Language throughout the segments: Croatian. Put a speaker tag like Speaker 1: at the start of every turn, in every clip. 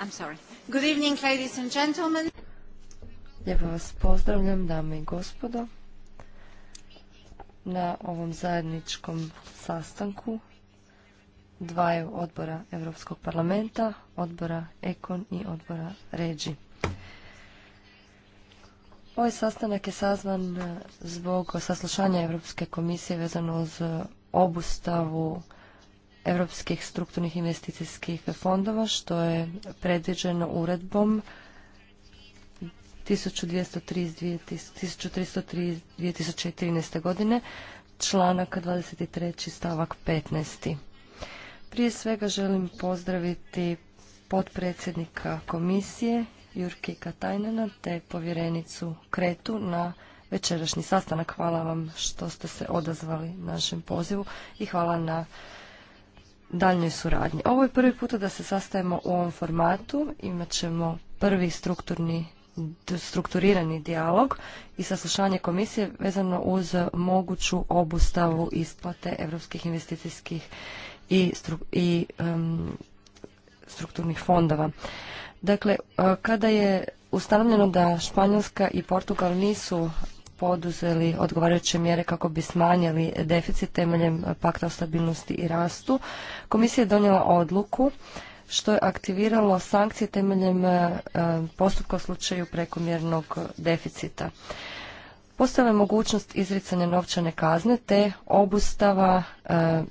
Speaker 1: I'm sorry. Good evening, ladies and gentlemen. Lijepo vas pozdravljam, dame i gospodo, na ovom zajedničkom sastanku dvaju odbora Europskog parlamenta, odbora Ekon i odbora regi. Ovaj sastanak je sazvan zbog saslušanja Europske komisije vezano uz obustavu europskih strukturnih investicijskih fondova što je predviđeno uredbom 1303 2013. godine, članak 23. stavak 15. Prije svega želim pozdraviti potpredsjednika komisije Jurki Katajnena te povjerenicu Kretu na večerašnji sastanak. Hvala vam što ste se odazvali našem pozivu i hvala na daljnjoj suradnji. Ovo je prvi puta da se sastajemo u ovom formatu. Imat ćemo prvi strukturni strukturirani dijalog i saslušanje komisije vezano uz moguću obustavu isplate europskih investicijskih i, i strukturnih fondova. Dakle, e, kada je ustanovljeno da Španjolska i Portugal nisu poduzeli odgovarajuće mjere kako bi smanjili deficit temeljem pakta o stabilnosti i rastu. Komisija je donijela odluku što je aktiviralo sankcije temeljem e, postupka u slučaju prekomjernog deficita. Postojala je mogućnost izricanja novčane kazne te obustava e,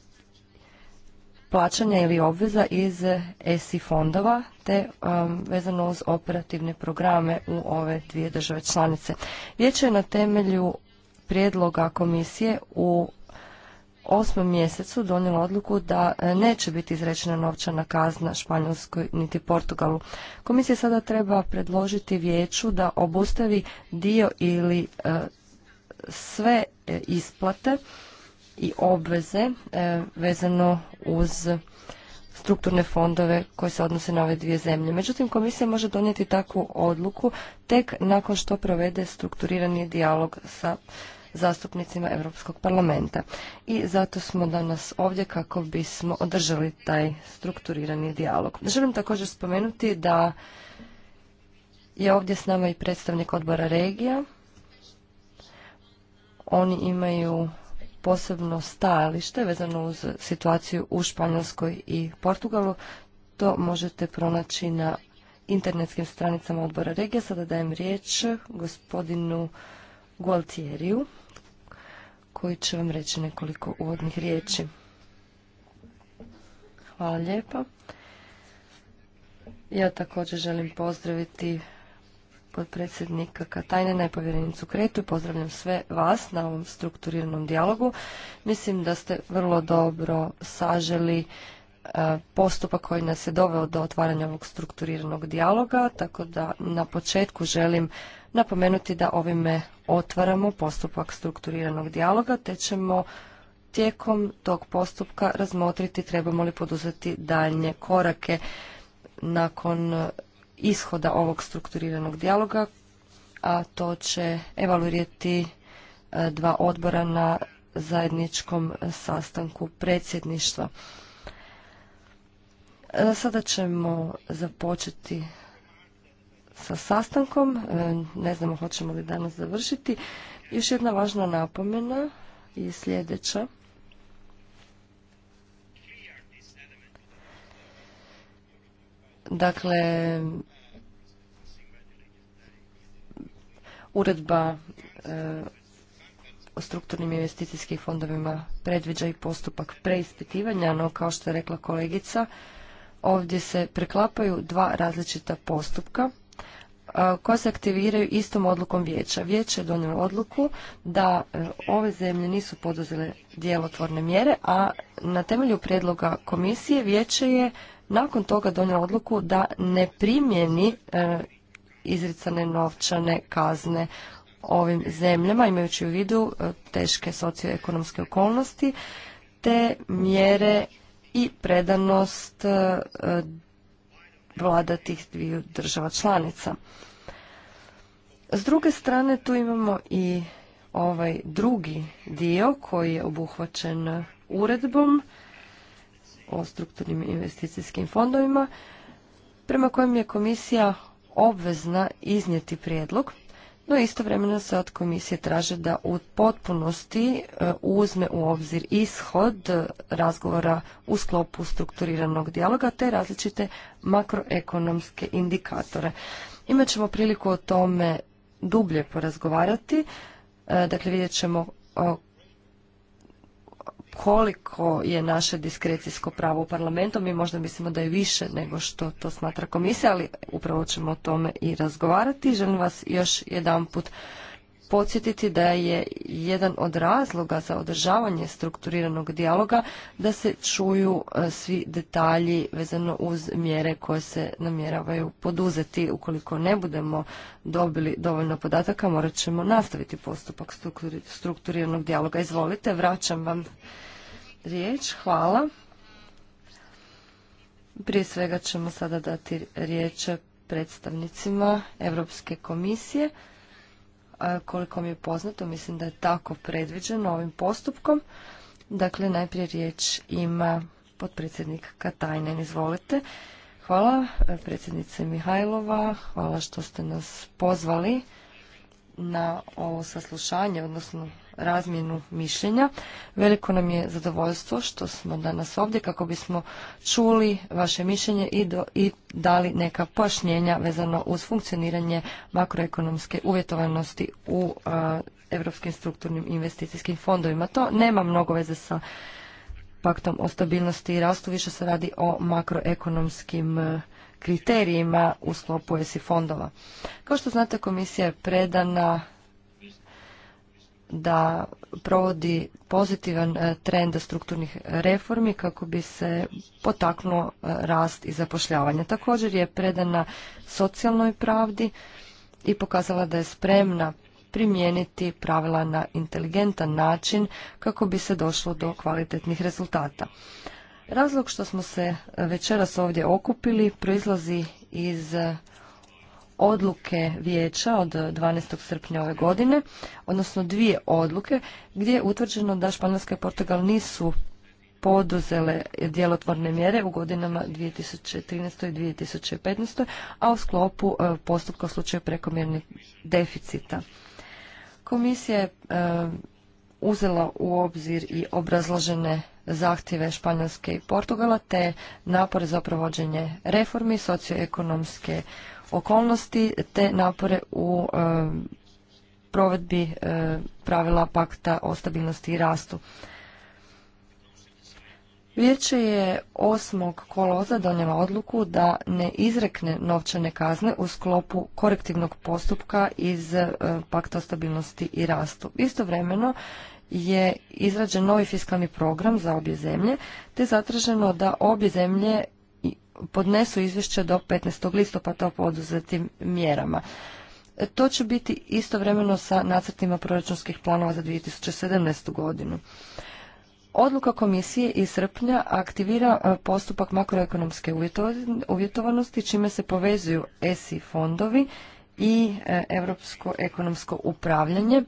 Speaker 1: plaćanja ili obveza iz ESI fondova te um, vezano uz operativne programe u ove dvije države članice. Vijeće je na temelju prijedloga komisije u osmom mjesecu donijelo odluku da e, neće biti izrečena novčana kazna Španjolskoj niti Portugalu. Komisija sada treba predložiti vijeću da obustavi dio ili e, sve e, isplate i obveze e, vezano uz strukturne fondove koje se odnose na ove dvije zemlje. Međutim, komisija može donijeti takvu odluku tek nakon što provede strukturirani dijalog sa zastupnicima Europskog parlamenta. I zato smo danas ovdje kako bismo održali taj strukturirani dijalog. Želim također spomenuti da je ovdje s nama i predstavnik odbora regija. Oni imaju posebno stajalište vezano uz situaciju u Španjolskoj i Portugalu. To možete pronaći na internetskim stranicama odbora regija. Sada dajem riječ gospodinu Gualtieriju koji će vam reći nekoliko uvodnih riječi. Hvala lijepa. Ja također želim pozdraviti potpredsjednika Katajnena i povjerenicu Kretu. Pozdravljam sve vas na ovom strukturiranom dijalogu. Mislim da ste vrlo dobro saželi e, postupak koji nas je doveo do otvaranja ovog strukturiranog dijaloga, tako da na početku želim napomenuti da ovime otvaramo postupak strukturiranog dijaloga, te ćemo tijekom tog postupka razmotriti trebamo li poduzeti daljnje korake nakon ishoda ovog strukturiranog dijaloga, a to će evaluirati e, dva odbora na zajedničkom sastanku predsjedništva. E, sada ćemo započeti sa sastankom. E, ne znamo hoćemo li danas završiti. Još jedna važna napomena je sljedeća. Dakle, uredba e, o strukturnim investicijskim fondovima predviđa i postupak preispitivanja, no kao što je rekla kolegica, ovdje se preklapaju dva različita postupka e, koja se aktiviraju istom odlukom vijeća. Vijeće je donijelo odluku da e, ove zemlje nisu poduzele djelotvorne mjere, a na temelju predloga komisije vijeće je nakon toga donio odluku da ne primjeni e, izricane novčane kazne ovim zemljama, imajući u vidu e, teške socioekonomske okolnosti, te mjere i predanost e, vlada tih dviju država članica. S druge strane tu imamo i ovaj drugi dio koji je obuhvaćen uredbom o strukturnim investicijskim fondovima, prema kojem je komisija obvezna iznijeti prijedlog, no istovremeno se od komisije traže da u potpunosti e, uzme u obzir ishod razgovora u sklopu strukturiranog dijaloga te različite makroekonomske indikatore. Imaćemo ćemo priliku o tome dublje porazgovarati, e, dakle vidjet ćemo e, koliko je naše diskrecijsko pravo u parlamentu. Mi možda mislimo da je više nego što to smatra komisija, ali upravo ćemo o tome i razgovarati. Želim vas još jedan podsjetiti da je jedan od razloga za održavanje strukturiranog dijaloga da se čuju e, svi detalji vezano uz mjere koje se namjeravaju poduzeti. Ukoliko ne budemo dobili dovoljno podataka, morat ćemo nastaviti postupak strukturiranog dijaloga. Izvolite, vraćam vam riječ. Hvala. Prije svega ćemo sada dati riječ predstavnicima Europske komisije koliko mi je poznato, mislim da je tako predviđeno ovim postupkom. Dakle, najprije riječ ima potpredsjednik Katajnen, izvolite. Hvala predsjednice Mihajlova, hvala što ste nas pozvali na ovo saslušanje, odnosno razmjenu mišljenja. Veliko nam je zadovoljstvo što smo danas ovdje kako bismo čuli vaše mišljenje i, i dali neka pojašnjenja vezano uz funkcioniranje makroekonomske uvjetovanosti u europskim strukturnim investicijskim fondovima. To nema mnogo veze sa paktom o stabilnosti i rastu, više se radi o makroekonomskim kriterijima u sklopu ESI fondova. Kao što znate, komisija je predana da provodi pozitivan e, trend strukturnih reformi kako bi se potaknuo e, rast i zapošljavanje. Također je predana socijalnoj pravdi i pokazala da je spremna primijeniti pravila na inteligentan način kako bi se došlo do kvalitetnih rezultata. Razlog što smo se večeras ovdje okupili proizlazi iz odluke vijeća od 12. srpnja ove godine, odnosno dvije odluke gdje je utvrđeno da Španjolska i Portugal nisu poduzele djelotvorne mjere u godinama 2013. i 2015. a u sklopu e, postupka u slučaju prekomjernih deficita. Komisija je e, uzela u obzir i obrazložene zahtjeve Španjolske i Portugala te napore za provođenje reformi, socioekonomske okolnosti te napore u provedbi pravila pakta o stabilnosti i rastu. Vijeće je 8. koloza donijela odluku da ne izrekne novčane kazne u sklopu korektivnog postupka iz Pakta o stabilnosti i rastu. Istovremeno je izrađen novi fiskalni program za obje zemlje, te zatraženo da obje zemlje podnesu izvješće do 15. listopada o poduzetim mjerama. E, to će biti istovremeno sa nacrtima proračunskih planova za 2017. godinu. Odluka komisije iz srpnja aktivira e, postupak makroekonomske uvjetovanosti čime se povezuju ESI fondovi i e, Europsko ekonomsko upravljanje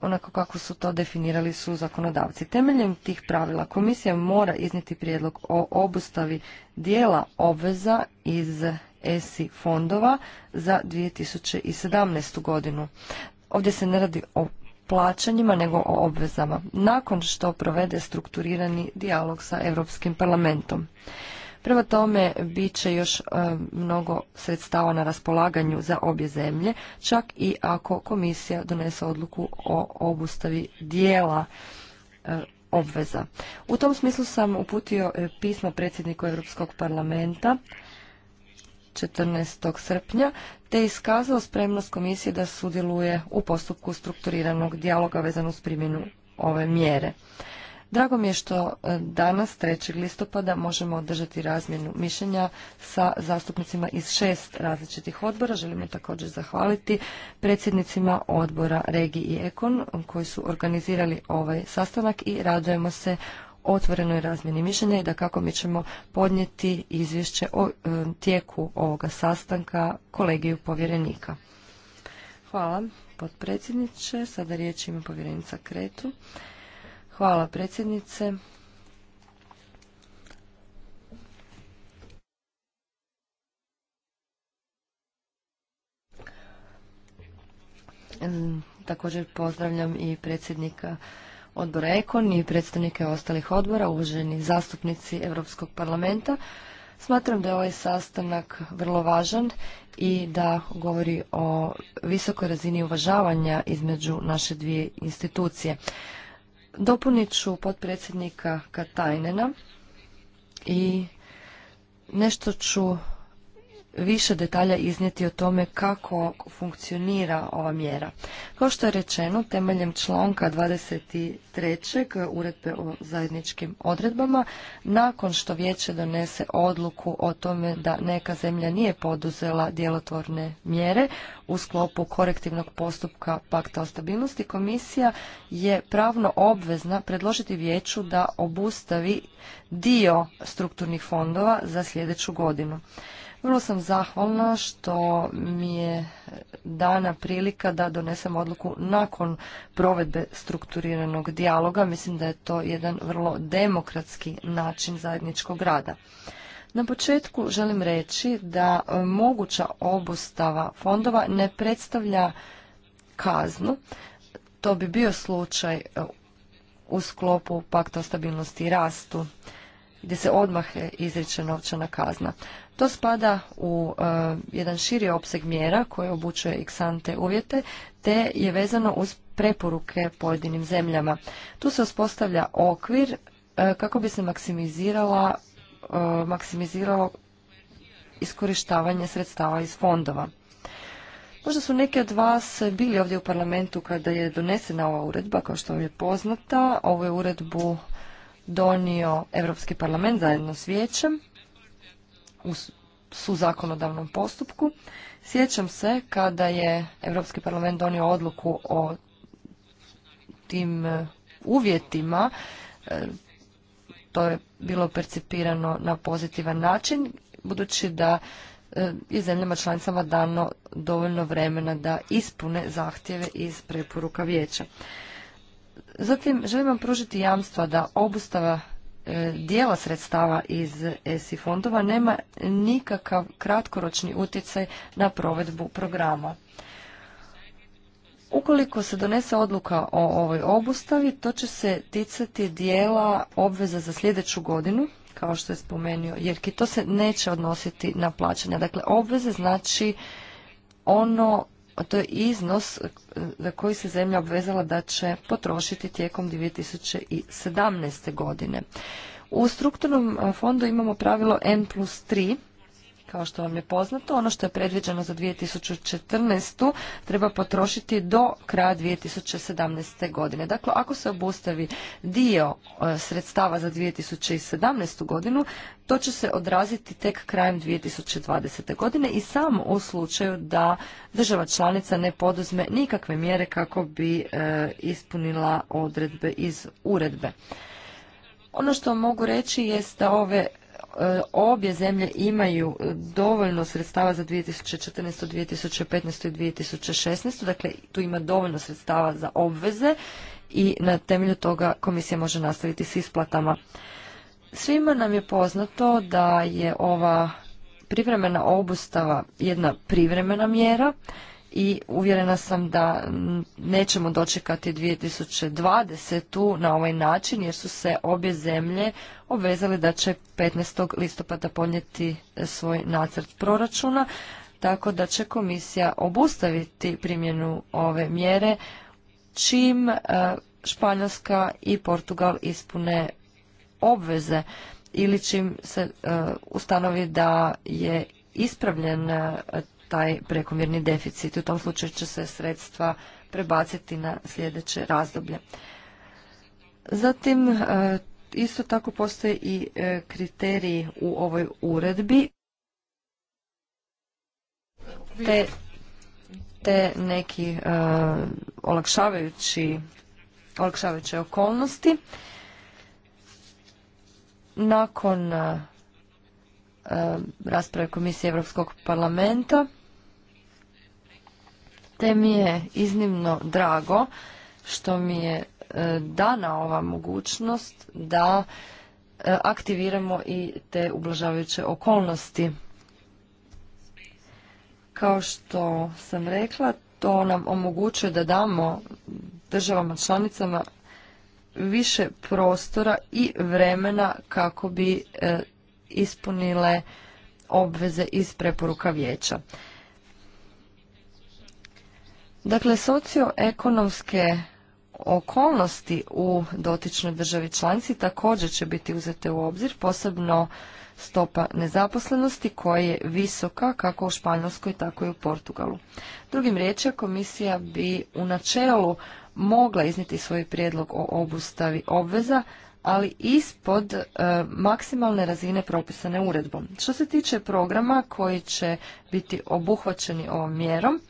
Speaker 1: onako kako su to definirali su zakonodavci. Temeljem tih pravila komisija mora izniti prijedlog o obustavi dijela obveza iz ESI fondova za 2017. godinu. Ovdje se ne radi o plaćanjima nego o obvezama, nakon što provede strukturirani dijalog sa Europskim parlamentom. Prema tome, bit će još e, mnogo sredstava na raspolaganju za obje zemlje, čak i ako komisija donese odluku o obustavi dijela e, obveza. U tom smislu sam uputio e, pismo predsjedniku Europskog parlamenta 14. srpnja, te iskazao spremnost komisije da sudjeluje u postupku strukturiranog dijaloga vezano uz primjenu ove mjere. Drago mi je što e, danas, 3. listopada, možemo održati razmjenu mišljenja sa zastupnicima iz šest različitih odbora. Želimo također zahvaliti predsjednicima odbora Regi i Ekon koji su organizirali ovaj sastanak i radujemo se otvorenoj razmjeni mišljenja i da kako mi ćemo podnijeti izvješće o e, tijeku ovoga sastanka kolegiju povjerenika. Hvala potpredsjedniče. Sada riječ ima povjerenica Kretu. Hvala predsjednice. Mm, također pozdravljam i predsjednika odbora Ekon i predstavnike ostalih odbora, uvaženi zastupnici Europskog parlamenta. Smatram da je ovaj sastanak vrlo važan i da govori o visokoj razini uvažavanja između naše dvije institucije. Dopunit ću potpredsjednika Katajnena i nešto ću više detalja iznijeti o tome kako funkcionira ova mjera. Kao što je rečeno, temeljem članka 23. uredbe o zajedničkim odredbama, nakon što vijeće donese odluku o tome da neka zemlja nije poduzela djelotvorne mjere u sklopu korektivnog postupka pakta o stabilnosti, komisija je pravno obvezna predložiti vijeću da obustavi dio strukturnih fondova za sljedeću godinu. Vrlo sam zahvalna što mi je dana prilika da donesem odluku nakon provedbe strukturiranog dijaloga. Mislim da je to jedan vrlo demokratski način zajedničkog rada. Na početku želim reći da moguća obustava fondova ne predstavlja kaznu. To bi bio slučaj e, u sklopu pakta o stabilnosti i rastu gdje se odmah izriče novčana kazna. To spada u e, jedan širi opseg mjera koje obučuje Xante uvjete te je vezano uz preporuke pojedinim zemljama. Tu se uspostavlja okvir e, kako bi se maksimizirala, e, maksimiziralo iskorištavanje sredstava iz fondova. Možda su neki od vas bili ovdje u parlamentu kada je donesena ova uredba, kao što vam je poznata. Ovu je uredbu donio Europski parlament zajedno s vijećem u su zakonodavnom postupku. Sjećam se kada je Europski parlament donio odluku o tim e, uvjetima, e, to je bilo percipirano na pozitivan način, budući da e, je zemljama članicama dano dovoljno vremena da ispune zahtjeve iz preporuka vijeća. Zatim, želim vam pružiti jamstva da obustava E, dijela sredstava iz ESI fondova nema nikakav kratkoročni utjecaj na provedbu programa. Ukoliko se donese odluka o ovoj obustavi, to će se ticati dijela obveza za sljedeću godinu, kao što je spomenuo, jer to se neće odnositi na plaćanja. Dakle, obveze znači ono a to je iznos e, za koji se zemlja obvezala da će potrošiti tijekom 2017. godine. U strukturnom e, fondu imamo pravilo N plus kao što vam je poznato, ono što je predviđeno za 2014. treba potrošiti do kraja 2017. godine. Dakle, ako se obustavi dio e, sredstava za 2017. godinu, to će se odraziti tek krajem 2020. godine i samo u slučaju da država članica ne poduzme nikakve mjere kako bi e, ispunila odredbe iz uredbe. Ono što mogu reći jest da ove E, obje zemlje imaju e, dovoljno sredstava za 2014. 2015. i 2016. Dakle, tu ima dovoljno sredstava za obveze i na temelju toga komisija može nastaviti s isplatama. Svima nam je poznato da je ova privremena obustava jedna privremena mjera i uvjerena sam da nećemo dočekati 2020. na ovaj način jer su se obje zemlje obvezale da će 15. listopada podnijeti e, svoj nacrt proračuna, tako da će komisija obustaviti primjenu ove mjere čim e, Španjolska i Portugal ispune obveze ili čim se e, ustanovi da je ispravljen taj prekomjerni deficit. U tom slučaju će se sredstva prebaciti na sljedeće razdoblje. Zatim, e, isto tako postoje i e, kriteriji u ovoj uredbi te, neki e, olakšavajući olakšavajuće okolnosti. Nakon rasprave Komisije Europskog parlamenta te mi je iznimno drago što mi je e, dana ova mogućnost da e, aktiviramo i te ublažavajuće okolnosti. Kao što sam rekla, to nam omogućuje da damo državama članicama više prostora i vremena kako bi e, ispunile obveze iz preporuka vijeća. Dakle, socioekonomske okolnosti u dotičnoj državi članci također će biti uzete u obzir, posebno stopa nezaposlenosti koja je visoka kako u Španjolskoj tako i u Portugalu. Drugim riječima komisija bi u načelu mogla izniti svoj prijedlog o obustavi obveza, ali ispod e, maksimalne razine propisane uredbom. Što se tiče programa koji će biti obuhvaćeni ovom mjerom,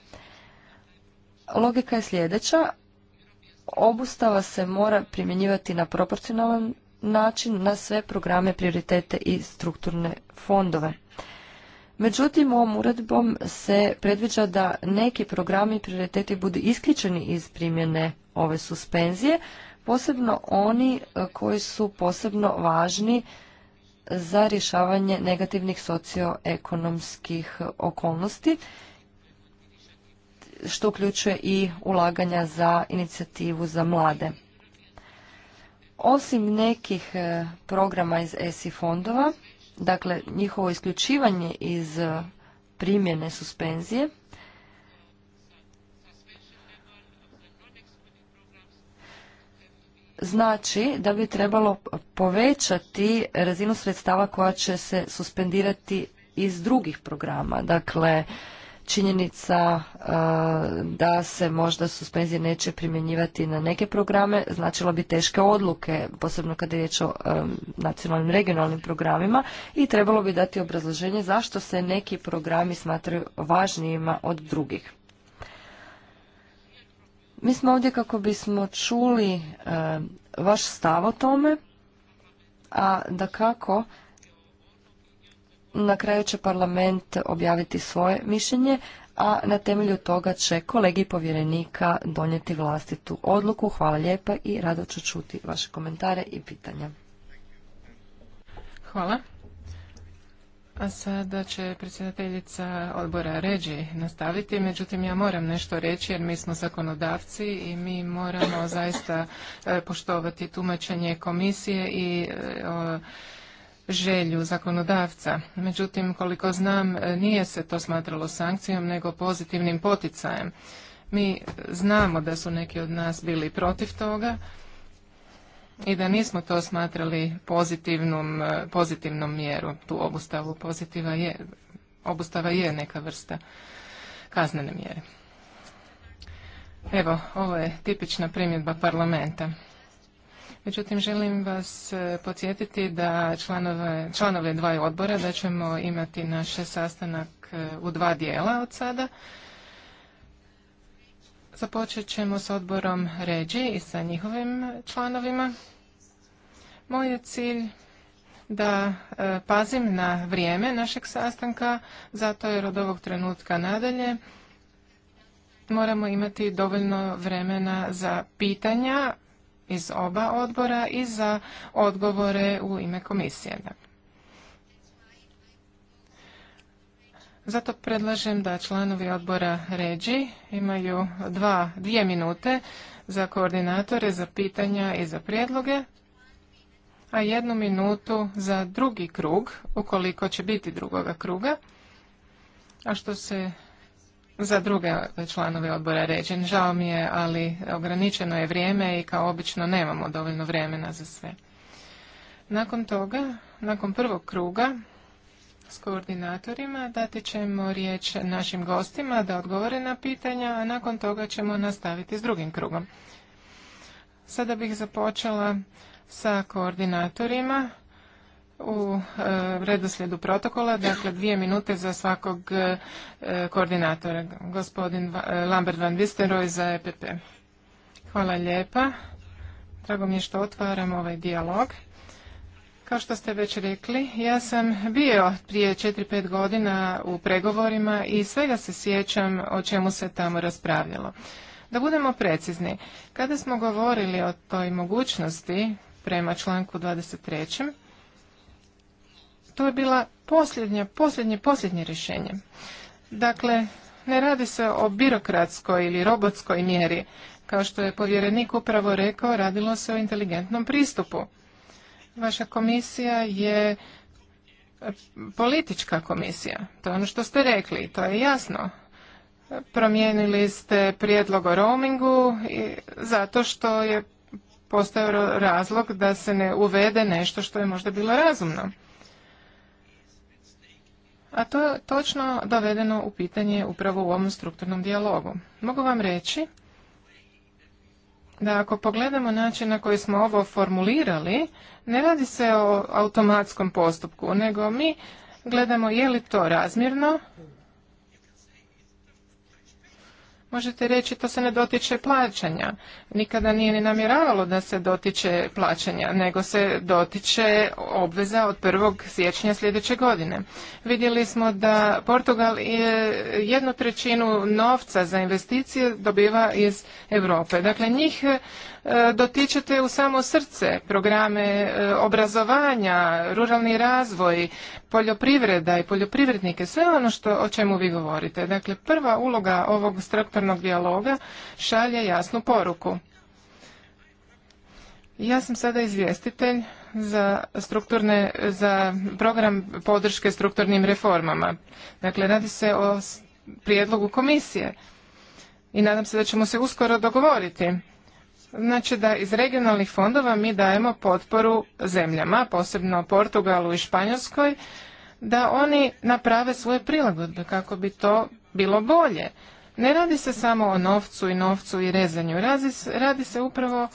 Speaker 1: Logika je sljedeća. Obustava se mora primjenjivati na proporcionalan način na sve programe, prioritete i strukturne fondove. Međutim, ovom uredbom se predviđa da neki programi i prioriteti budu isključeni iz primjene ove suspenzije, posebno oni e, koji su posebno važni za rješavanje negativnih socioekonomskih okolnosti što uključuje i ulaganja za inicijativu za mlade. Osim nekih e, programa iz ESI fondova, dakle njihovo isključivanje iz e, primjene suspenzije, znači da bi trebalo povećati razinu sredstava koja će se suspendirati iz drugih programa. Dakle, činjenica da se možda suspenzije neće primjenjivati na neke programe značilo bi teške odluke, posebno kada je riječ o nacionalnim regionalnim programima i trebalo bi dati obrazloženje zašto se neki programi smatraju važnijima od drugih. Mi smo ovdje kako bismo čuli vaš stav o tome, a da kako na kraju će parlament objaviti svoje mišljenje, a na temelju toga će kolegi povjerenika donijeti vlastitu odluku. Hvala lijepa i rado ću čuti vaše komentare i pitanja.
Speaker 2: Hvala. A sada će predsjedateljica odbora Ređi nastaviti, međutim ja moram nešto reći jer mi smo zakonodavci i mi moramo zaista e, poštovati tumačenje komisije i e, želju zakonodavca. Međutim, koliko znam, nije se to smatralo sankcijom, nego pozitivnim poticajem. Mi znamo da su neki od nas bili protiv toga i da nismo to smatrali pozitivnom, pozitivnom mjeru, tu obustavu pozitiva je, obustava je neka vrsta kaznene mjere. Evo, ovo je tipična primjedba parlamenta. Međutim, želim vas e, podsjetiti da članove, dvaju dva odbora da ćemo imati naš sastanak e, u dva dijela od sada. Započet ćemo s odborom Ređi i sa njihovim članovima. Moj je cilj da e, pazim na vrijeme našeg sastanka, zato jer od ovog trenutka nadalje moramo imati dovoljno vremena za pitanja iz oba odbora i za odgovore u ime komisije. Zato predlažem da članovi odbora ređi imaju dva, dvije minute za koordinatore, za pitanja i za prijedloge, a jednu minutu za drugi krug, ukoliko će biti drugoga kruga. A što se za druge članove odbora ređen. Žao mi je, ali ograničeno je vrijeme i kao obično nemamo dovoljno vremena za sve. Nakon toga, nakon prvog kruga s koordinatorima dati ćemo riječ našim gostima da odgovore na pitanja, a nakon toga ćemo nastaviti s drugim krugom. Sada bih započela sa koordinatorima u e, redoslijedu protokola, dakle dvije minute za svakog e, koordinatora. Gospodin e, Lambert van Visteroj za EPP. Hvala lijepa. Drago mi je što otvaram ovaj dijalog. Kao što ste već rekli, ja sam bio prije 4-5 godina u pregovorima i svega se sjećam o čemu se tamo raspravljalo. Da budemo precizni, kada smo govorili o toj mogućnosti prema članku 23 to je bila posljednje, posljednje, posljednje rješenje. Dakle, ne radi se o birokratskoj ili robotskoj mjeri. Kao što je povjerenik upravo rekao, radilo se o inteligentnom pristupu. Vaša komisija je e, politička komisija. To je ono što ste rekli, to je jasno. Promijenili ste prijedlog o roamingu i zato što je postao razlog da se ne uvede nešto što je možda bilo razumno a to je točno dovedeno u pitanje upravo u ovom strukturnom dijalogu. Mogu vam reći da ako pogledamo način na koji smo ovo formulirali, ne radi se o automatskom postupku, nego mi gledamo je li to razmjerno Možete reći to se ne dotiče plaćanja. Nikada nije ni namjeravalo da se dotiče plaćanja, nego se dotiče obveza od 1. siječnja sljedeće godine. Vidjeli smo da Portugal je jednu trećinu novca za investicije dobiva iz Europe. Dakle, njih E, dotičete u samo srce programe e, obrazovanja, ruralni razvoj, poljoprivreda i poljoprivrednike, sve ono što, o čemu vi govorite. Dakle, prva uloga ovog strukturnog dijaloga šalje jasnu poruku. Ja sam sada izvjestitelj za strukturne, za program podrške strukturnim reformama. Dakle, radi se o prijedlogu komisije i nadam se da ćemo se uskoro dogovoriti. Znači da iz regionalnih fondova mi dajemo potporu zemljama, posebno Portugalu i Španjolskoj, da oni naprave svoje prilagodbe kako bi to bilo bolje. Ne radi se samo o novcu i novcu i rezanju, radi, radi se upravo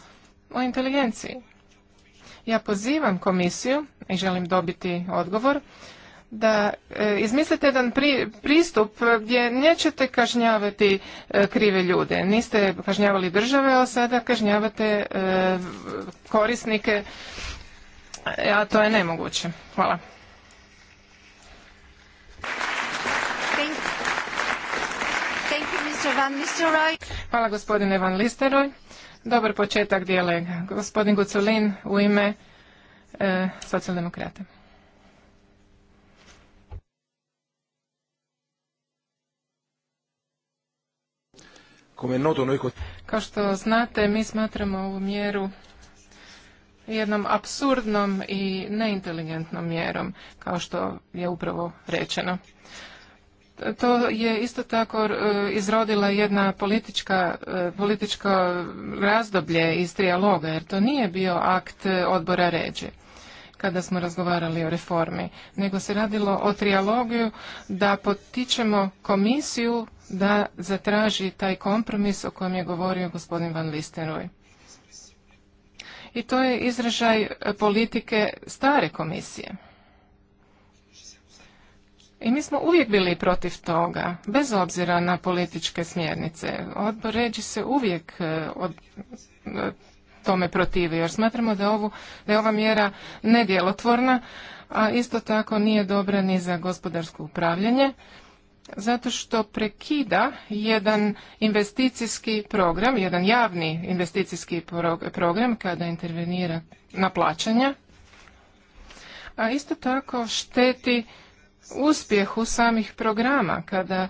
Speaker 2: o inteligenciji. Ja pozivam komisiju i želim dobiti odgovor da e, izmislite jedan pristup gdje nećete kažnjavati e, krive ljude. Niste kažnjavali države, a sada kažnjavate e, korisnike, a to je nemoguće. Hvala. Hvala gospodine Van Listeroj. Dobar početak dijele. Gospodin Guculin u ime e, socijaldemokrata. Kao što znate, mi smatramo ovu mjeru jednom absurdnom i neinteligentnom mjerom, kao što je upravo rečeno. To je isto tako e, izrodila jedna politička, e, političko razdoblje iz trijaloga, jer to nije bio akt odbora ređe kada smo razgovarali o reformi, nego se radilo o trijalogiju da potičemo komisiju da zatraži taj kompromis o kojem je govorio gospodin Van Listeroj. I to je izražaj politike stare komisije. I mi smo uvijek bili protiv toga, bez obzira na političke smjernice. Odbor ređi se uvijek eh, od, tome protivi jer smatramo da, ovu, da je ova mjera nedjelotvorna, a isto tako nije dobra ni za gospodarsko upravljanje zato što prekida jedan investicijski program, jedan javni investicijski program kada intervenira na plaćanja, a isto tako šteti uspjehu samih programa kada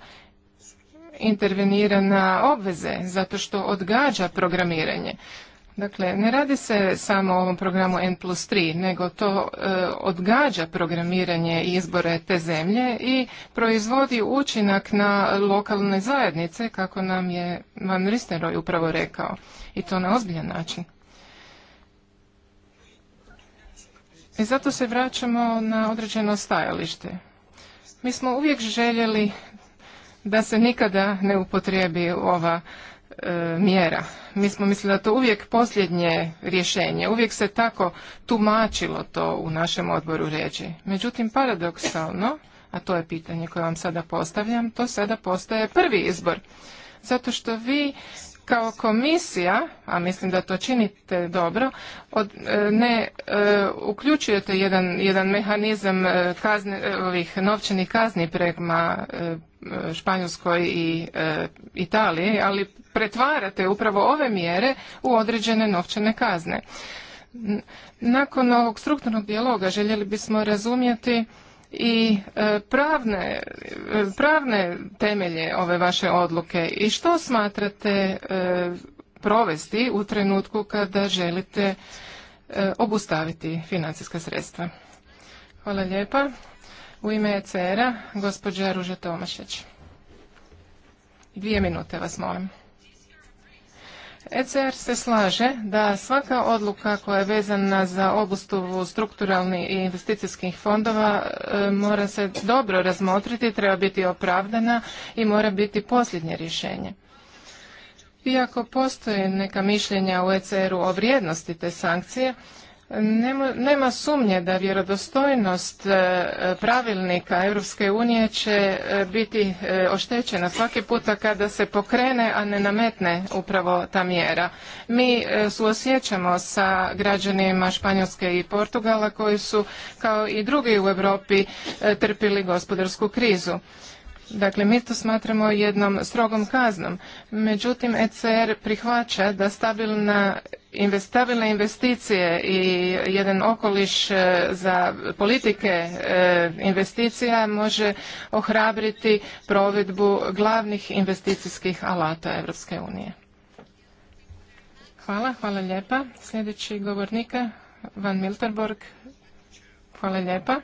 Speaker 2: intervenira na obveze zato što odgađa programiranje. Dakle, ne radi se samo o ovom programu N plus 3, nego to e, odgađa programiranje izbore te zemlje i proizvodi učinak na lokalne zajednice, kako nam je Van Risteroj upravo rekao, i to na ozbiljan način. I zato se vraćamo na određeno stajalište. Mi smo uvijek željeli da se nikada ne upotrijebi ova E, mjera. Mi smo mislili da to uvijek posljednje rješenje, uvijek se tako tumačilo to u našem odboru ređi. Međutim, paradoksalno, a to je pitanje koje vam sada postavljam, to sada postaje prvi izbor. Zato što vi kao komisija, a mislim da to činite dobro, e, ne e, uključujete jedan, jedan mehanizam kazne, ovih novčanih kazni prema Španjolskoj i e, Italiji, ali pretvarate upravo ove mjere u određene novčane kazne. Nakon ovog strukturnog dijaloga željeli bismo razumjeti i e, e, pravne, temelje ove vaše odluke i što smatrate provesti u trenutku kada želite obustaviti financijska sredstva. Hvala lijepa. U ime ECR-a, gospođa Ruža Tomašić. Dvije minute vas molim. ECR se slaže da svaka odluka koja je vezana za obustavu strukturalnih i investicijskih fondova e, mora se dobro razmotriti, treba biti opravdana i mora biti posljednje rješenje. Iako postoje neka mišljenja u ECR-u o vrijednosti te sankcije, nema sumnje da vjerodostojnost e, pravilnika Europske unije će e, biti e, oštećena svaki puta kada se pokrene, a ne nametne upravo ta mjera. Mi suosjećamo sa građanima Španjolske i Portugala koji su kao i drugi u Europi trpili gospodarsku krizu. Dakle, mi to smatramo jednom strogom kaznom. Međutim, ECR prihvaća da stabilna stabilne investicije i jedan okoliš e, za politike e, investicija može ohrabriti provedbu glavnih investicijskih alata Europske unije. Hvala, hvala lijepa. Sljedeći govornika, Van Milterborg. Hvala lijepa.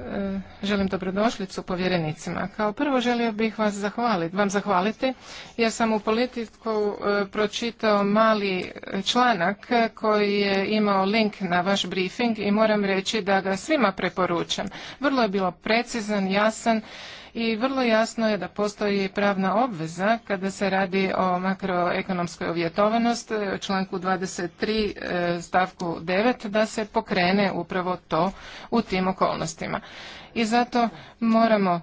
Speaker 2: E, želim dobrodošlicu povjerenicima. Kao prvo želio bih vas zahvaliti, vam zahvaliti jer sam u politiku e, pročitao mali članak koji je imao link na vaš briefing i moram reći da ga svima preporučam. Vrlo je bilo precizan, jasan i vrlo jasno je da postoji pravna obveza kada se radi o makroekonomskoj uvjetovanosti u e, članku 23 e, stavku 9 da se pokrene upravo to u tim okolnostima. I zato moramo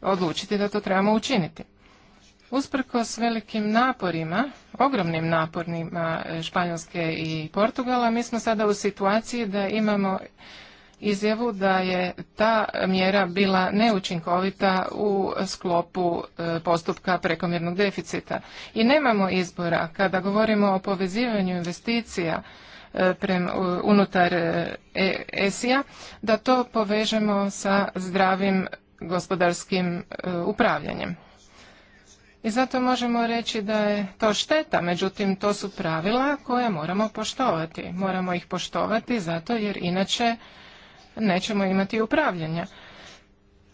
Speaker 2: odlučiti da to trebamo učiniti. Usprkos velikim naporima, ogromnim naporima e, Španjolske i Portugala, mi smo sada u situaciji da imamo izjavu da je ta mjera bila neučinkovita u sklopu e, postupka prekomjernog deficita. I nemamo izbora kada govorimo o povezivanju investicija e, unutar e, ESI-a, da to povežemo sa zdravim gospodarskim upravljanjem. I zato možemo reći da je to šteta, međutim to su pravila koja moramo poštovati. Moramo ih poštovati zato jer inače nećemo imati upravljanja.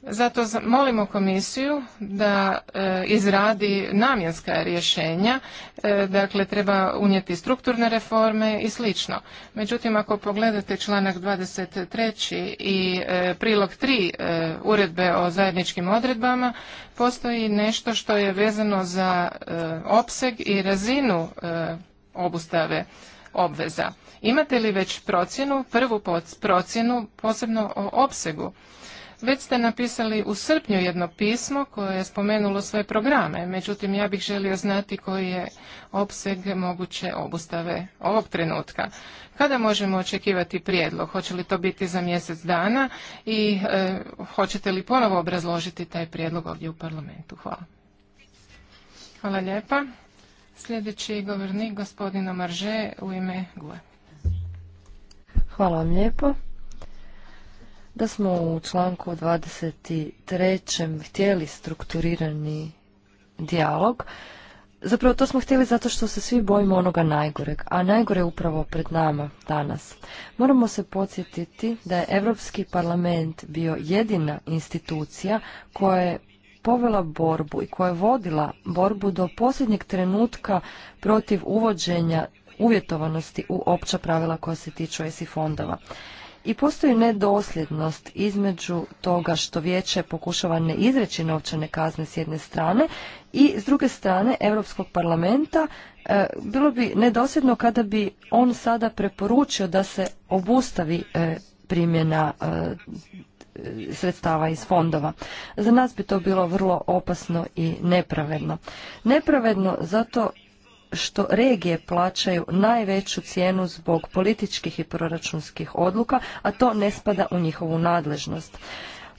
Speaker 2: Zato molimo komisiju da e, izradi namjenska rješenja, e, dakle treba unijeti strukturne reforme i slično. Međutim, ako pogledate članak 23. i e, prilog 3 uredbe o zajedničkim odredbama, postoji nešto što je vezano za opseg i razinu obustave obveza. Imate li već procjenu, prvu procjenu posebno o opsegu? Već ste napisali u srpnju jedno pismo koje je spomenulo sve programe, međutim ja bih želio znati koji je opseg moguće obustave ovog trenutka. Kada možemo očekivati prijedlog? Hoće li to biti za mjesec dana i e, hoćete li ponovo obrazložiti taj prijedlog ovdje u parlamentu? Hvala. Hvala lijepa. Sljedeći govornik, gospodina Marže, u ime GUE. Hvala vam lijepo.
Speaker 1: Da smo u članku 23. htjeli strukturirani dijalog, Zapravo to smo htjeli zato što se svi bojimo onoga najgoreg, a najgore je upravo pred nama danas. Moramo se podsjetiti da je Europski parlament bio jedina institucija koja je povela borbu i koja je vodila borbu do posljednjeg trenutka protiv uvođenja uvjetovanosti u opća pravila koja se tiču ESI fondova. I postoji nedosljednost između toga što vijeće pokušava ne izreći novčane kazne s jedne strane i s druge strane Europskog parlamenta e, bilo bi nedosljedno kada bi on sada preporučio da se obustavi e, primjena e, sredstava iz fondova. Za nas bi to bilo vrlo opasno i nepravedno. Nepravedno zato što regije plaćaju najveću cijenu zbog političkih i proračunskih odluka, a to ne spada u njihovu nadležnost.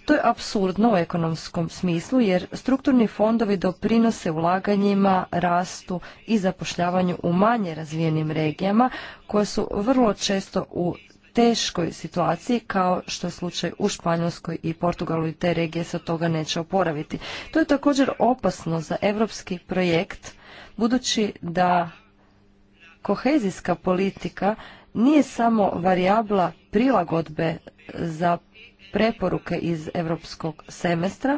Speaker 1: To je apsurdno u ekonomskom smislu jer strukturni fondovi doprinose ulaganjima, rastu i zapošljavanju u manje razvijenim regijama koje su vrlo često u teškoj situaciji kao što je slučaj u Španjolskoj i Portugalu i te regije se od toga neće oporaviti. To je također opasno za europski projekt budući da kohezijska politika nije samo varijabla prilagodbe za preporuke iz europskog semestra,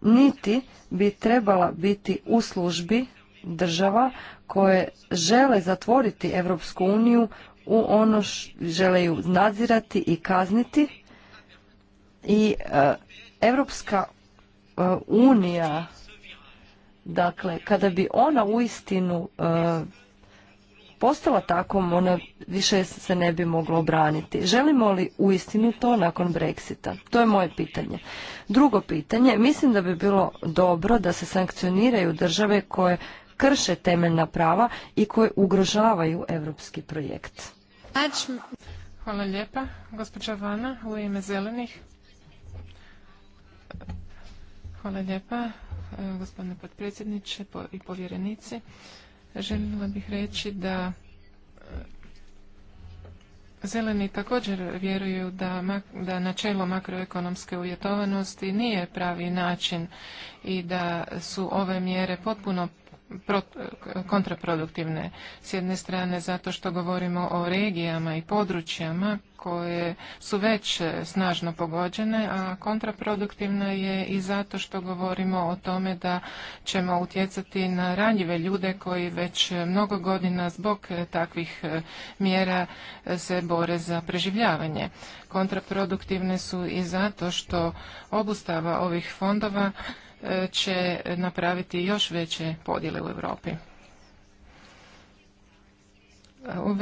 Speaker 1: niti bi trebala biti u službi država koje žele zatvoriti Europsku uniju u ono š, žele ju nadzirati i kazniti i Europska e, unija dakle kada bi ona uistinu e, postala takvom ona više se ne bi mogla obraniti. Želimo li uistinu to nakon Brexita? To je moje pitanje. Drugo pitanje, mislim da bi bilo dobro da se sankcioniraju države koje krše temeljna prava i koje ugrožavaju europski projekt.
Speaker 2: Hvala lijepa. Gospođa Vana u ime zelenih. Hvala lijepa e, gospodine potpredsjedniče i povjerenici. Željela bih reći da e, Zeleni također vjeruju da, da načelo makroekonomske uvjetovanosti nije pravi način i da su ove mjere potpuno kontraproduktivne. S jedne strane zato što govorimo o regijama i područjama koje su već snažno pogođene, a kontraproduktivna je i zato što govorimo o tome da ćemo utjecati na ranjive ljude koji već mnogo godina zbog takvih e, mjera e, se bore za preživljavanje. Kontraproduktivne su i zato što obustava ovih fondova će napraviti još veće podjele u Europi. U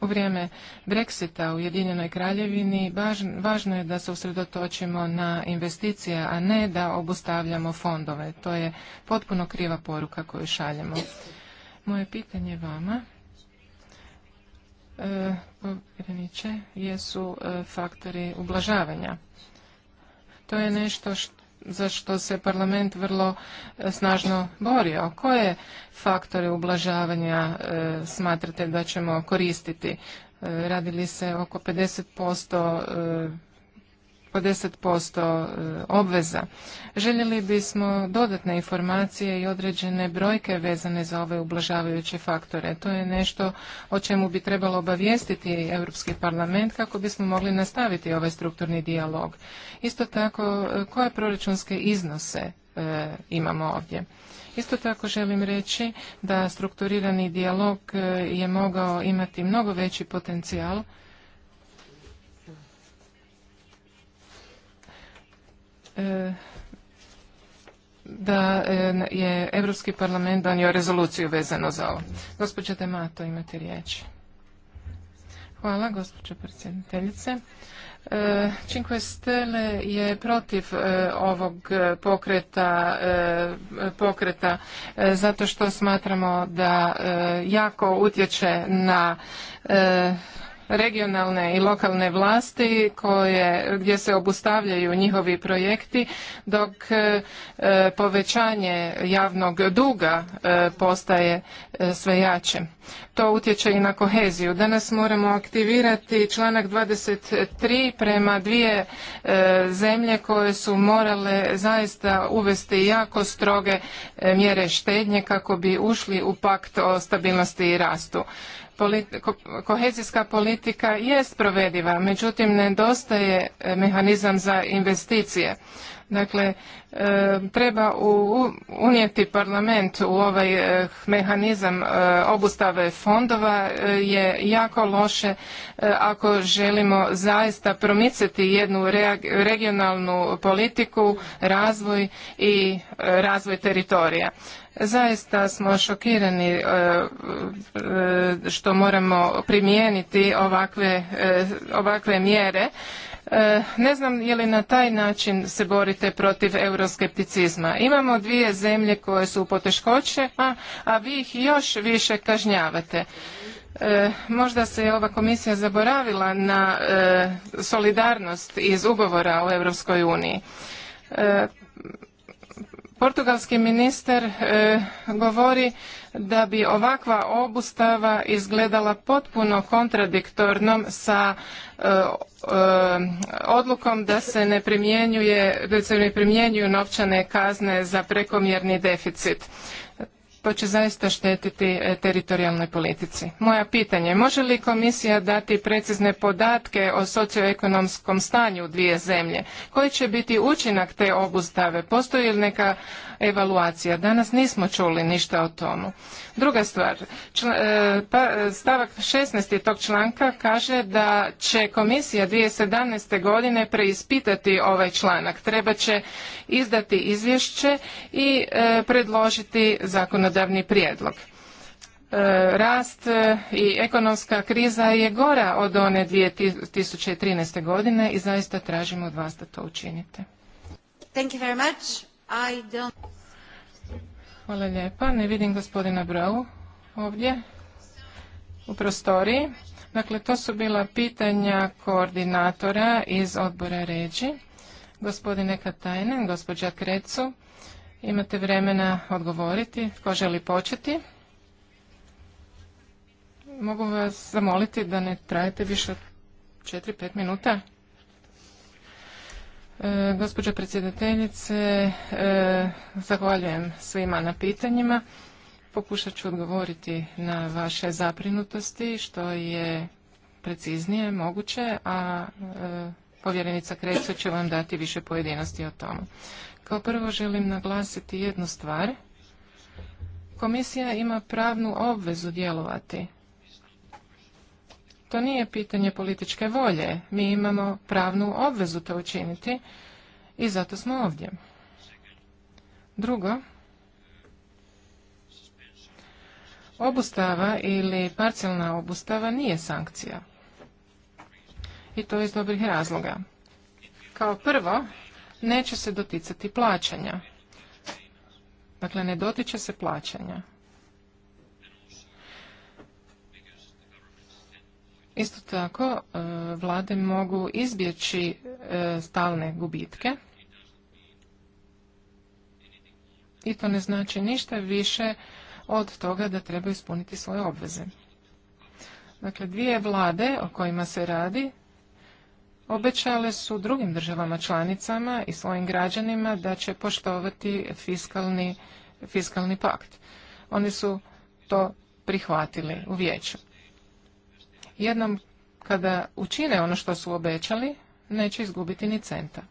Speaker 2: u vrijeme Brexita u Jedinjenoj kraljevini važno je da se usredotočimo na investicije, a ne da obustavljamo fondove. To je potpuno kriva poruka koju šaljemo. Moje pitanje vama, e, jesu e, faktori ublažavanja. To je nešto što za što se parlament vrlo e, snažno borio. Koje faktore ublažavanja e, smatrate da ćemo koristiti? E, Radili se oko 50% posto e, obveza. Željeli bismo dodatne informacije i određene brojke vezane za ove ublažavajuće faktore. To je nešto o čemu bi trebalo obavijestiti Europski parlament kako bismo mogli nastaviti ovaj strukturni dijalog. Isto tako, e, koje proračunske iznose e, imamo ovdje? Isto tako želim reći da strukturirani dijalog je mogao imati mnogo veći potencijal E, da e, je Europski parlament donio rezoluciju vezano za ovo. Gospođa Demato, imate riječ. Hvala, gospođo predsjedateljice. E, Cinque Stelle je protiv ovog pokreta, pokreta zato što smatramo da jako utječe na regionalne i lokalne vlasti koje, gdje se obustavljaju njihovi projekti dok e, e, povećanje javnog duga e, postaje sve jače. To utječe i na koheziju. Danas moramo aktivirati članak 23 prema dvije zemlje koje su morale zaista uvesti jako stroge mjere štednje kako bi ušli u pakt o stabilnosti i rastu kohezijska politika jest provediva, međutim nedostaje e, mehanizam za investicije. Dakle, e, treba unijeti parlament u ovaj e, mehanizam obustave fondova je jako loše ako želimo zaista promicati jednu regionalnu politiku, razvoj i razvoj teritorija. Zaista smo šokirani e, e, što moramo primijeniti ovakve, e, ovakve mjere. Ne znam je li na taj način se borite protiv euroskepticizma. Imamo dvije zemlje koje su u a vi ih još više kažnjavate. možda se je ova komisija zaboravila na solidarnost iz ugovora o Europskoj uniji. Portugalski minister e, govori da bi ovakva obustava izgledala potpuno kontradiktornom sa e, e, odlukom da se ne primjenjuje, da se ne primjenjuju novčane kazne za prekomjerni deficit to će zaista štetiti e, teritorijalnoj politici. Moja pitanje, može li komisija dati precizne podatke o socioekonomskom stanju dvije zemlje? Koji će biti učinak te obustave? Postoji li neka evaluacija? Danas nismo čuli ništa o tomu. Druga stvar, e, pa, stavak 16. tog članka kaže da će komisija 2017. godine preispitati ovaj članak. Treba će izdati izvješće i e, predložiti zakonodavstvo zakonodavni prijedlog. E, rast e, i ekonomska kriza je gora od one 2013. godine i zaista tražimo od vas da to učinite.
Speaker 1: Thank you very much.
Speaker 2: Hvala lijepa. Ne vidim gospodina Brau ovdje u prostoriji. Dakle, to su bila pitanja koordinatora iz odbora Ređi. Gospodine Katajnen, gospođa Krecu, Imate vremena odgovoriti. Tko želi početi? Mogu vas zamoliti da ne trajete više od 4-5 minuta. E, gospođo predsjedateljice, e, zahvaljujem svima na pitanjima. Pokušat ću odgovoriti na vaše zaprinutosti što je preciznije moguće, a e, povjerenica Kreso će vam dati više pojedinosti o tomu. Kao prvo želim naglasiti jednu stvar. Komisija ima pravnu obvezu djelovati. To nije pitanje političke volje. Mi imamo pravnu obvezu to učiniti i zato smo ovdje. Drugo, obustava ili parcijalna obustava nije sankcija. I to iz dobrih razloga. Kao prvo, neće se doticati plaćanja. Dakle, ne dotiče se plaćanja. Isto tako, e, vlade mogu izbjeći e, stalne gubitke i to ne znači ništa više od toga da treba ispuniti svoje obveze. Dakle, dvije vlade o kojima se radi Obećale su drugim državama članicama i svojim građanima da će poštovati fiskalni, fiskalni pakt. Oni su to prihvatili u vijeću. Jednom kada učine ono što su obećali, neće izgubiti ni centa.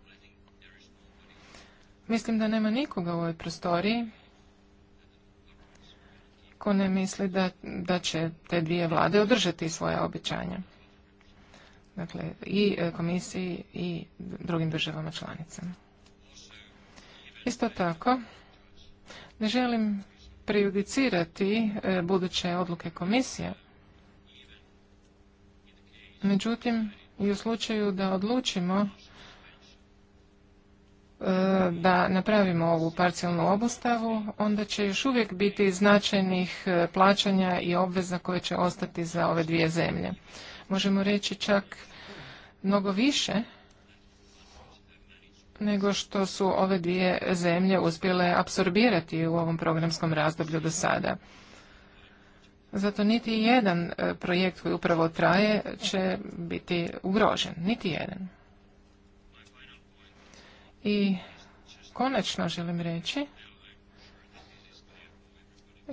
Speaker 2: Mislim da nema nikoga u ovoj prostoriji ko ne misli da, da će te dvije vlade održati svoja obećanja dakle i e, komisiji i drugim državama članicama. Isto tako, ne želim prejudicirati e, buduće odluke komisije, međutim i u slučaju da odlučimo e, da napravimo ovu parcijalnu obustavu, onda će još uvijek biti značajnih plaćanja i obveza koje će ostati za ove dvije zemlje možemo reći čak mnogo više nego što su ove dvije zemlje uspjele apsorbirati u ovom programskom razdoblju do sada. Zato niti jedan e, projekt koji upravo traje će biti ugrožen. Niti jedan. I konačno želim reći,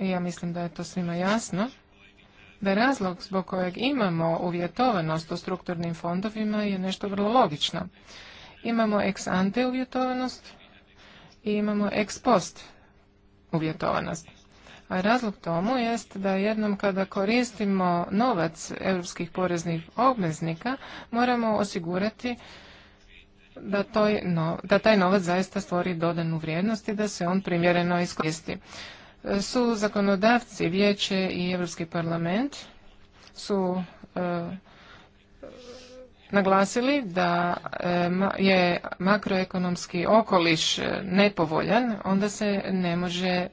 Speaker 2: ja mislim da je to svima jasno, da razlog zbog kojeg imamo uvjetovanost u strukturnim fondovima je nešto vrlo logično. Imamo ex ante uvjetovanost i imamo ex post uvjetovanost. A razlog tomu jest da jednom kada koristimo novac europskih poreznih obveznika, moramo osigurati da, da taj novac zaista stvori dodanu vrijednost i da se on primjereno iskoristi su zakonodavci vijeće i Europski parlament su e, naglasili da e, je makroekonomski okoliš e, nepovoljan, onda se ne može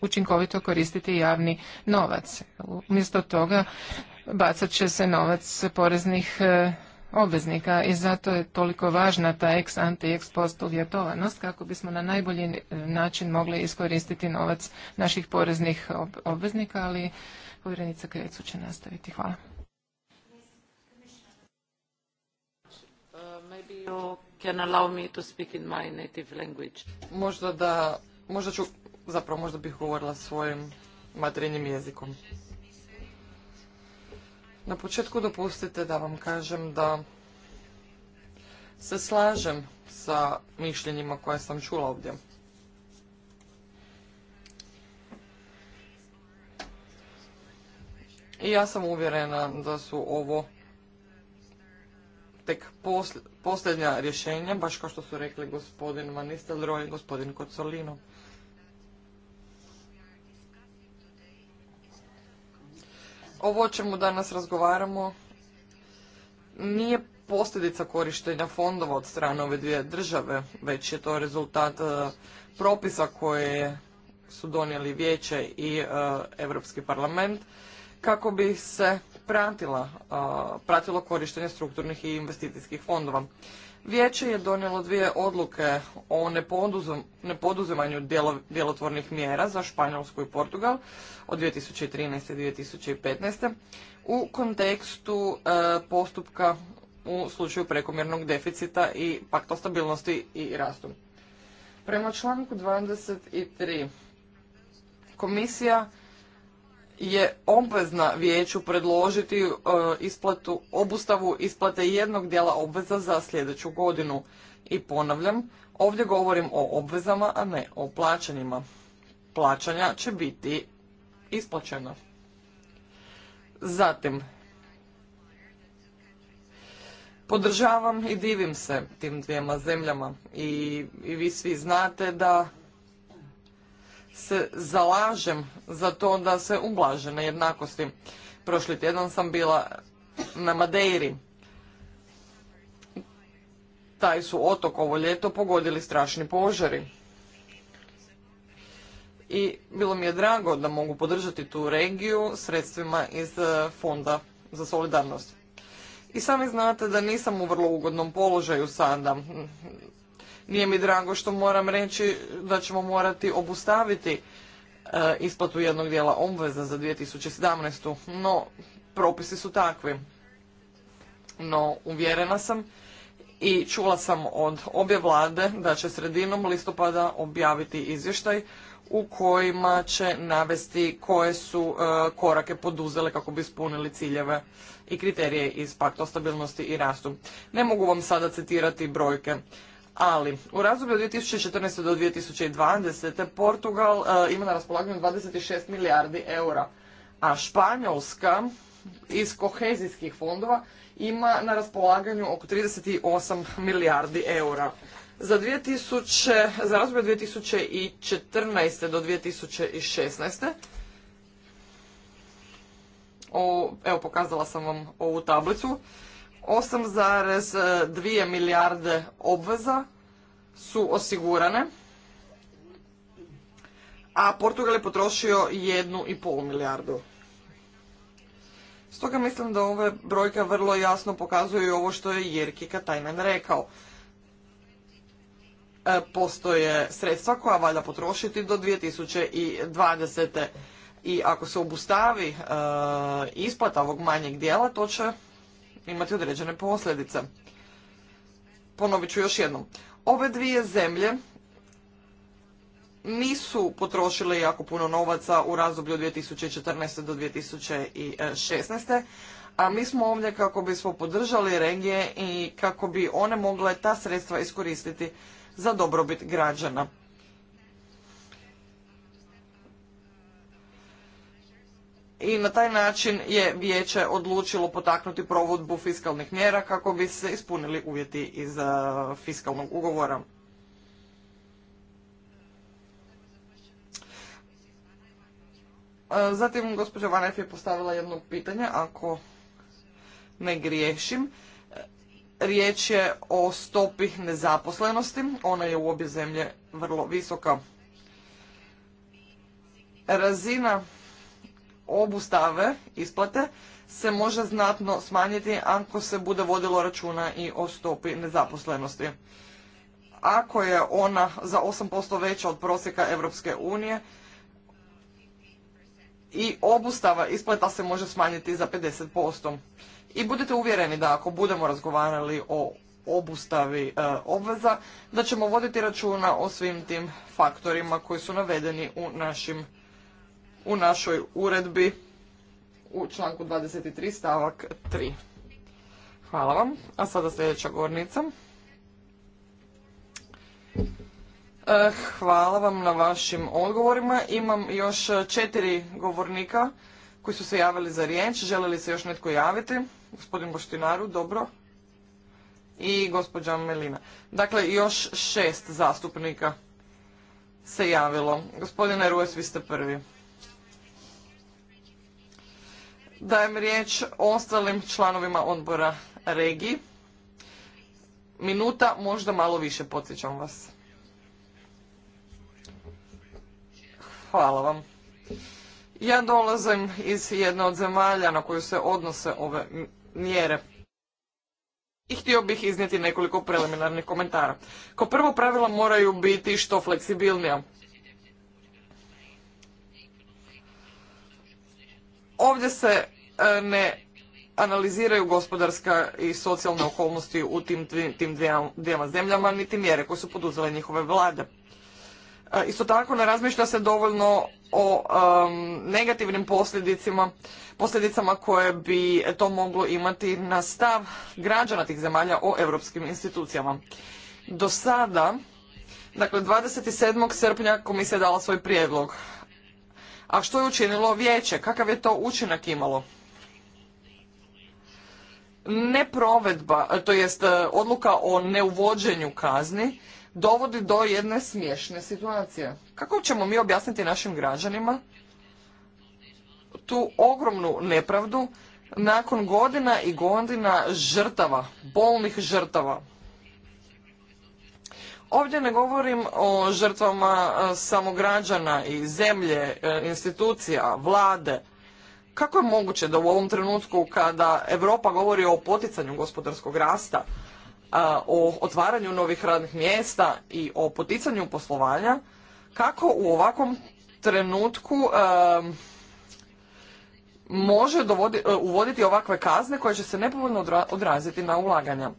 Speaker 2: učinkovito koristiti javni novac. Umjesto toga bacat će se novac poreznih obveznika i zato je toliko važna ta ex ante i ex post uvjetovanost kako bismo na najbolji eh, način mogli iskoristiti novac naših poreznih obveznika, ali povjerenica Krecu će nastaviti. Hvala. Možda
Speaker 3: da, ću, zapravo možda bih govorila svojim materinjim jezikom. Na početku dopustite da vam kažem da se slažem sa mišljenjima koje sam čula ovdje. I ja sam uvjerena da su ovo tek posljednja rješenja, baš kao što su rekli gospodin Van i gospodin Kocolino. Ovo o čemu danas razgovaramo nije posljedica korištenja fondova od strane ove dvije države, već je to rezultat e, propisa koje su donijeli vijeće i e, Europski parlament kako bi se e, pratilo korištenje strukturnih i investicijskih fondova. Vijeće je donijelo dvije odluke o nepoduzimanju djelotvornih mjera za Španjolsku i Portugal od 2013. i 2015. u kontekstu e, postupka u slučaju prekomjernog deficita i pakta stabilnosti i rastu. Prema članku 23. Komisija je obvezna vijeću predložiti e, isplatu, obustavu isplate jednog dijela obveza za sljedeću godinu. I ponavljam, ovdje govorim o obvezama, a ne o plaćanjima. Plaćanja će biti isplaćena. Zatim, podržavam i divim se tim dvijema zemljama i, i vi svi znate da se zalažem za to da se ublaže nejednakosti. Prošli tjedan sam bila na Madeiri. Taj su otok ovo ljeto pogodili strašni požari. I bilo mi je drago da mogu podržati tu regiju sredstvima iz e, Fonda za solidarnost. I sami znate da nisam u vrlo ugodnom položaju sada. Nije mi drago što moram reći da ćemo morati obustaviti e, isplatu jednog dijela obveza za 2017. No, propisi su takvi. No, uvjerena sam i čula sam od obje vlade da će sredinom listopada objaviti izvještaj u kojima će navesti koje su e, korake poduzele kako bi ispunili ciljeve i kriterije iz pakta o stabilnosti i rastu. Ne mogu vam sada citirati brojke ali u razdoblju od 2014. do 2020. Portugal e, ima na raspolaganju 26 milijardi eura, a Španjolska iz kohezijskih fondova ima na raspolaganju oko 38 milijardi eura. Za, 2000, za razdoblje 2014. do 2016. O, evo pokazala sam vam ovu tablicu. 8,2 e, milijarde obveza su osigurane, a Portugal je potrošio 1,5 milijardu. Stoga mislim da ove brojke vrlo jasno pokazuju ovo što je Jerkika Katajnen rekao. E, postoje sredstva koja valja potrošiti do 2020. I ako se obustavi e, isplata ovog manjeg dijela, to će imati određene posljedice. Ponovit ću još jednom. Ove dvije zemlje nisu potrošile jako puno novaca u razdoblju 2014. do 2016. A mi smo ovdje kako bismo podržali regije i kako bi one mogle ta sredstva iskoristiti za dobrobit građana. i na taj način je vijeće odlučilo potaknuti provodbu fiskalnih mjera kako bi se ispunili uvjeti iz fiskalnog ugovora. Zatim, gospođa Vanef je postavila jedno pitanje, ako ne griješim. Riječ je o stopi nezaposlenosti. Ona je u obje zemlje vrlo visoka. Razina obustave isplate se može znatno smanjiti ako se bude vodilo računa i o stopi nezaposlenosti. Ako je ona za 8% veća od prosjeka Europske unije i obustava isplata se može smanjiti za 50%. I budite uvjereni da ako budemo razgovarali o obustavi e, obveza, da ćemo voditi računa o svim tim faktorima koji su navedeni u našim u našoj uredbi u članku 23 stavak 3. Hvala vam. A sada sljedeća govornica. Eh, hvala vam na vašim odgovorima. Imam još eh, četiri govornika koji su se javili za riječ. Želi li se još netko javiti? Gospodin Boštinaru, dobro. I gospođa Melina. Dakle, još šest zastupnika se javilo. Gospodine Rues, vi ste prvi. Dajem riječ ostalim članovima odbora regiji. Minuta, možda malo više, podsjećam vas. Hvala vam. Ja dolazim iz jedne od zemalja na koju se odnose ove mjere. I htio bih iznijeti nekoliko preliminarnih komentara. Kao prvo pravila moraju biti što fleksibilnija Ovdje se e, ne analiziraju gospodarska i socijalne okolnosti u tim, tim dvijema zemljama, niti mjere koje su poduzele njihove vlade. E, isto tako ne razmišlja se dovoljno o negativnim posljedicama, posljedicama koje bi to moglo imati na stav građana tih zemalja o europskim institucijama. Do sada, dakle 27. srpnja komisija je dala svoj prijedlog. A što je učinilo vijeće? Kakav je to učinak imalo? Neprovedba, to jest e, odluka o neuvođenju kazni, dovodi do jedne smiješne situacije. Kako ćemo mi objasniti našim građanima tu ogromnu nepravdu nakon godina i godina žrtava, bolnih žrtava? Ovdje ne govorim o žrtvama e, samo građana i zemlje, e, institucija, vlade. Kako je moguće da u ovom trenutku kada Europa govori o poticanju gospodarskog rasta, e, o otvaranju novih radnih mjesta i o poticanju poslovanja, kako u ovakvom trenutku može uvoditi ovakve kazne koje će se nepovoljno odraziti na ulaganja.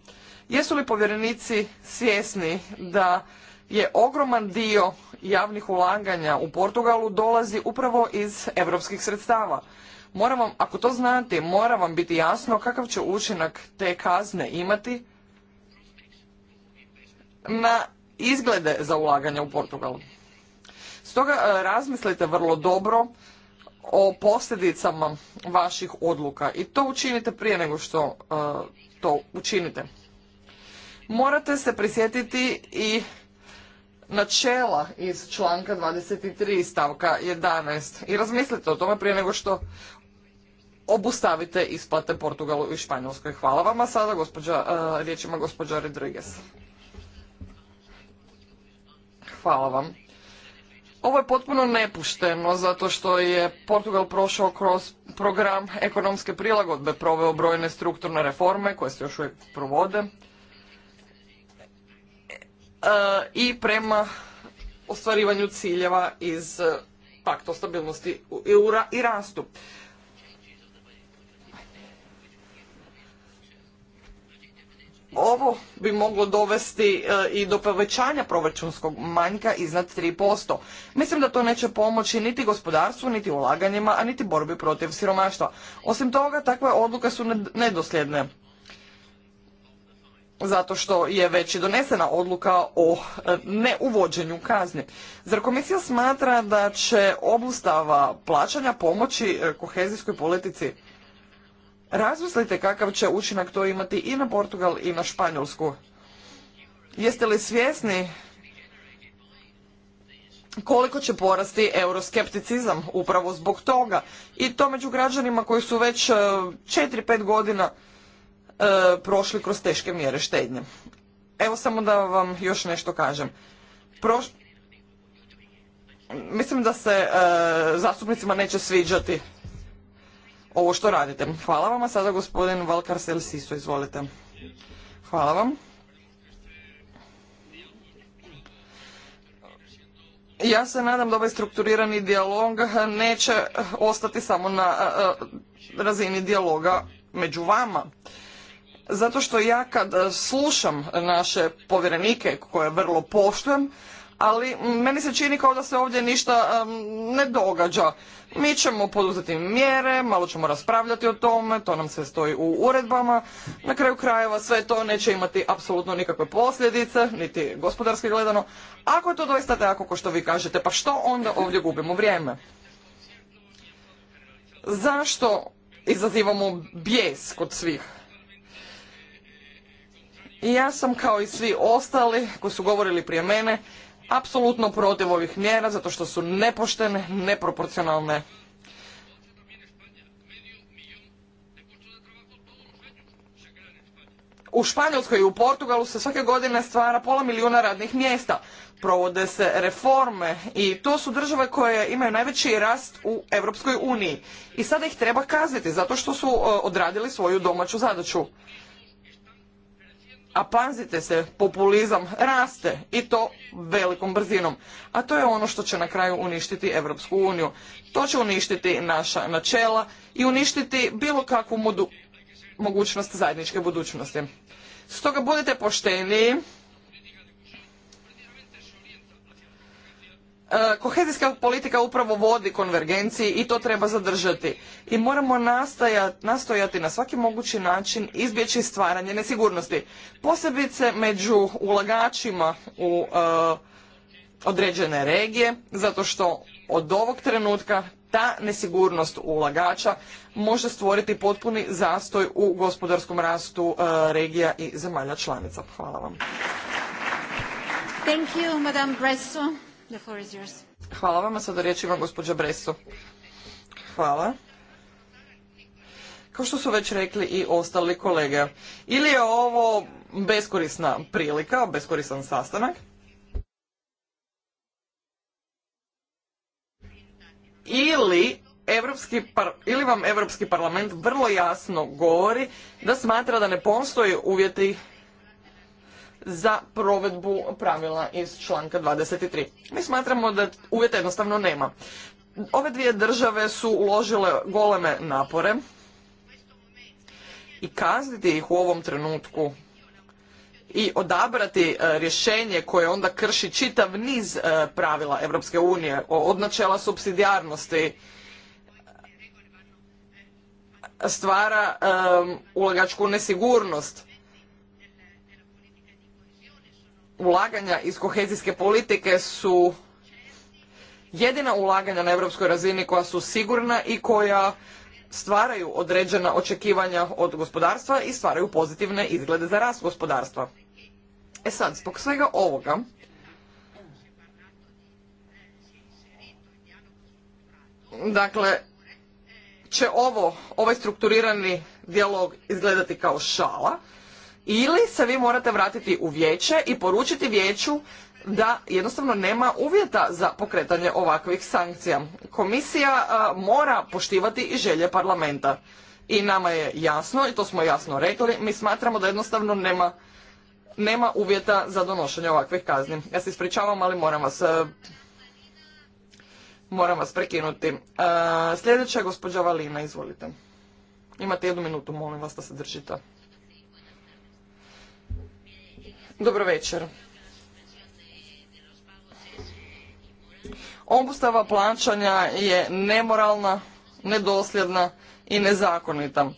Speaker 3: Jesu li povjerenici svjesni da je ogroman dio javnih ulaganja u Portugalu dolazi upravo iz europskih sredstava? Moram vam, ako to znate, mora vam biti jasno kakav će učinak te kazne imati na izglede za ulaganja u Portugalu. Stoga e, razmislite vrlo dobro o posljedicama vaših odluka i to učinite prije nego što e, to učinite morate se prisjetiti i načela iz članka 23 stavka 11 i razmislite o tome prije nego što obustavite isplate Portugalu i Španjolskoj. Hvala a sada gospođa, e, riječima gospođa Rodriguez. Hvala vam. Ovo je potpuno nepušteno zato što je Portugal prošao kroz program ekonomske prilagodbe, proveo brojne strukturne reforme koje se još uvijek provode E, i prema ostvarivanju ciljeva iz pakta o stabilnosti i rastu. Ovo bi moglo dovesti e, i do povećanja proračunskog manjka iznad 3%. Mislim da to neće pomoći niti gospodarstvu, niti ulaganjima, a niti borbi protiv siromaštva. Osim toga, takve odluke su nedosljedne zato što je već i donesena odluka o e, neuvođenju kazni. Zar komisija smatra da će obustava plaćanja pomoći e, kohezijskoj politici? Razmislite kakav će učinak to imati i na Portugal i na Španjolsku. Jeste li svjesni koliko će porasti euroskepticizam upravo zbog toga i to među građanima koji su već 4-5 e, godina E, prošli kroz teške mjere štednje. Evo samo da vam još nešto kažem. Mislim da se e, zastupnicima neće sviđati ovo što radite. Hvala vam, a sada gospodin Valkar Selsiso, izvolite. Hvala vam. Ja se nadam da ovaj strukturirani dijalog neće ostati samo na e, razini dijaloga među vama. Zato što ja kad e, slušam naše povjerenike koje vrlo poštujem, ali meni se čini kao da se ovdje ništa ne događa. Mi ćemo poduzeti mjere, malo ćemo raspravljati o tome, to nam sve stoji u uredbama. Na kraju krajeva sve to neće imati apsolutno nikakve posljedice, niti gospodarski gledano. Ako je to doista tako kao što vi kažete, pa što onda ovdje gubimo vrijeme? Zašto izazivamo bijes kod svih? I ja sam kao i svi ostali koji su govorili prije mene apsolutno protiv ovih mjera zato što su nepoštene, neproporcionalne. U Španjolskoj i u Portugalu se svake godine stvara pola milijuna radnih mjesta. Provode se reforme i to su države koje imaju najveći rast u Europskoj uniji. I sada ih treba kazniti zato što su e, odradili svoju domaću zadaću. A pazite se, populizam raste i to velikom brzinom. A to je ono što će na kraju uništiti Europsku uniju. To će uništiti naša načela i uništiti bilo kakvu mogućnost zajedničke budućnosti. Stoga budite pošteniji E, kohezijska politika upravo vodi konvergenciji i to treba zadržati. I moramo nastojati na svaki mogući način izbjeći stvaranje nesigurnosti. Posebice među ulagačima u e, određene regije, zato što od ovog trenutka ta nesigurnost ulagača može stvoriti potpuni zastoj u gospodarskom rastu e, regija i zemalja članica. Hvala vam.
Speaker 2: Thank you, Madame
Speaker 3: Hvala vam, a sada riječ ima gospođa Breso. Hvala. Kao što su već rekli i ostali kolege. Ili je ovo beskorisna prilika, beskorisan sastanak, ili ili vam Europski parlament vrlo jasno govori da smatra da ne postoje uvjeti za provedbu pravila iz članka 23. Mi smatramo da uvjeta jednostavno nema. Ove dvije države su uložile goleme napore i kazniti ih u ovom trenutku i odabrati e, rješenje koje onda krši čitav niz e, pravila Europske unije od načela subsidijarnosti e, stvara ulagačku nesigurnost ulaganja iz kohezijske politike su jedina ulaganja na europskoj razini koja su sigurna i koja stvaraju određena očekivanja od gospodarstva i stvaraju pozitivne izglede za rast gospodarstva. E sad, zbog svega ovoga, dakle, će ovo, ovaj strukturirani dijalog izgledati kao šala, ili se vi morate vratiti u vijeće i poručiti vijeću da jednostavno nema uvjeta za pokretanje ovakvih sankcija. Komisija mora poštivati i želje parlamenta. I nama je jasno, i to smo jasno rekli, mi smatramo da jednostavno nema, uvjeta za donošenje ovakvih kazni. Ja se ispričavam, ali moram vas, prekinuti. sljedeća je gospođa Valina, izvolite. Imate jednu minutu, molim vas da se držite. Dobro večer. Obustava plaćanja je nemoralna, nedosljedna i nezakonita.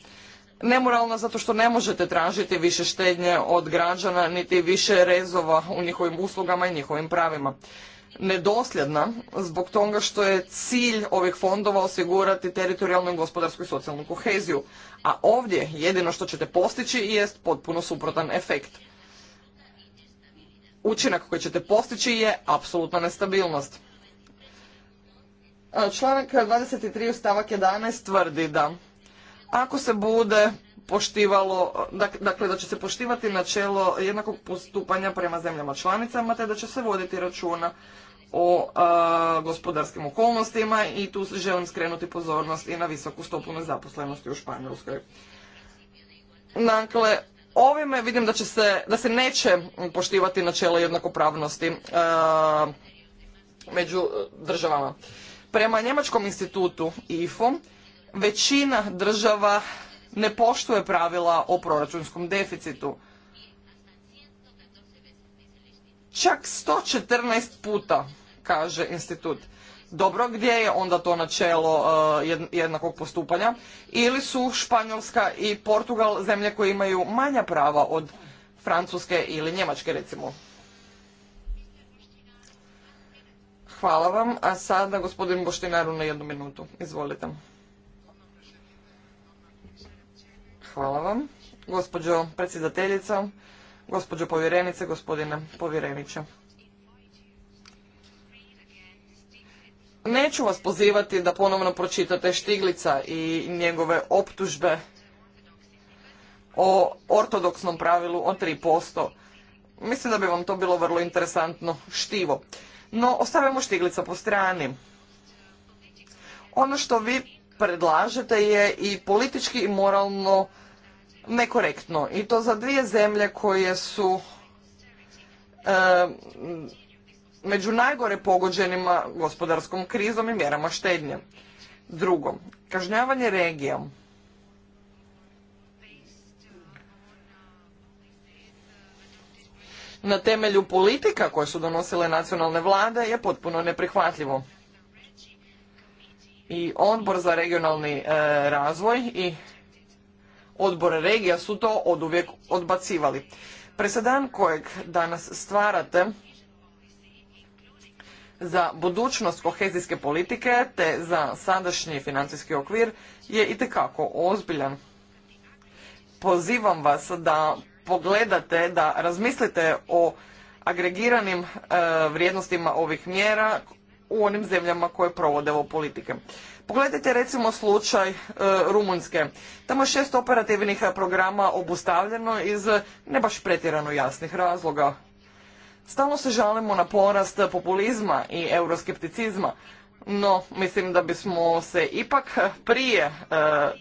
Speaker 3: Nemoralna zato što ne možete tražiti više štednje od građana, niti više rezova u njihovim uslugama i njihovim pravima. Nedosljedna zbog toga što je cilj ovih fondova osigurati teritorijalnu, gospodarsku i socijalnu koheziju. A ovdje jedino što ćete postići jest potpuno suprotan efekt učinak koji ćete postići je apsolutna nestabilnost. E, članak 23. stavak 11. tvrdi da ako se bude poštivalo, dakle da će se poštivati načelo jednakog postupanja prema zemljama članicama te da će se voditi računa o e, gospodarskim okolnostima i tu želim skrenuti pozornost i na visoku stopu nezaposlenosti u Španjolskoj. Dakle, Ovime vidim da, se, da se neće poštivati načelo jednakopravnosti e, među državama. Prema Njemačkom institutu IFO većina država ne poštuje pravila o proračunskom deficitu. Čak 114 puta, kaže institut dobro gdje je onda to načelo e, jednakog postupanja ili su Španjolska i Portugal zemlje koje imaju manja prava od Francuske ili Njemačke recimo. Hvala vam. A sada gospodin Boštinaru na jednu minutu. Izvolite. Hvala vam. Gospođo predsjedateljica, gospođo povjerenice, gospodine povjereniče. Neću vas pozivati da ponovno pročitate Štiglica i njegove optužbe o ortodoksnom pravilu od 3%. Mislim da bi vam to bilo vrlo interesantno štivo. No, ostavimo Štiglica po strani. Ono što vi predlažete je i politički i moralno nekorektno. I to za dvije zemlje koje su e, među najgore pogođenima gospodarskom krizom i mjerama štednje. Drugo, kažnjavanje regija. Na temelju politika koje su donosile nacionalne vlade je potpuno neprihvatljivo. I odbor za regionalni e, razvoj i odbor regija su to uvijek odbacivali. Presedan kojeg danas stvarate za budućnost kohezijske politike te za sadašnji financijski okvir je itekako ozbiljan. Pozivam vas da pogledate, da razmislite o agregiranim e, vrijednostima ovih mjera u onim zemljama koje provode ovo politike. Pogledajte recimo slučaj e, Rumunjske. Tamo je šest operativnih programa obustavljeno iz ne baš pretjerano jasnih razloga. Stalno se žalimo na porast populizma i euroskepticizma, no mislim da bismo se ipak prije e,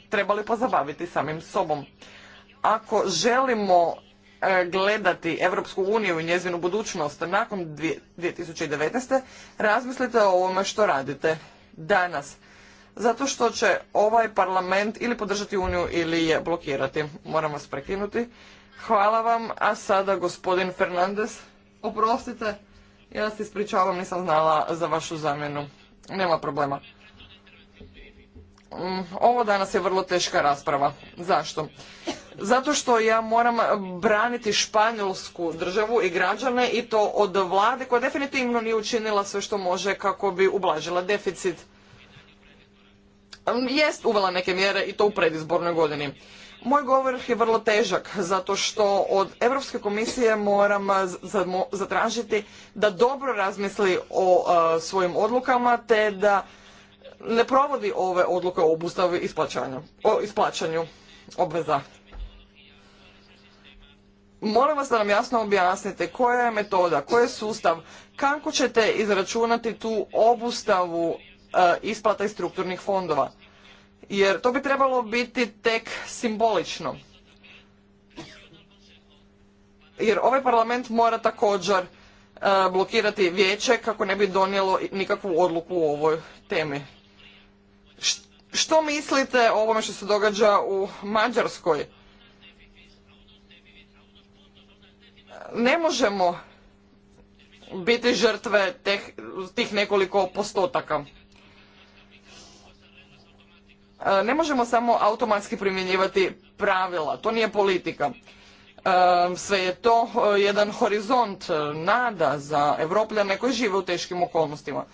Speaker 3: trebali pozabaviti samim sobom. Ako želimo e, gledati Europsku uniju i njezinu budućnost nakon dvije, 2019. razmislite o ovome što radite danas. Zato što će ovaj parlament ili podržati uniju ili je blokirati. Moram vas prekinuti. Hvala vam, a sada gospodin Fernandez. Oprostite, ja se ispričavam, nisam znala za vašu zamjenu. Nema problema. Mm, ovo danas je vrlo teška rasprava. Zašto? Zato što ja moram braniti španjolsku državu i građane i to od vlade koja definitivno nije učinila sve što može kako bi ublažila deficit. Mm, jest uvela neke mjere i to u predizbornoj godini. Moj govor je vrlo težak zato što od Europske komisije moram zatražiti da dobro razmisli o svojim odlukama te da ne provodi ove odluke o obustavi o isplaćanju obveza. Molim vas da nam jasno objasnite koja je metoda, koji je sustav, kako ćete izračunati tu obustavu isplata iz strukturnih fondova jer to bi trebalo biti tek simbolično. Jer ovaj parlament mora također e, blokirati vijeće kako ne bi donijelo nikakvu odluku o ovoj temi. Što mislite o ovome što se događa u Mađarskoj? Ne možemo biti žrtve tih nekoliko postotaka. E, ne možemo samo automatski primjenjivati pravila, to nije politika. E, sve je to e, jedan horizont nada za evropljane koji žive u teškim okolnostima.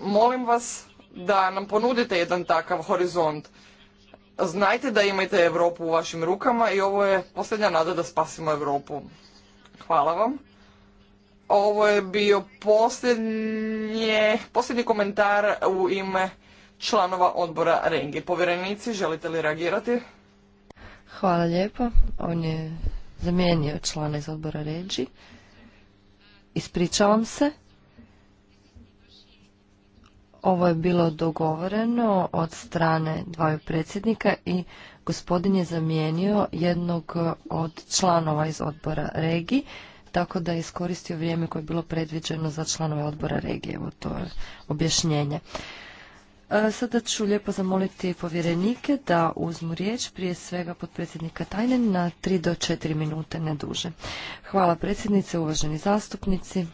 Speaker 3: Molim vas da nam ponudite jedan takav horizont. Znajte da imate Europu u vašim rukama i ovo je posljednja nada da spasimo Europu. Hvala vam. Ovo je bio posljednji komentar u ime članova odbora Rengi. Povjerenici, želite li reagirati?
Speaker 1: Hvala lijepo. On je zamijenio člana iz odbora regiji, Ispričavam se. Ovo je bilo dogovoreno od strane dvaju predsjednika i gospodin je zamijenio jednog od članova iz odbora Regi, tako da je iskoristio vrijeme koje je bilo predviđeno za članove odbora Regije. Evo to je objašnjenje. E, sada ću lijepo zamoliti povjerenike da uzmu riječ, prije svega potpredsjednika tajnen na 3 do 4 minute, ne duže. Hvala predsjednice, uvaženi zastupnici.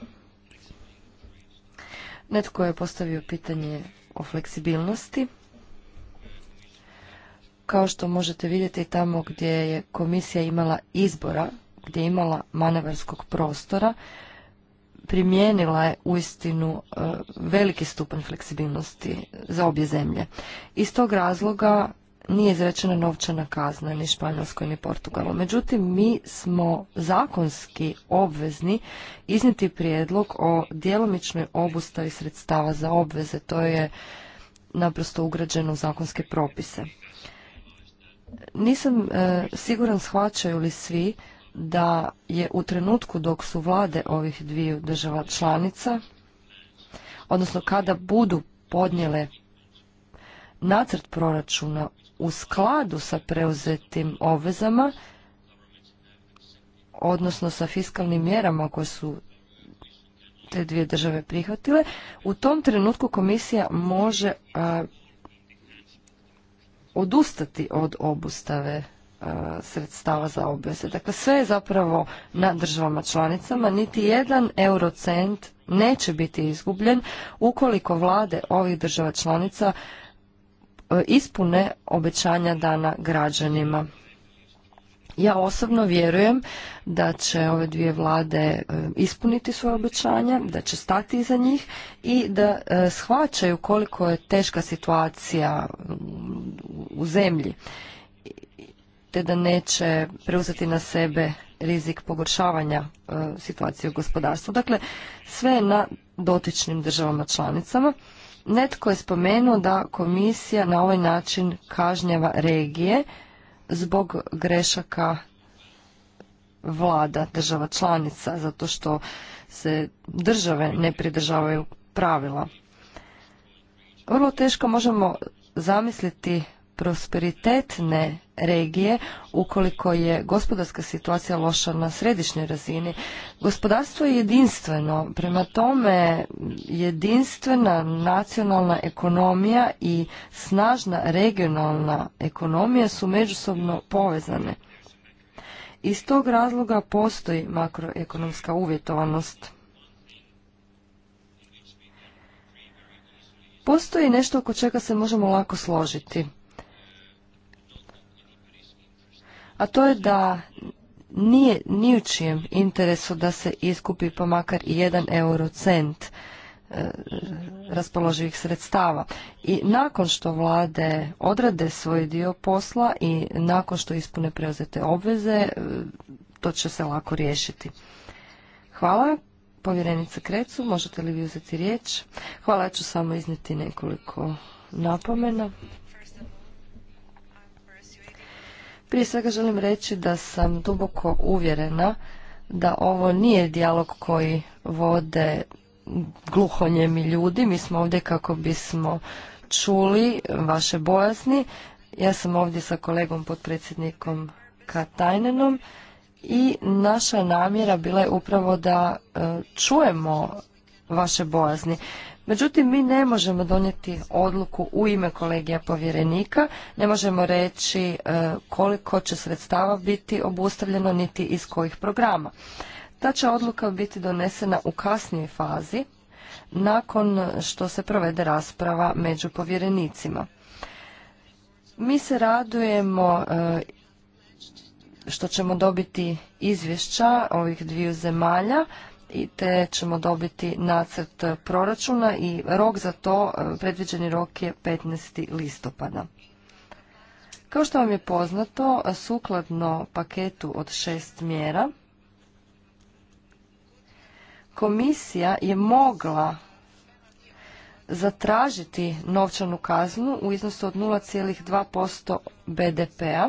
Speaker 1: Netko je postavio pitanje o fleksibilnosti. Kao što možete vidjeti tamo gdje je komisija imala izbora, gdje je imala manevarskog prostora, primijenila je uistinu e, veliki stupanj fleksibilnosti za obje zemlje. Iz tog razloga nije izrečena novčana kazna ni Španjolskoj ni Portugalu. Međutim, mi smo zakonski obvezni izniti prijedlog o djelomičnoj obustavi sredstava za obveze. To je naprosto ugrađeno u zakonske propise. Nisam e, siguran shvaćaju li svi da je u trenutku dok su vlade ovih dviju država članica, odnosno kada budu podnijele nacrt proračuna u skladu sa preuzetim obvezama, odnosno sa fiskalnim mjerama koje su te dvije države prihvatile, u tom trenutku komisija može odustati od obustave E, sredstava za obveze. Dakle, sve je zapravo na državama članicama. Niti jedan eurocent neće biti izgubljen ukoliko vlade ovih država članica e, ispune obećanja dana građanima. Ja osobno vjerujem da će ove dvije vlade e, ispuniti svoje obećanja, da će stati iza njih i da shvaćaju koliko je teška situacija u zemlji te da neće preuzeti na sebe rizik pogoršavanja e, situacije u gospodarstvu. Dakle, sve je na dotičnim državama članicama. Netko je spomenuo da komisija na ovaj način kažnjava regije zbog grešaka vlada država članica, zato što se države ne pridržavaju pravila. Vrlo teško možemo zamisliti prosperitetne regije ukoliko je gospodarska situacija loša na središnjoj razini. Gospodarstvo je jedinstveno, prema tome jedinstvena nacionalna ekonomija i snažna regionalna ekonomija su međusobno povezane. Iz tog razloga postoji makroekonomska uvjetovanost. Postoji nešto oko čega se možemo lako složiti – a to je da nije ni u čijem interesu da se iskupi pa makar i jedan eurocent e, raspoloživih sredstava. I nakon što vlade odrade svoj dio posla i nakon što ispune preuzete obveze, e, to će se lako riješiti. Hvala. Povjerenica Krecu, možete li vi uzeti riječ? Hvala, ja ću samo iznijeti nekoliko napomena. Prije svega želim reći da sam duboko uvjerena da ovo nije dijalog koji vode gluhonjemi ljudi. Mi smo ovdje kako bismo čuli vaše bojazni. Ja sam ovdje sa kolegom potpredsjednikom Katajnenom i naša namjera bila je upravo da e, čujemo vaše bojazni. Međutim, mi ne možemo donijeti odluku u ime kolegija povjerenika, ne možemo reći e, koliko će sredstava biti obustavljeno niti iz kojih programa. Ta će odluka biti donesena u kasnijoj fazi, nakon što se provede rasprava među povjerenicima. Mi se radujemo e, što ćemo dobiti izvješća ovih dviju zemalja i te ćemo dobiti nacrt proračuna i rok za to, e, predviđeni rok je 15. listopada. Kao što vam je poznato, sukladno paketu od šest mjera, komisija je mogla zatražiti novčanu kaznu u iznosu od 0,2% BDP-a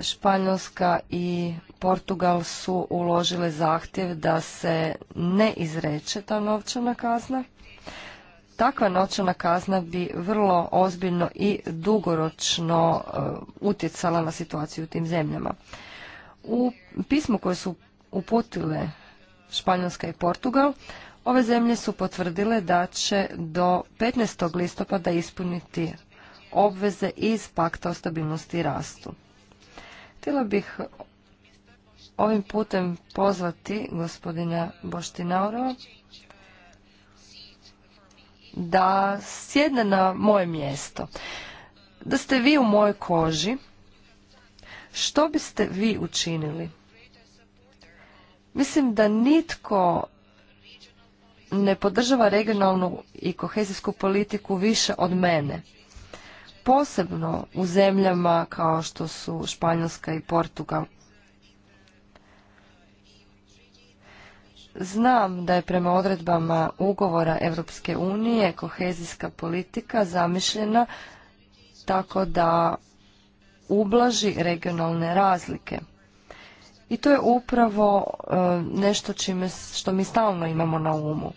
Speaker 1: Španjolska i Portugal su uložile zahtjev da se ne izreče ta novčana kazna. Takva novčana kazna bi vrlo ozbiljno i dugoročno e, utjecala na situaciju u tim zemljama. U pismu koje su uputile Španjolska i Portugal, ove zemlje su potvrdile da će do 15. listopada ispuniti obveze iz pakta o stabilnosti i rastu. Htjela bih ovim putem pozvati gospodina Boštinaurova da sjedne na moje mjesto. Da ste vi u mojoj koži, što biste vi učinili? Mislim da nitko ne podržava regionalnu i kohezijsku politiku više od mene posebno u zemljama kao što su Španjolska i Portugal. Znam da je prema odredbama ugovora Europske unije kohezijska politika zamišljena tako da ublaži regionalne razlike. I to je upravo e, nešto što mi stalno imamo na umu.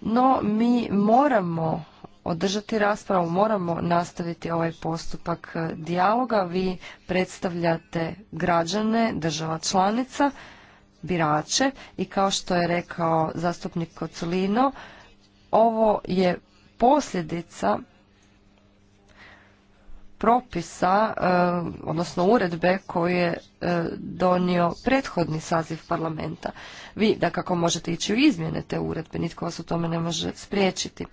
Speaker 1: No mi moramo održati raspravu, moramo nastaviti ovaj postupak e, dijaloga. Vi predstavljate građane država članica, birače i kao što je rekao zastupnik Koculino, ovo je posljedica propisa, e, odnosno uredbe koju je e, donio prethodni saziv parlamenta. Vi, da kako možete ići u izmjene te uredbe, nitko vas u tome ne može spriječiti.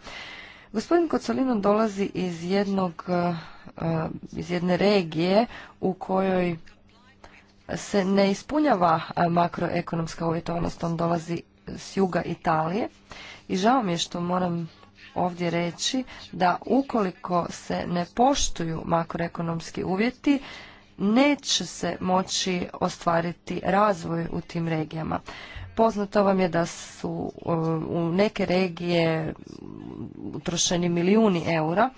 Speaker 1: Gospodin Kocolino dolazi iz jednog e, e, iz jedne regije u kojoj se ne ispunjava e, makroekonomska uvjetovanost, on dolazi s juga Italije i žao mi je što moram ovdje reći da ukoliko se ne poštuju makroekonomski uvjeti, neće se moći ostvariti razvoj u tim regijama. Poznato vam je da su um, u neke regije utrošeni milijuni eura,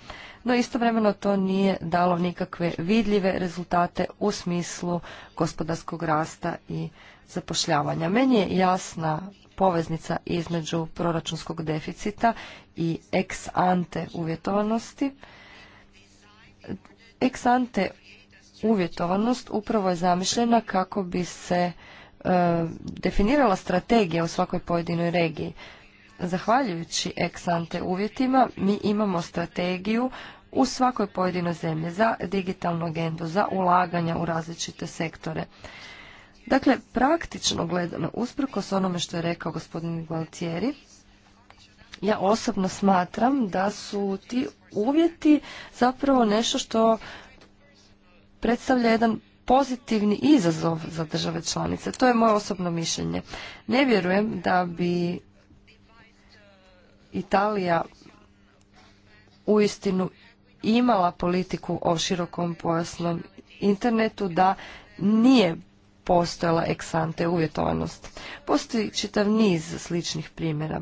Speaker 1: no istovremeno to nije dalo nikakve vidljive rezultate u smislu gospodarskog rasta i zapošljavanja. Meni je jasna poveznica između proračunskog deficita i ex ante uvjetovanosti. Ex ante uvjetovanost upravo je zamišljena kako bi se E, definirala strategija u svakoj pojedinoj regiji. Zahvaljujući ex ante uvjetima mi imamo strategiju u svakoj pojedinoj zemlji za digitalnu agendu, za ulaganja u različite sektore. Dakle, praktično gledano, s onome što je rekao gospodin Gualtieri, ja osobno smatram da su ti uvjeti zapravo nešto što predstavlja jedan pozitivni izazov za države članice. To je moje osobno mišljenje. Ne vjerujem da bi Italija uistinu imala politiku o širokom pojasnom internetu da nije postojala eksante uvjetovanost. Postoji čitav niz sličnih primjera.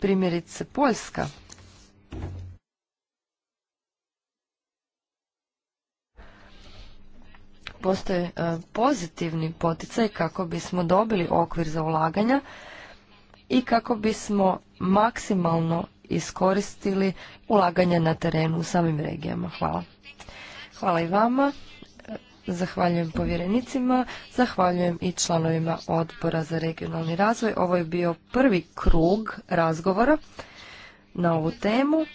Speaker 1: Primjerice Poljska postoje e, pozitivni poticaj kako bismo dobili okvir za ulaganja i kako bismo maksimalno iskoristili ulaganja na terenu u samim regijama. Hvala. Hvala i vama. Zahvaljujem povjerenicima, zahvaljujem i članovima odbora za regionalni razvoj. Ovo je bio prvi krug razgovora na ovu temu.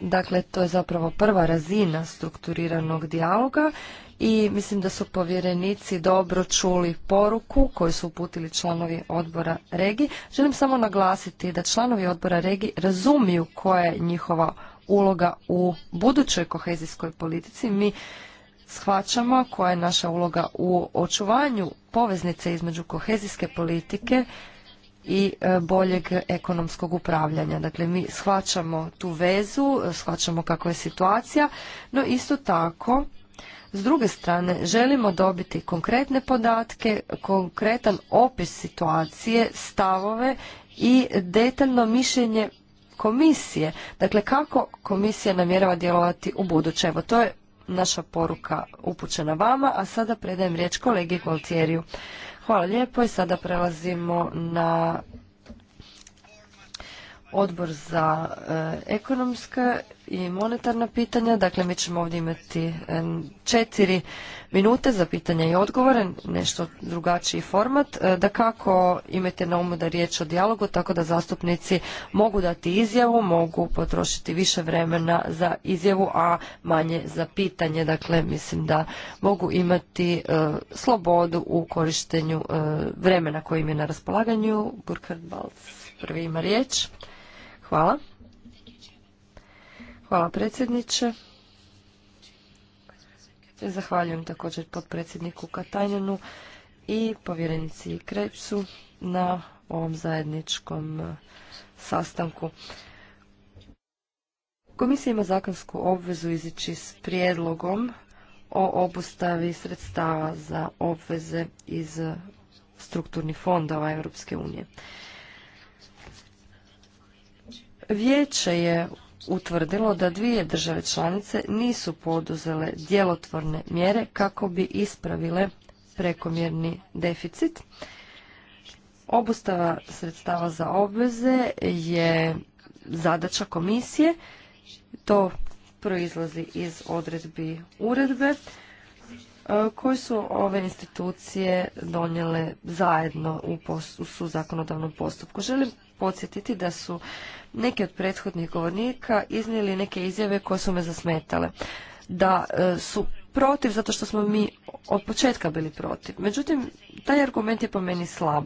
Speaker 1: Dakle, to je zapravo prva razina strukturiranog dijaloga i mislim da su povjerenici dobro čuli poruku koju su uputili članovi odbora regi. Želim samo naglasiti da članovi odbora regi razumiju koja je njihova uloga u budućoj kohezijskoj politici. Mi shvaćamo koja je naša uloga u očuvanju poveznice između kohezijske politike i e, boljeg ekonomskog upravljanja. Dakle, mi shvaćamo tu vezu, shvaćamo kako je situacija, no isto tako s druge strane, želimo dobiti konkretne podatke, konkretan opis situacije, stavove i detaljno mišljenje komisije. Dakle, kako komisija namjerava djelovati u buduće. Evo, to je naša poruka upućena vama, a sada predajem riječ kolegi Goltjeriju. Hvala lijepo i sada prelazimo na odbor za e, ekonomska i monetarna pitanja. Dakle, mi ćemo ovdje imati e, četiri minute za pitanja i odgovore, nešto drugačiji format. E, da kako imate na umu da riječ o dijalogu, tako da zastupnici mogu dati izjavu, mogu potrošiti više vremena za izjavu, a manje za pitanje. Dakle, mislim da mogu imati slobodu u korištenju vremena koje im je na raspolaganju. Burkhard Balc prvi ima riječ. Hvala. Hvala predsjedniče. Zahvaljujem također potpredsjedniku Katajnjanu i povjerenici Krepsu na ovom zajedničkom e, sastanku. Komisija ima zakonsku obvezu izići s prijedlogom o obustavi sredstava za obveze iz strukturnih fondova Europske unije. Vijeće je utvrdilo da dvije države članice nisu poduzele djelotvorne mjere kako bi ispravile prekomjerni deficit. Obustava sredstava za obveze je zadaća komisije. To proizlazi iz odredbi uredbe e, koje su ove institucije donijele zajedno u, post, zakonodavnom postupku. Želim podsjetiti da su neki od prethodnih govornika iznijeli neke izjave koje su me zasmetale. Da e, su protiv zato što smo mi od početka bili protiv. Međutim, taj argument je po meni slab.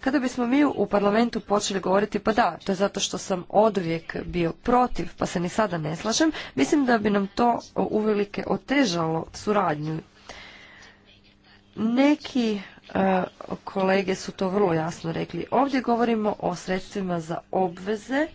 Speaker 1: Kada bismo mi u parlamentu počeli govoriti pa da, to je zato što sam oduvijek bio protiv, pa se ni sada ne slažem, mislim da bi nam to uvelike otežalo suradnju. Neki E, kolege su to vrlo jasno rekli. Ovdje govorimo o sredstvima za obveze,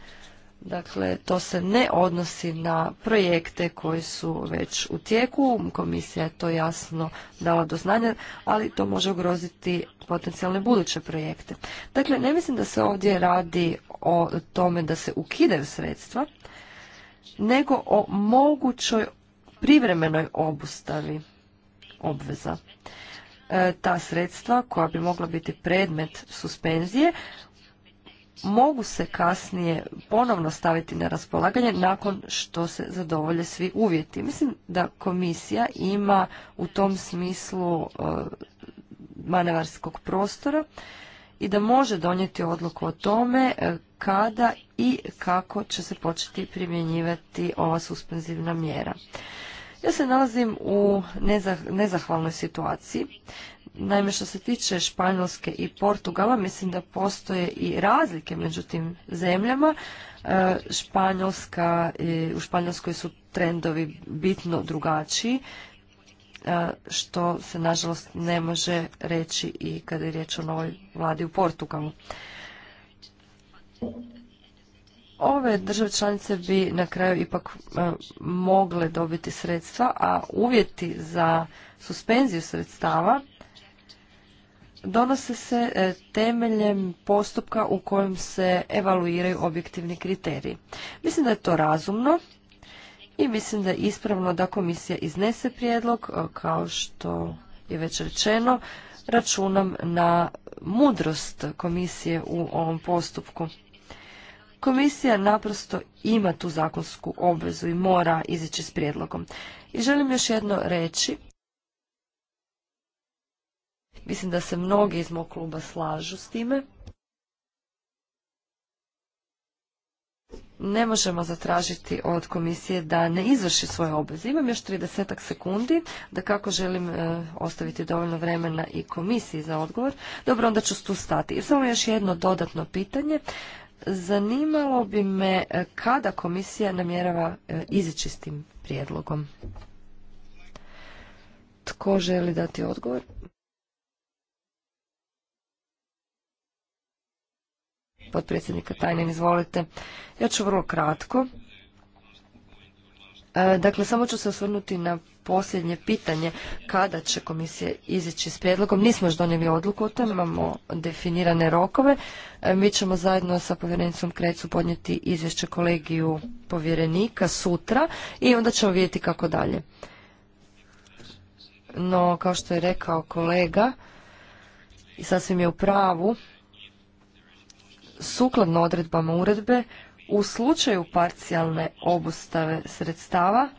Speaker 1: dakle to se ne odnosi na projekte koji su već u tijeku, komisija je to jasno dala do znanja, ali to može ugroziti potencijalne buduće projekte. Dakle, ne mislim da se ovdje radi o tome da se ukidaju sredstva, nego o mogućoj privremenoj obustavi obveza. E, ta sredstva koja bi mogla biti predmet suspenzije mogu se kasnije ponovno staviti na raspolaganje nakon što se zadovolje svi uvjeti. Mislim da komisija ima u tom smislu e, manevarskog prostora i da može donijeti odluku o tome e, kada i kako će se početi primjenjivati ova suspenzivna mjera. Ja se nalazim u nezahvalnoj situaciji. Naime, što se tiče Španjolske i Portugala, mislim da postoje i razlike među tim zemljama. E, Španjolska, u Španjolskoj su trendovi bitno drugačiji, e, što se nažalost ne može reći i kada je riječ o novoj vladi u Portugalu ove države članice bi na kraju ipak e, mogle dobiti sredstva, a uvjeti za suspenziju sredstava donose se e, temeljem postupka u kojem se evaluiraju objektivni kriteriji. Mislim da je to razumno i mislim da je ispravno da komisija iznese prijedlog, e, kao što je već rečeno, računam na mudrost komisije u ovom postupku. Komisija naprosto ima tu zakonsku obvezu i mora izići s prijedlogom. I želim još jedno reći. Mislim da se mnogi iz mog kluba slažu s time. Ne možemo zatražiti od komisije da ne izvrši svoje obveze. Imam još 30 sekundi, da kako želim e, ostaviti dovoljno vremena i komisiji za odgovor. Dobro, onda ću tu stati. I samo još jedno dodatno pitanje. Zanimalo bi me e, kada komisija namjerava e, izići s tim prijedlogom. Tko želi dati odgovor? Potpredsjednika Tajnen, izvolite. Ja ću vrlo kratko. E, dakle, samo ću se osvrnuti na posljednje pitanje kada će komisija izići s prijedlogom. Nismo još donijeli odluku o tome, imamo definirane rokove. E, mi ćemo zajedno sa povjerenicom Krecu podnijeti izvješće kolegiju povjerenika sutra i onda ćemo vidjeti kako dalje. No, kao što je rekao kolega, i sasvim je u pravu, sukladno odredbama uredbe, u slučaju parcijalne obustave sredstava,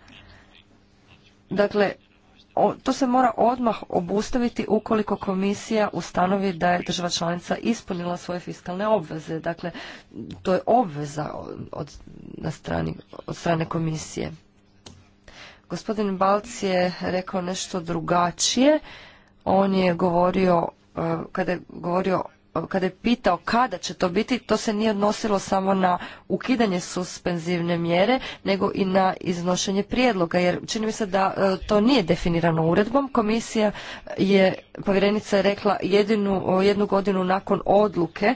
Speaker 1: dakle, to se mora odmah obustaviti ukoliko komisija ustanovi da je država članica ispunila svoje fiskalne obveze. Dakle, to je obveza od, na strani, strane komisije. Gospodin Balc je rekao nešto drugačije. On je govorio, e, kada je govorio kada je pitao kada će to biti, to se nije odnosilo samo na ukidanje suspenzivne mjere, nego i na iznošenje prijedloga, jer čini mi se da e, to nije definirano uredbom. Komisija je, povjerenica je rekla jednu godinu nakon odluke,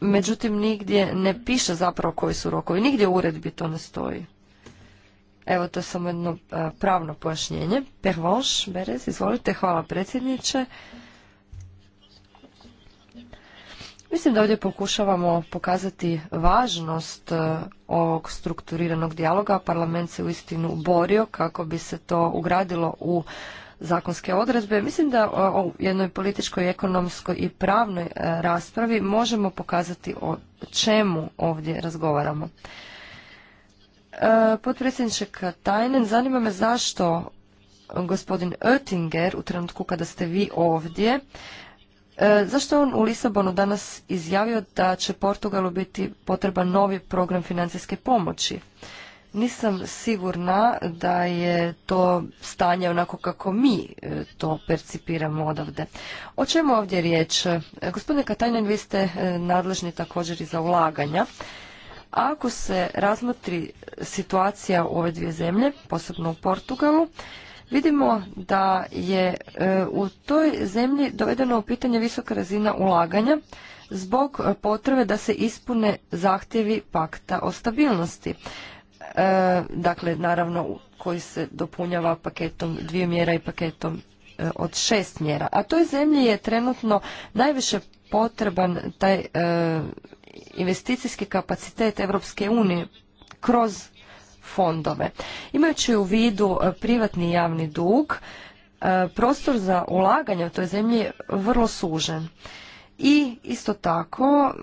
Speaker 1: međutim nigdje ne piše zapravo koji su rokovi, nigdje u uredbi to ne stoji. Evo, to je samo jedno e, pravno pojašnjenje. Pervanš, Berez, izvolite, hvala predsjedniče. Mislim da ovdje pokušavamo pokazati važnost e, ovog strukturiranog dijaloga. Parlament se uistinu borio kako bi se to ugradilo u zakonske odredbe. Mislim da e, o jednoj političkoj, ekonomskoj i pravnoj e, raspravi možemo pokazati o čemu ovdje razgovaramo. Potpredsjedniče Tajnen, zanima me zašto gospodin Oettinger u trenutku kada ste vi ovdje E, zašto je on u Lisabonu danas izjavio da će Portugalu biti potreban novi program financijske pomoći? Nisam sigurna da je to stanje onako kako mi e, to percipiramo odavde. O čemu ovdje riječ? E, gospodine Katajnen, vi ste nadležni također i za ulaganja. Ako se razmotri situacija u ove dvije zemlje, posebno u Portugalu, Vidimo da je e, u toj zemlji dovedeno u pitanje visoka razina ulaganja zbog potrebe da se ispune zahtjevi pakta o stabilnosti. E, dakle, naravno, koji se dopunjava paketom dvije mjera i paketom e, od šest mjera. A toj zemlji je trenutno najviše potreban taj investicijski kapacitet Europske unije kroz fondove. Imajući u vidu e, privatni javni dug, e, prostor za ulaganje u toj zemlji je vrlo sužen. I isto tako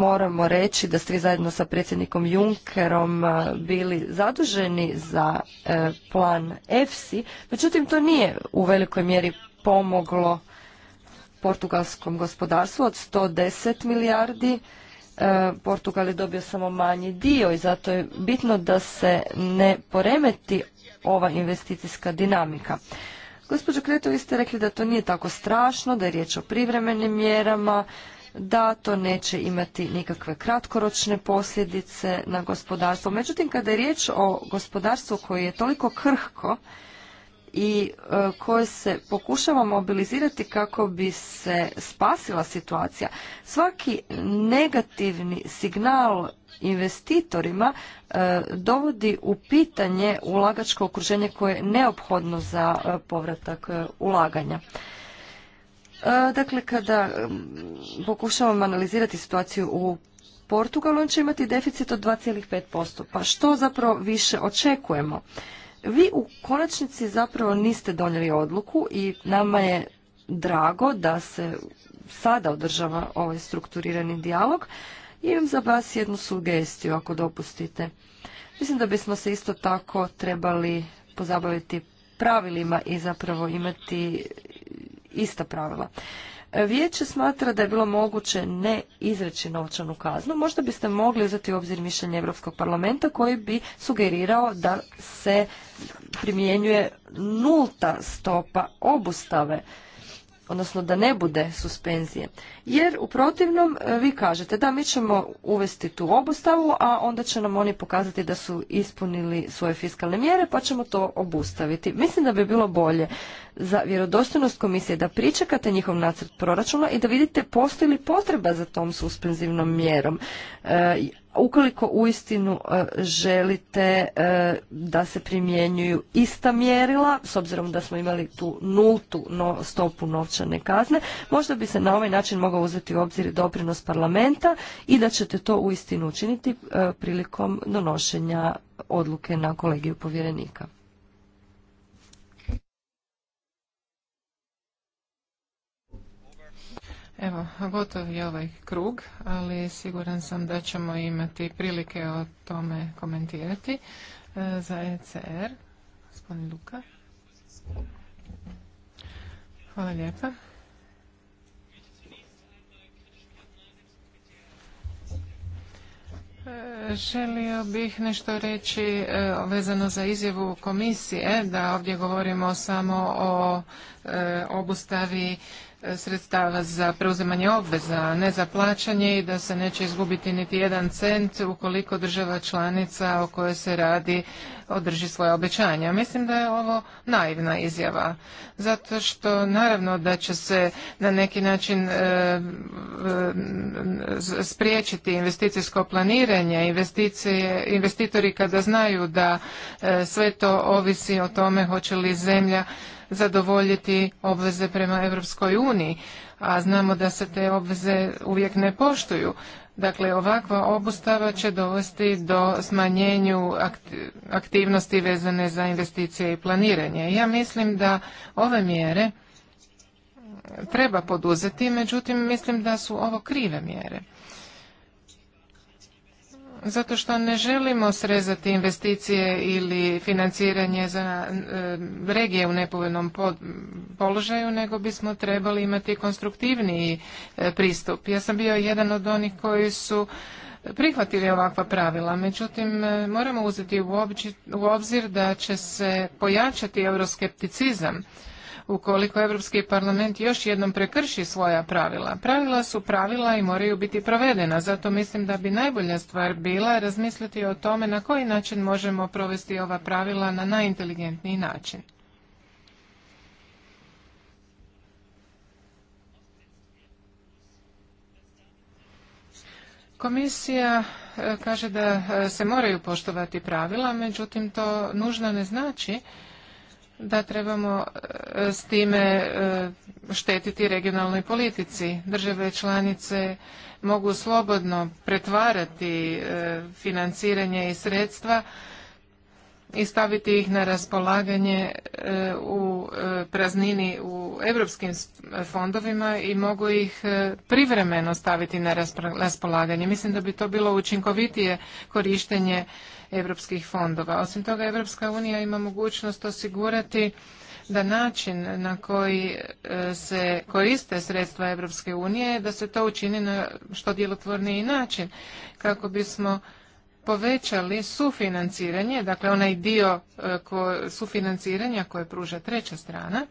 Speaker 1: moramo reći da ste vi zajedno sa predsjednikom Junckerom e, bili zaduženi za plan EFSI, međutim to nije u velikoj mjeri pomoglo portugalskom gospodarstvu od 110 milijardi E, Portugal je dobio samo manji dio i zato je bitno da se ne poremeti ova investicijska dinamika. Gospođo Kreto, vi ste rekli da to nije tako strašno, da je riječ o privremenim mjerama, da to neće imati nikakve kratkoročne posljedice na gospodarstvo. Međutim, kada je riječ o gospodarstvu koje je toliko krhko, i e, koje se pokušava mobilizirati kako bi se spasila situacija. Svaki negativni signal investitorima e, dovodi u pitanje ulagačko okruženje koje je neophodno za e, povratak ulaganja. Dakle, kada pokušavamo analizirati situaciju u Portugalu, on će imati deficit od 2,5%. Pa što zapravo više očekujemo? Vi u konačnici zapravo niste donijeli odluku i nama je drago da se sada održava ovaj strukturirani dijalog. I imam za vas jednu sugestiju, ako dopustite. Mislim da bismo se isto tako trebali pozabaviti pravilima i zapravo imati ista pravila. Vijeće smatra da je bilo moguće ne izreći novčanu kaznu. Možda biste mogli uzeti u obzir mišljenje Europskog parlamenta koji bi sugerirao da se primjenjuje nulta stopa obustave odnosno da ne bude suspenzije. Jer u protivnom e, vi kažete da mi ćemo uvesti tu obustavu, a onda će nam oni pokazati da su ispunili svoje fiskalne mjere pa ćemo to obustaviti. Mislim da bi bilo bolje za vjerodostojnost komisije da pričekate njihov nacrt proračuna i da vidite postoji li potreba za tom suspenzivnom mjerom. E, ukoliko uistinu e, želite e, da se primjenjuju ista mjerila, s obzirom da smo imali tu nultu stopu novčane kazne, možda bi se na ovaj način mogao uzeti u obzir doprinos parlamenta i da ćete to uistinu učiniti e, prilikom donošenja odluke na kolegiju povjerenika.
Speaker 2: Evo, gotov je ovaj krug, ali siguran sam da ćemo imati prilike o tome komentirati. E, za ECR, gospodin Luka. Hvala lijepa. E, želio bih nešto reći e, vezano za izjavu komisije, da ovdje govorimo samo o obustavi sredstava za preuzimanje obveza, a ne za plaćanje i da se neće izgubiti niti jedan cent ukoliko država članica o kojoj se radi održi svoje obećanja. Mislim da je ovo naivna izjava, zato što naravno da će se na neki način e, e, spriječiti investicijsko planiranje, investitori kada znaju da e, sve to ovisi o tome hoće li zemlja zadovoljiti obveze prema Europskoj uniji, a znamo da se te obveze uvijek ne poštuju. Dakle, ovakva obustava će dovesti do smanjenju aktivnosti vezane za investicije i planiranje. Ja mislim da ove mjere treba poduzeti, međutim mislim da su ovo krive mjere zato što ne želimo srezati investicije ili financiranje za e, regije u nepovoljnom položaju, nego bismo trebali imati konstruktivniji e, pristup. Ja sam bio jedan od onih koji su prihvatili ovakva pravila. Međutim, e, moramo uzeti u obzir da će se pojačati euroskepticizam ukoliko Europski parlament još jednom prekrši svoja pravila. Pravila su pravila i moraju biti provedena, zato mislim da bi najbolja stvar bila razmisliti o tome na koji način možemo provesti ova pravila na najinteligentniji način. Komisija e, kaže da e, se moraju poštovati pravila, međutim to nužno ne znači da trebamo e, s time e, štetiti regionalnoj politici. Države članice mogu slobodno pretvarati e, financiranje i sredstva i staviti ih na raspolaganje e, u e, praznini u europskim fondovima i mogu ih e, privremeno staviti na raspolaganje. Mislim da bi to bilo učinkovitije korištenje europskih fondova. Osim toga, Europska unija ima mogućnost osigurati da način na koji se koriste sredstva Europske unije, da se to učini na što djelotvorniji način, kako bismo povećali sufinanciranje, dakle onaj dio e, sufinanciranja koje pruža treća strana,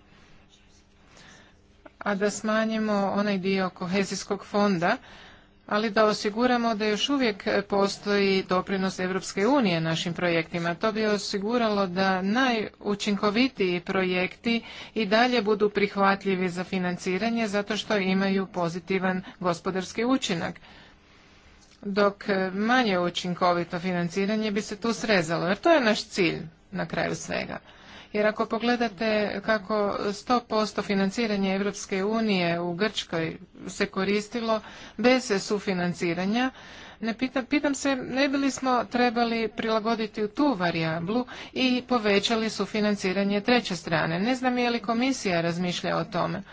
Speaker 2: a da smanjimo onaj dio kohezijskog fonda, ali da osiguramo da još uvijek postoji doprinos Europske unije našim projektima. To bi osiguralo da najučinkovitiji projekti i dalje budu prihvatljivi za financiranje zato što imaju pozitivan gospodarski učinak dok e, manje učinkovito financiranje bi se tu srezalo, jer to je naš cilj na kraju svega. Jer ako pogledate kako 100% financiranje Europske unije u Grčkoj se koristilo bez sufinanciranja, ne pitam, se ne bi li smo trebali prilagoditi u tu varijablu i povećali sufinanciranje treće strane. Ne znam je li komisija razmišlja o tome.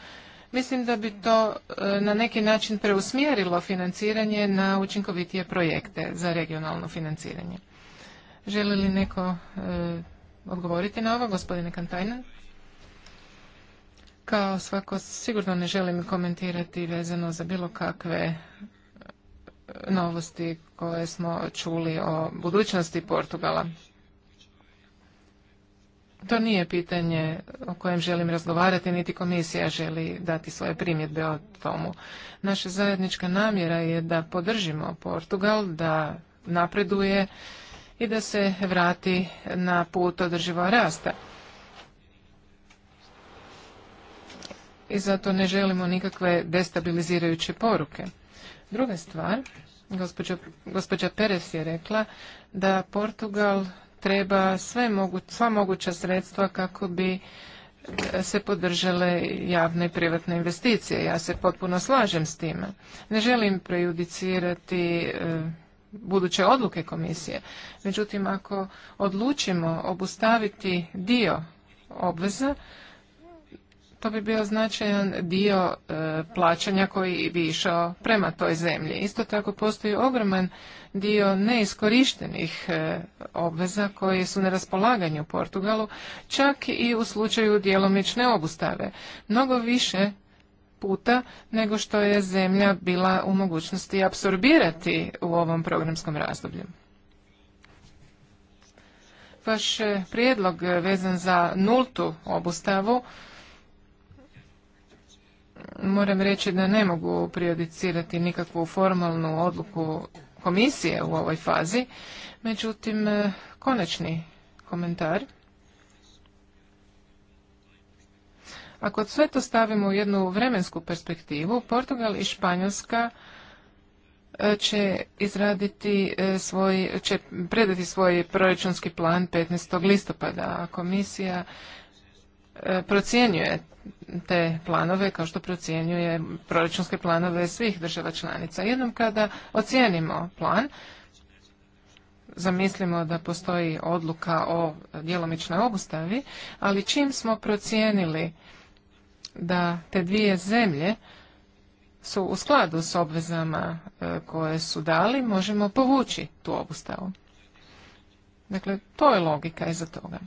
Speaker 2: Mislim da bi to e, na neki način preusmjerilo financiranje na učinkovitije projekte za regionalno financiranje. Želi li neko e, odgovoriti na ovo, gospodine Kantajnen? Kao svako, sigurno ne želim komentirati vezano za bilo kakve e, novosti koje smo čuli o budućnosti Portugala. To nije pitanje o kojem želim razgovarati, niti komisija želi dati svoje primjedbe o tomu. Naša zajednička namjera je da podržimo Portugal, da napreduje i da se vrati na put održiva rasta. I zato ne želimo nikakve destabilizirajuće poruke. Druga stvar, gospođa, gospođa Perez je rekla da Portugal treba sva moguća sredstva kako bi e, se podržale javne i privatne investicije. Ja se potpuno slažem s time. Ne želim prejudicirati e, buduće odluke komisije. Međutim, ako odlučimo obustaviti dio obveza, to bi bio značajan dio e, plaćanja koji bi išao prema toj zemlji. Isto tako postoji ogroman dio neiskorištenih e, obveza koje su na raspolaganju u Portugalu, čak i u slučaju djelomične obustave. Mnogo više puta nego što je zemlja bila u mogućnosti apsorbirati u ovom programskom razdoblju. Vaš e, prijedlog vezan za nultu obustavu moram reći da ne mogu prejudicirati nikakvu formalnu odluku komisije u ovoj fazi, međutim e, konačni komentar. Ako sve to stavimo u jednu vremensku perspektivu, Portugal i Španjolska e, će izraditi e, svoj, će predati svoj proračunski plan 15. listopada, a komisija procjenjuje te planove kao što procjenjuje proračunske planove svih država članica. Jednom kada ocijenimo plan, zamislimo da postoji odluka o djelomičnoj obustavi, ali čim smo procijenili da te dvije zemlje su u skladu s obvezama e, koje su dali, možemo povući tu obustavu. Dakle, to je logika iza toga.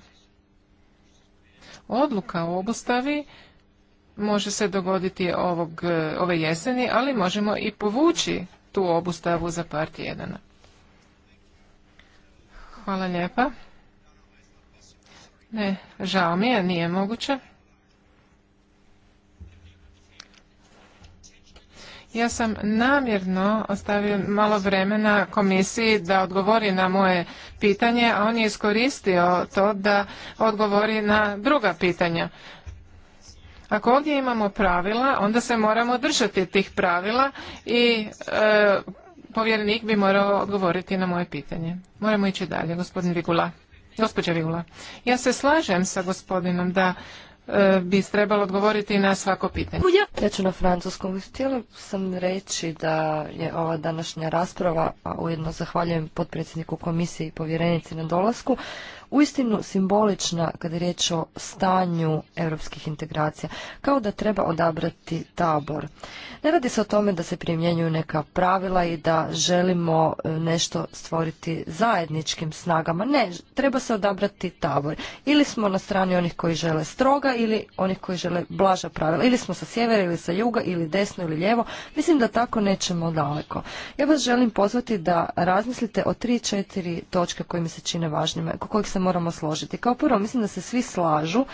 Speaker 2: Odluka o obustavi može se dogoditi ovog, ove jeseni, ali možemo i povući tu obustavu za par tjedana. Hvala lijepa. Ne, žao mi je, nije moguće. Ja sam namjerno ostavio malo vremena komisiji da odgovori na moje pitanje, a on je iskoristio to da odgovori na druga pitanja. Ako ovdje imamo pravila, onda se moramo držati tih pravila i e, povjerenik bi morao odgovoriti na moje pitanje. Moramo ići dalje, gospodin Vigula. Gospođa Vigula, ja se slažem sa gospodinom da e, bi trebalo odgovoriti na svako pitanje. Ja ću na francuskom.
Speaker 1: Htjela sam reći da je ova današnja rasprava, a ujedno zahvaljujem potpredsjedniku komisije i povjerenici na dolasku, uistinu simbolična kada je riječ o stanju europskih integracija, kao da treba odabrati tabor. Ne radi se o tome da se primjenjuju neka pravila i da želimo e, nešto stvoriti zajedničkim snagama. Ne, treba se odabrati tabor. Ili smo na strani onih koji žele stroga ili onih koji žele blaža pravila. Ili smo sa sjevera ili sa juga ili desno ili lijevo. Mislim da tako nećemo daleko. Ja vas želim pozvati da razmislite o tri, četiri točke koje mi se čine važnjima, kojih moramo složiti. Kao prvo, mislim da se svi slažu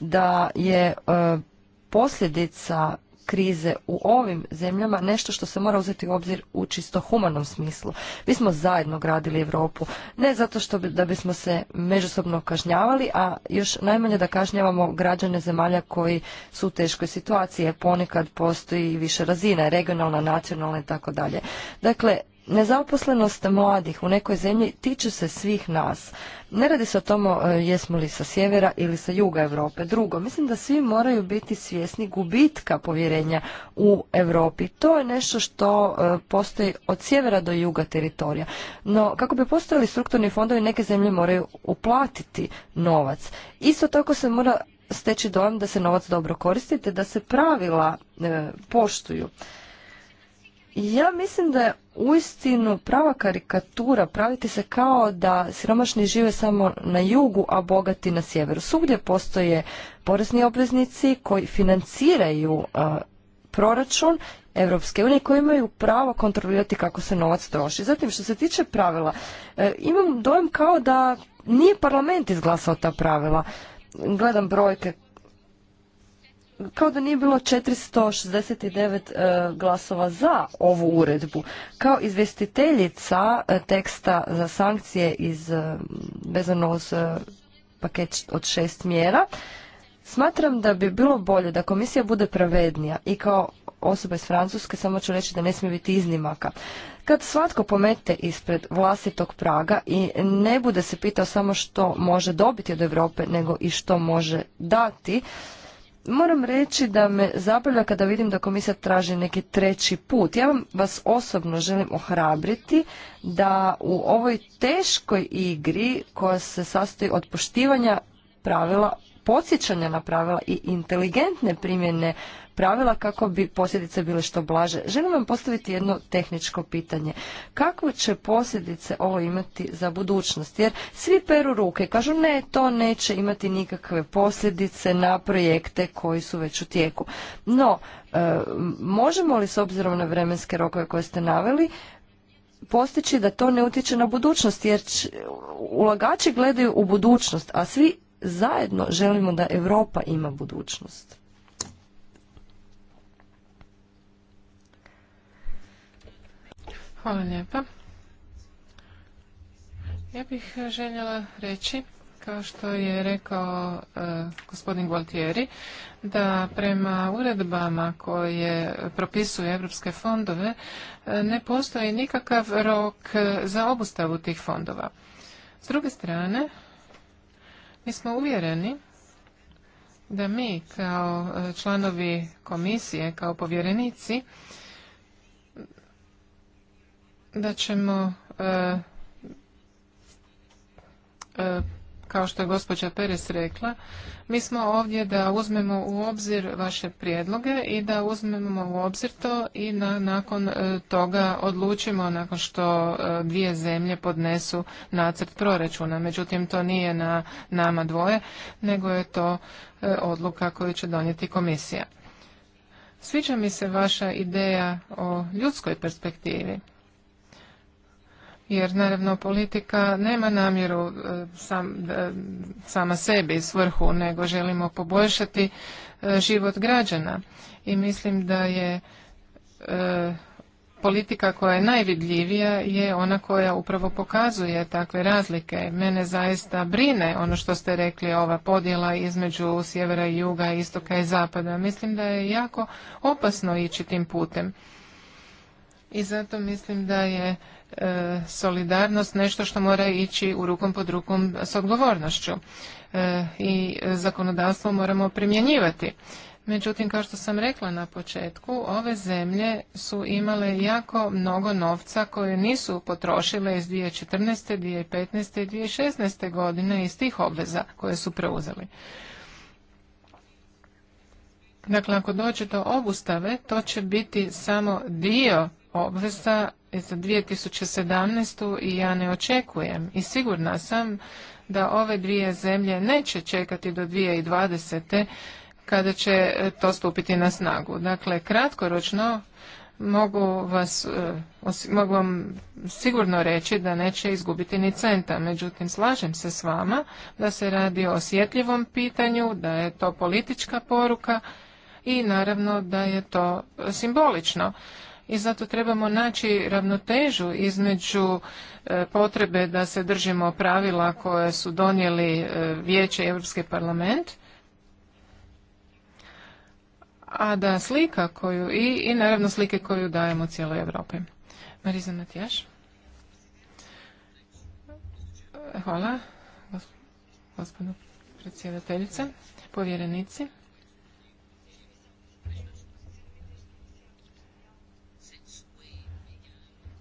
Speaker 1: da je e, posljedica krize u ovim zemljama nešto što se mora uzeti u obzir u čisto humanom smislu. Mi smo zajedno gradili Europu, ne zato što da bismo se međusobno kažnjavali, a još najmanje da kažnjavamo građane zemalja koji su u teškoj situaciji, ponekad postoji više razina, regionalna, nacionalna i tako dalje. Dakle, Nezaposlenost mladih u nekoj zemlji tiče se svih nas. Ne radi se o tomo e, jesmo li sa sjevera ili sa juga Europe. Drugo, mislim da svi moraju biti svjesni gubitka povjerenja u Europi. To je nešto što e, postoji od sjevera do juga teritorija. No, kako bi postojali strukturni fondovi, neke zemlje moraju uplatiti novac. Isto tako se mora steći dojam da se novac dobro koristi da se pravila e, poštuju. Ja mislim da je uistinu prava karikatura praviti se kao da siromašni žive samo na jugu, a bogati na sjeveru. Svugdje postoje porezni obveznici koji financiraju uh, proračun Evropske unije koji imaju pravo kontrolirati kako se novac troši. Zatim što se tiče pravila, uh, imam dojem kao da nije parlament izglasao ta pravila. Gledam brojke kao da nije bilo 469 e, glasova za ovu uredbu. Kao izvestiteljica e, teksta za sankcije iz e, vezano uz paket od šest mjera, smatram da bi bilo bolje da komisija bude pravednija i kao osoba iz Francuske samo ću reći da ne smije biti iznimaka. Kad svatko pomete ispred vlastitog praga i ne bude se pitao samo što može dobiti od Europe nego i što može dati, Moram reći da me zabavlja kada vidim da komisija traži neki treći put. Ja vam vas osobno želim ohrabriti da u ovoj teškoj igri koja se sastoji od poštivanja pravila, podsjećanja na pravila i inteligentne primjene pravila kako bi posljedice bile što blaže. Želim vam postaviti jedno tehničko pitanje. Kako će posljedice ovo imati za budućnost? Jer svi peru ruke kažu ne, to neće imati nikakve posljedice na projekte koji su već u tijeku. No, e, možemo li s obzirom na vremenske rokove koje ste naveli, postići da to ne utječe na budućnost, jer ulagači gledaju u budućnost, a svi zajedno želimo da Europa ima budućnost.
Speaker 2: Hvala lijepa. Ja bih željela reći, kao što je rekao e, gospodin Gualtieri, da prema uredbama koje propisuju europske fondove e, ne postoji nikakav rok za obustavu tih fondova. S druge strane, mi smo uvjereni da mi kao e, članovi komisije, kao povjerenici, da ćemo e, e, kao što je gospođa Peres rekla, mi smo ovdje da uzmemo u obzir vaše prijedloge i da uzmemo u obzir to i da nakon e, toga odlučimo nakon što dvije zemlje podnesu nacrt proračuna. Međutim, to nije na nama dvoje, nego je to odluka koju će donijeti komisija. Sviđa mi se vaša ideja o ljudskoj perspektivi jer naravno politika nema namjeru e, sam, e, sama sebi svrhu, nego želimo poboljšati e, život građana. I mislim da je politika koja je najvidljivija je ona koja upravo pokazuje takve razlike. Mene zaista brine ono što ste rekli, ova podjela između sjevera i juga, istoka i zapada. Mislim da je jako opasno ići tim putem. I zato mislim da je e, solidarnost nešto što mora ići u rukom pod rukom s odgovornošću e, i zakonodavstvo moramo primjenjivati. Međutim, kao što sam rekla na početku, ove zemlje su imale jako mnogo novca koje nisu potrošile iz 2014., 2015. i 2016. godine iz tih obveza koje su preuzeli. Dakle, ako dođe do obustave, to će biti samo dio obveza za 2017. i ja ne očekujem i sigurna sam da ove dvije zemlje neće čekati do 2020. kada će e, to stupiti na snagu. Dakle, kratkoročno mogu, vas, e, mogu vam sigurno reći da neće izgubiti ni centa. Međutim, slažem se s vama da se radi o osjetljivom pitanju, da je to politička poruka i naravno da je to simbolično i zato trebamo naći ravnotežu između e, potrebe da se držimo pravila koje su donijeli e, Vijeće Europski parlament, a da slika koju i, i naravno slike koju dajemo cijeloj Europi. Mariza Matijaš. Hvala, gospodinu predsjedateljice, povjerenici.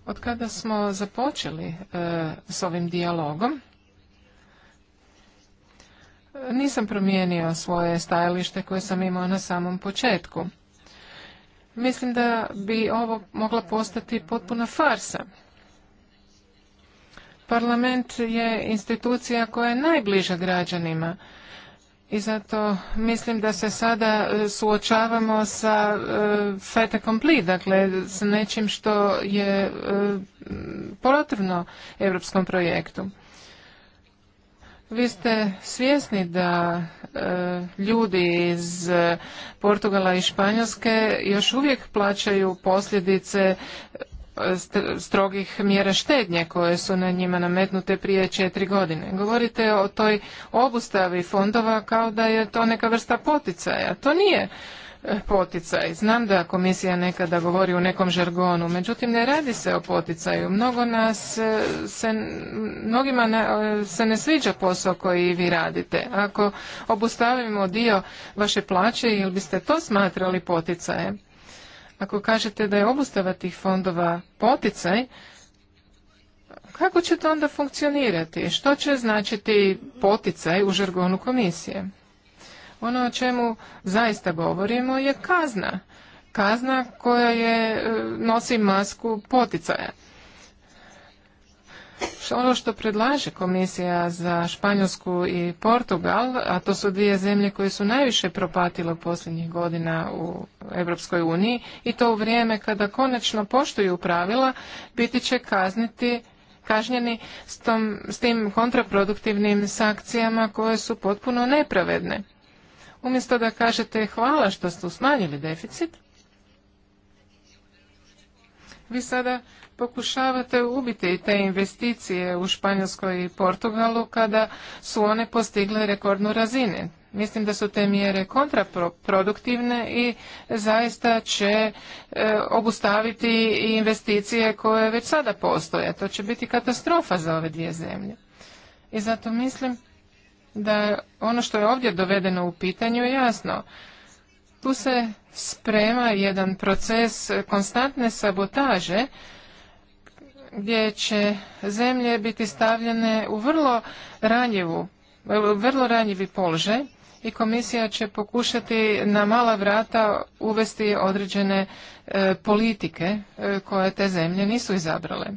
Speaker 2: Od kada smo započeli e, s ovim dijalogom, nisam promijenio svoje stajalište koje sam imao na samom početku. Mislim da bi ovo mogla postati potpuna farsa. Parlament je institucija koja je najbliža građanima i zato mislim da se sada e, suočavamo sa fete complete, dakle s nečim što je e, potrebno europskom projektu. Vi ste svjesni da e, ljudi iz Portugala i Španjolske još uvijek plaćaju posljedice strogih mjera štednje koje su na njima nametnute prije četiri godine. Govorite o toj obustavi fondova kao da je to neka vrsta poticaja. To nije e, poticaj. Znam da komisija nekada govori u nekom žargonu, međutim ne radi se o poticaju. Mnogo nas e, se, mnogima e, se ne sviđa posao koji vi radite. Ako obustavimo dio vaše plaće, ili biste to smatrali poticajem? Ako kažete da je obustava tih fondova poticaj, kako će to onda funkcionirati? Što će značiti poticaj u žargonu komisije? Ono o čemu zaista govorimo je kazna. Kazna koja je, e, nosi masku poticaja ono što predlaže komisija za Španjolsku i Portugal, a to su dvije zemlje koje su najviše propatile posljednjih godina u Europskoj uniji i to u vrijeme kada konačno poštuju pravila, biti će kazniti kažnjeni s, s tim kontraproduktivnim sankcijama koje su potpuno nepravedne. Umjesto da kažete hvala što ste smanjili deficit, vi sada pokušavate ubiti te investicije u Španjolskoj i Portugalu kada su one postigle rekordnu razinu. Mislim da su te mjere kontraproduktivne i zaista će e, obustaviti i investicije koje već sada postoje. To će biti katastrofa za ove dvije zemlje. I zato mislim da ono što je ovdje dovedeno u pitanju je jasno. Tu se sprema jedan proces konstantne sabotaže gdje će zemlje biti stavljene u vrlo ranjivu, vrlo ranjivi položaj i komisija će pokušati na mala vrata uvesti određene e, politike e, koje te zemlje nisu izabrale.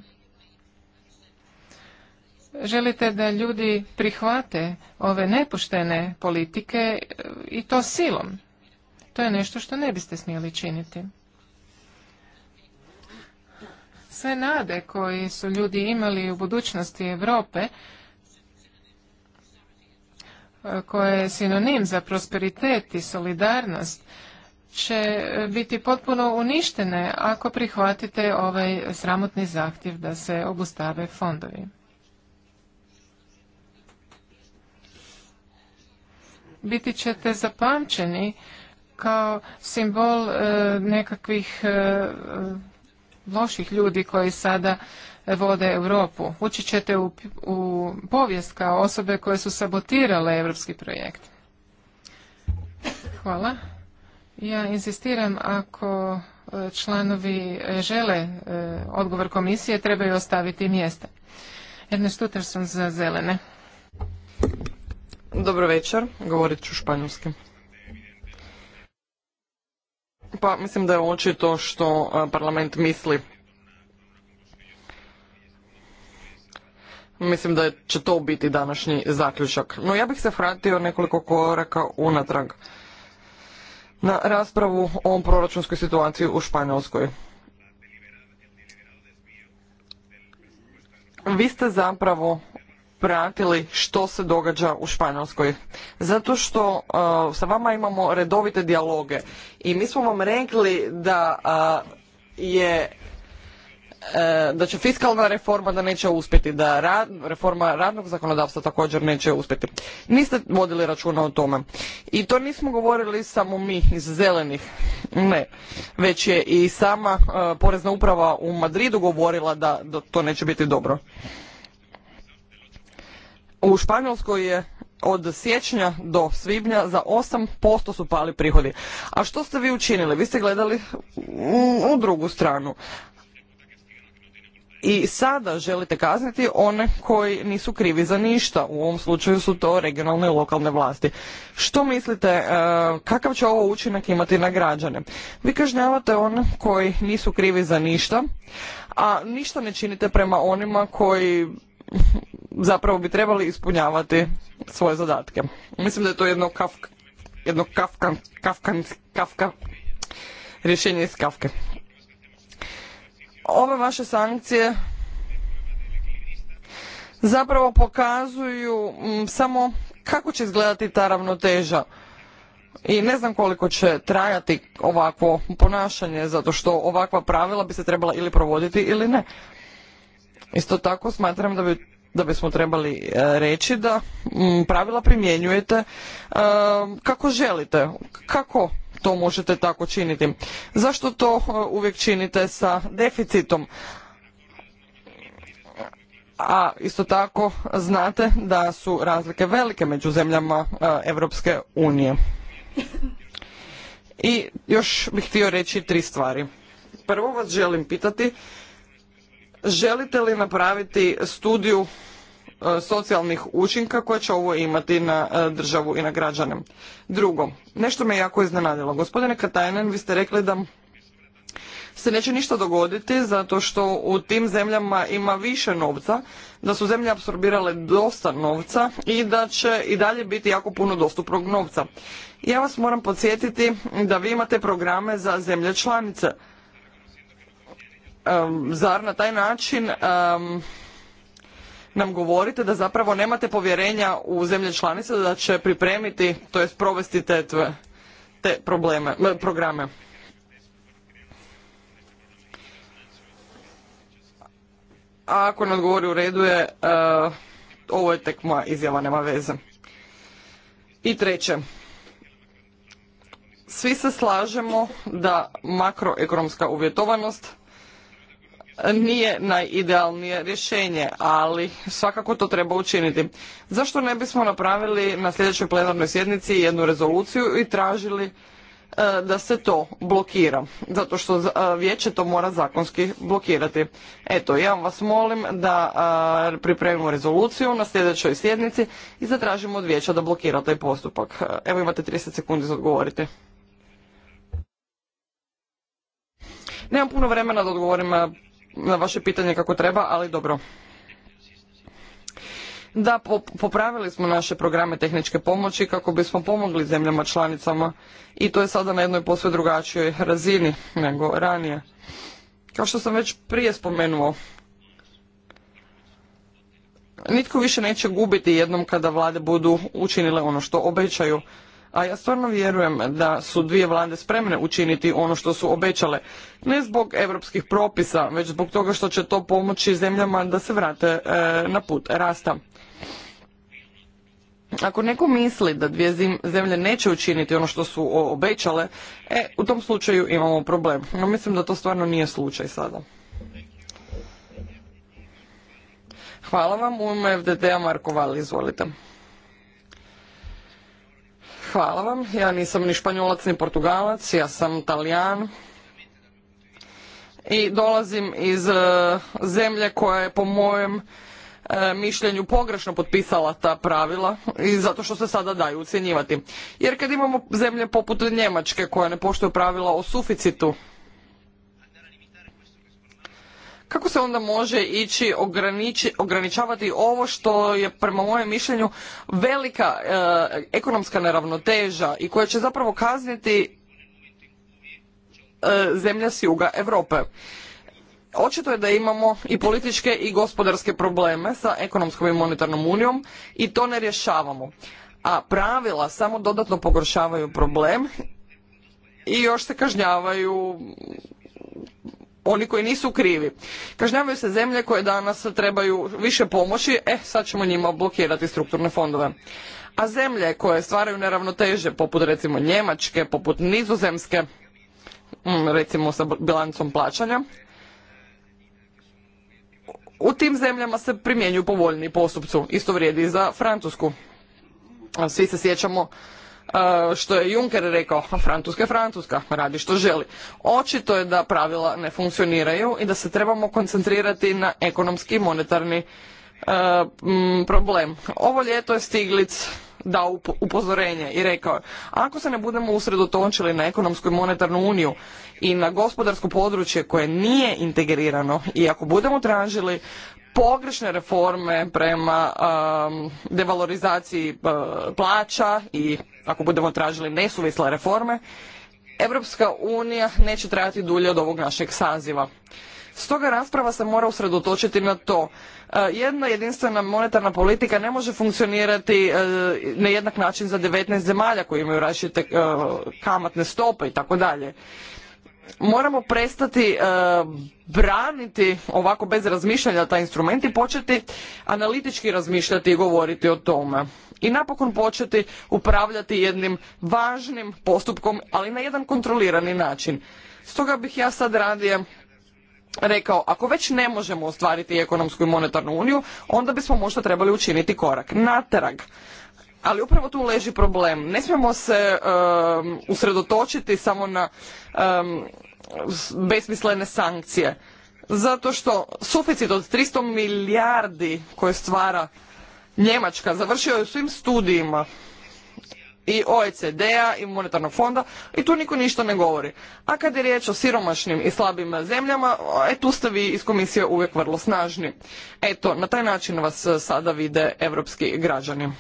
Speaker 2: Želite da ljudi prihvate ove nepoštene politike e, i to silom. To je nešto što ne biste smjeli činiti sve nade koje su ljudi imali u budućnosti Europe e, koje je sinonim za prosperitet i solidarnost će biti potpuno uništene ako prihvatite ovaj sramotni zahtjev da se obustave fondovi. Biti ćete zapamćeni kao simbol e, nekakvih e, loših ljudi koji sada vode Europu. Ući ćete u, povijest kao osobe koje su sabotirale europski projekt. Hvala. Ja insistiram ako e, članovi e, žele e, odgovor komisije trebaju ostaviti mjesta. Erne sam za zelene.
Speaker 3: Dobro večer, govorit ću španjolski. Pa mislim da je očito što e, parlament misli. Mislim da će to biti današnji zaključak. No ja bih se vratio nekoliko koraka unatrag na raspravu o proračunskoj situaciji u Španjolskoj. Vi ste zapravo pratili što se događa u Španjolskoj. Zato što e, sa vama imamo redovite dijaloge i mi smo vam rekli da e, je e, da će fiskalna reforma da neće uspjeti, da reforma radnog zakonodavstva također neće uspjeti. Niste vodili računa o tome. I to nismo govorili samo mi iz zelenih. Ne. Već je i sama porezna uprava u Madridu govorila da, da to neće biti dobro. U Španjolskoj je od siječnja do svibnja za 8% su pali prihodi. A što ste vi učinili? Vi ste gledali u drugu stranu. I sada želite kazniti one koji nisu krivi za ništa. U ovom slučaju su to regionalne i lokalne vlasti. Što mislite, e, kakav će ovo učinak imati na građane? Vi kažnjavate one koji nisu krivi za ništa, a ništa ne činite prema onima koji zapravo bi trebali ispunjavati svoje zadatke. Mislim da je to jedno kafka, jedno kafka, kafka rješenje iz kafke. Ove vaše sankcije zapravo pokazuju samo kako će izgledati ta ravnoteža i ne znam koliko će trajati ovakvo ponašanje zato što ovakva pravila bi se trebala ili provoditi ili ne Isto tako smatram da bismo trebali e, reći da mm, pravila primjenjujete e, kako želite. Kako to možete tako činiti? Zašto to e, uvijek činite sa deficitom? A isto tako znate da su razlike velike među zemljama Europske unije. I još bih htio reći tri stvari. Prvo vas želim pitati želite li napraviti studiju e, socijalnih učinka koje će ovo imati na e, državu i na građane. Drugo, nešto me jako iznenadilo. Gospodine Katajnen, vi ste rekli da se neće ništa dogoditi zato što u tim zemljama ima više novca, da su zemlje apsorbirale dosta novca i da će i dalje biti jako puno dostupnog novca. Ja vas moram podsjetiti da vi imate programe za zemlje članice zar na taj način nam govorite da zapravo nemate povjerenja u zemlje članice da će pripremiti, to jest provesti te, probleme, programe. A ako ne odgovori u redu je, eh, ovo je tek moja izjava, nema veze. I treće, svi se slažemo da makroekonomska uvjetovanost nije najidealnije rješenje, ali svakako to treba učiniti. Zašto ne bismo napravili na sljedećoj plenarnoj sjednici jednu rezoluciju i tražili e, da se to blokira, zato što e, vijeće to mora zakonski blokirati. Eto, ja vas molim da e, pripremimo rezoluciju na sljedećoj sjednici i zatražimo od vijeća da blokira taj postupak. Evo imate 30 sekundi za odgovoriti. Nemam puno vremena da odgovorim na vaše pitanje kako treba, ali dobro. Da, popravili smo naše programe tehničke pomoći kako bismo pomogli zemljama članicama i to je sada na jednoj posve drugačijoj razini nego ranije. Kao što sam već prije spomenuo, nitko više neće gubiti jednom kada vlade budu učinile ono što obećaju a ja stvarno vjerujem da su dvije vlade spremne učiniti ono što su obećale ne zbog europskih propisa već zbog toga što će to pomoći zemljama da se vrate e, na put rasta ako neko misli da dvije zemlje neće učiniti ono što su obećale e u tom slučaju imamo problem no mislim da to stvarno nije slučaj sada hvala vam u ime FDD-a Marko izvolite Hvala vam. Ja nisam ni španjolac ni portugalac, ja sam talijan i dolazim iz e, zemlje koja je po mojem e, mišljenju pogrešno potpisala ta pravila i zato što se sada daju ucjenjivati. Jer kad imamo zemlje poput Njemačke koja ne poštuje pravila o suficitu, kako se onda može ići ograniči, ograničavati ovo što je prema mojem mišljenju velika eh, ekonomska neravnoteža i koja će zapravo kazniti eh, zemlja s juga Europe. Očito je da imamo i političke i gospodarske probleme sa ekonomskom i monetarnom unijom i to ne rješavamo. A pravila samo dodatno pogoršavaju problem i još se kažnjavaju oni koji nisu krivi. Kažnjavaju se zemlje koje danas trebaju više pomoći, e sad ćemo njima blokirati strukturne fondove. A zemlje koje stvaraju neravnoteže, poput recimo Njemačke, poput Nizozemske, mm, recimo sa bilancom plaćanja, u tim zemljama se primjenjuju povoljni postupcu. Isto vrijedi i za Francusku. Svi se sjećamo što je Juncker rekao, Francuska je Francuska, radi što želi. Očito je da pravila ne funkcioniraju i da se trebamo koncentrirati na ekonomski i monetarni e, problem. Ovo ljeto je Stiglic dao upozorenje i rekao ako se ne budemo usredotočili na ekonomsku i monetarnu uniju i na gospodarsko područje koje nije integrirano i ako budemo tražili pogrešne reforme prema um, devalorizaciji uh, plaća i ako budemo tražili nesuvisle reforme, Europska unija neće trajati dulje od ovog našeg saziva. Stoga rasprava se mora usredotočiti na to. Uh, jedna jedinstvena monetarna politika ne može funkcionirati uh, na jednak način za 19 zemalja koji imaju različite kamatne stope i tako dalje moramo prestati e, braniti ovako bez razmišljanja taj instrument i početi analitički razmišljati i govoriti o tome i napokon početi upravljati jednim važnim postupkom ali na jedan kontrolirani način stoga bih ja sad radije rekao ako već ne možemo ostvariti ekonomsku i monetarnu uniju onda bismo možda trebali učiniti korak natrag ali upravo tu leži problem ne smijemo se usredotočiti samo na besmislene sankcije zato što suficit od 300 milijardi koje stvara Njemačka završio je u svim studijima i OECD-a i Monetarnog fonda i tu niko ništa ne govori. A kad je riječ o siromašnim i slabim zemljama, e, tu ste vi iz komisije uvijek vrlo snažni. Eto, na taj način vas e, sada vide evropski građani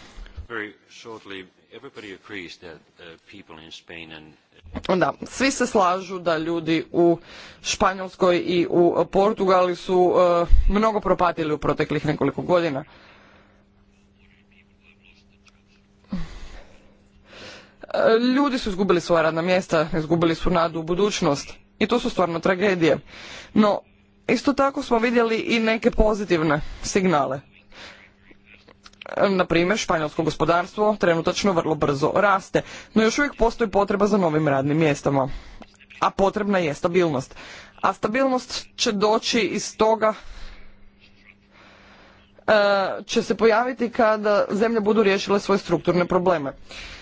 Speaker 3: onda, uh, uh, svi se slažu da ljudi u Španjolskoj i u Portugali su uh, mnogo propatili u proteklih nekoliko godina. Ljudi su izgubili svoja radna mjesta, izgubili su nadu u budućnost i to su stvarno tragedije. No, isto tako smo vidjeli i neke pozitivne signale na primjer španjolsko gospodarstvo trenutačno vrlo brzo raste, no još uvijek postoji potreba za novim radnim mjestima, a potrebna je stabilnost. A stabilnost će doći iz toga e, će se pojaviti kada zemlje budu riješile svoje strukturne probleme.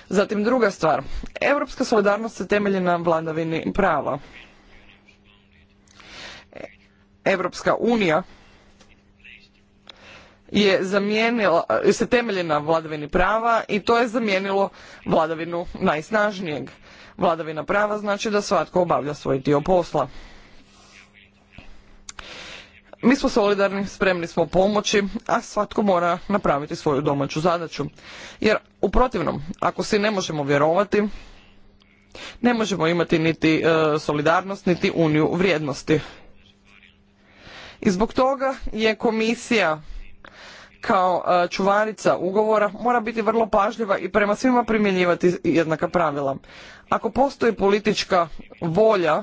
Speaker 3: Zatim druga stvar, europska solidarnost se temelji na vladavini prava. Europska unija je zamijenila, se temelji na vladavini prava i to je zamijenilo vladavinu najsnažnijeg. Vladavina prava znači da svatko obavlja svoj dio posla. Mi smo solidarni, spremni smo pomoći, a svatko mora napraviti svoju domaću zadaću. Jer u protivnom, ako si ne možemo vjerovati, ne možemo imati niti e, solidarnost, niti uniju vrijednosti. I zbog toga je komisija kao e, čuvarica ugovora mora biti vrlo pažljiva i prema svima primjenjivati jednaka pravila. Ako postoji politička volja e,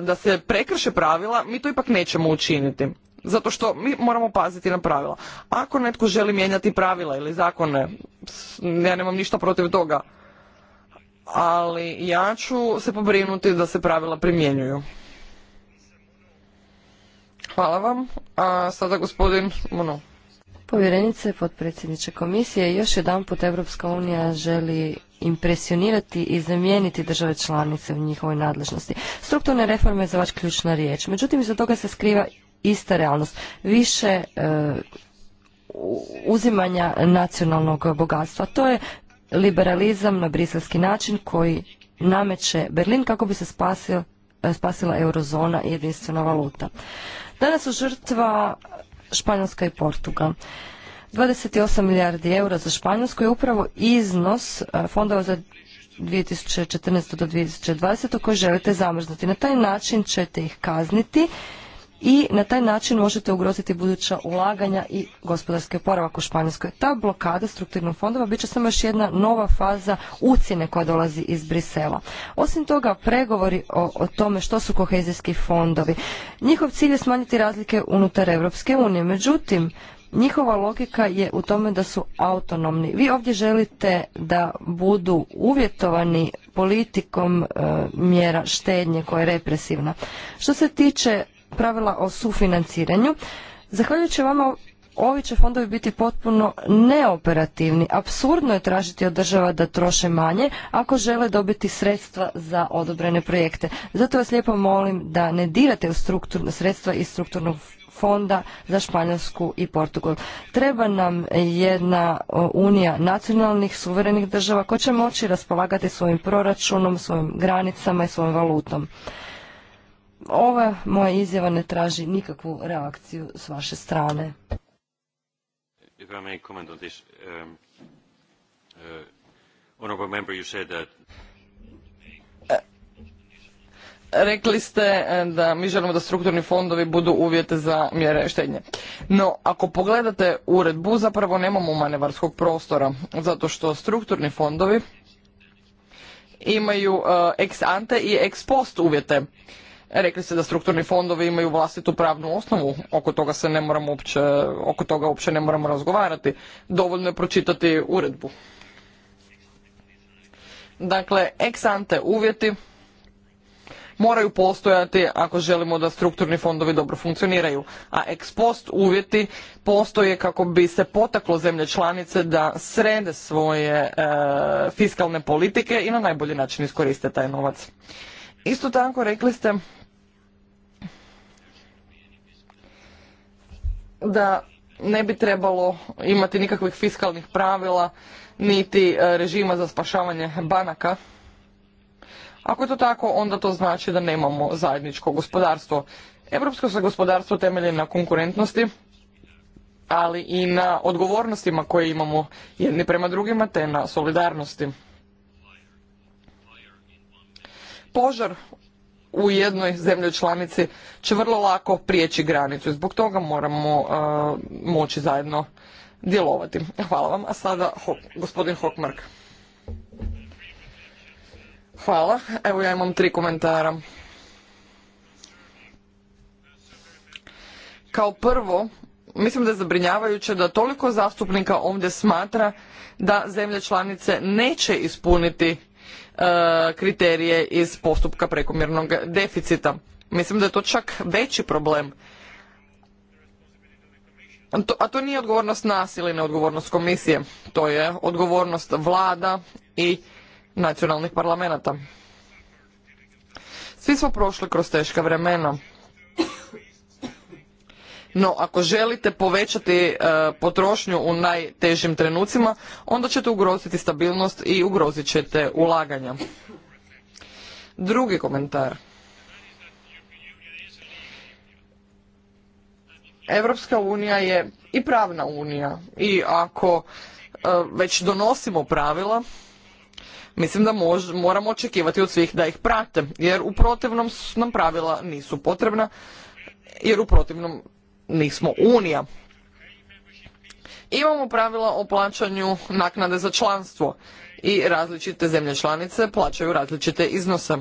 Speaker 3: da se prekrše pravila, mi to ipak nećemo učiniti. Zato što mi moramo paziti na pravila. Ako netko želi mijenjati pravila ili zakone, ja nemam ništa protiv toga. Ali ja ću se pobrinuti da se pravila primjenjuju. Hvala vam. A sada gospodin
Speaker 1: Povjerenice, potpredsjedniče komisije, još jedanput put Evropska unija želi impresionirati i zamijeniti države članice u njihovoj nadležnosti. Strukturne reforme je za vaš ključna riječ. Međutim, iza toga se skriva ista realnost. Više e, uzimanja nacionalnog bogatstva. To je liberalizam na briselski način koji nameće Berlin kako bi se e, spasila eurozona i jedinstvena valuta. Danas su žrtva Španjolska i Portugal. 28 milijardi eura za Španjolsku je upravo iznos e, fondova za 2014. do 2020. koje želite zamrznuti. Na taj način ćete ih kazniti i na taj način možete ugroziti buduća ulaganja i gospodarski oporavak u Španjolskoj. Ta blokada strukturnih fondova bit će samo još jedna nova faza ucjene koja dolazi iz Brisela. Osim toga, pregovori o, tome što su kohezijski fondovi. Njihov cilj je smanjiti razlike unutar Europske unije. Međutim, njihova logika je u tome da su autonomni. Vi ovdje želite da budu uvjetovani politikom e, mjera štednje koja je represivna. Što se tiče pravila o sufinanciranju. Zahvaljujući vama ovi će fondovi biti potpuno neoperativni. Apsurdno je tražiti od država da troše manje ako žele dobiti sredstva za odobrene projekte. Zato vas lijepo molim da ne dirate u sredstva iz strukturnog fonda za Španjolsku i Portugal. Treba nam jedna unija nacionalnih suverenih država koja će moći raspolagati svojim proračunom, svojim granicama i svojom valutom ova moja izjava ne traži nikakvu reakciju s vaše strane.
Speaker 3: Rekli ste e, da mi želimo da strukturni fondovi budu uvjete za mjere štednje. No, ako pogledate uredbu, zapravo nemamo manevarskog prostora, zato što strukturni fondovi imaju e, ex ante i ex post uvjete. Rekli ste da strukturni fondovi imaju vlastitu pravnu osnovu, oko toga se ne moramo uopće, oko toga uopće ne moramo razgovarati. Dovoljno je pročitati uredbu. Dakle, ex ante uvjeti moraju postojati ako želimo da strukturni fondovi dobro funkcioniraju, a ex post uvjeti postoje kako bi se potaklo zemlje članice da srede svoje e, fiskalne politike i na najbolji način iskoriste taj novac. Isto tako rekli ste da ne bi trebalo imati nikakvih fiskalnih pravila niti e, režima za spašavanje banaka. Ako je to tako, onda to znači da nemamo zajedničko gospodarstvo. Europsko se gospodarstvo temelje na konkurentnosti, ali i na odgovornostima koje imamo jedni prema drugima, te na solidarnosti. Požar u jednoj zemlji članici će vrlo lako prijeći granicu i zbog toga moramo e, moći zajedno djelovati. Hvala vam. A sada gospodin Hokmark. Hvala. Evo ja imam tri komentara. Kao prvo, mislim da je zabrinjavajuće da toliko zastupnika ovdje smatra da zemlje članice neće ispuniti E, kriterije iz postupka prekomjernog deficita. Mislim da je to čak veći problem. A to nije odgovornost nas ili neodgovornost komisije. To je odgovornost vlada i nacionalnih parlamenta. Svi smo prošli kroz teška vremena. No, ako želite povećati e, potrošnju u najtežim trenucima, onda ćete ugroziti stabilnost i ugrozit ćete ulaganja. Drugi komentar. Europska unija je i pravna unija i ako e, već donosimo pravila, mislim da moramo očekivati od svih da ih prate, jer u protivnom nam pravila nisu potrebna, jer u protivnom nismo unija. Imamo pravila o plaćanju naknade za članstvo i različite zemlje članice plaćaju različite iznose.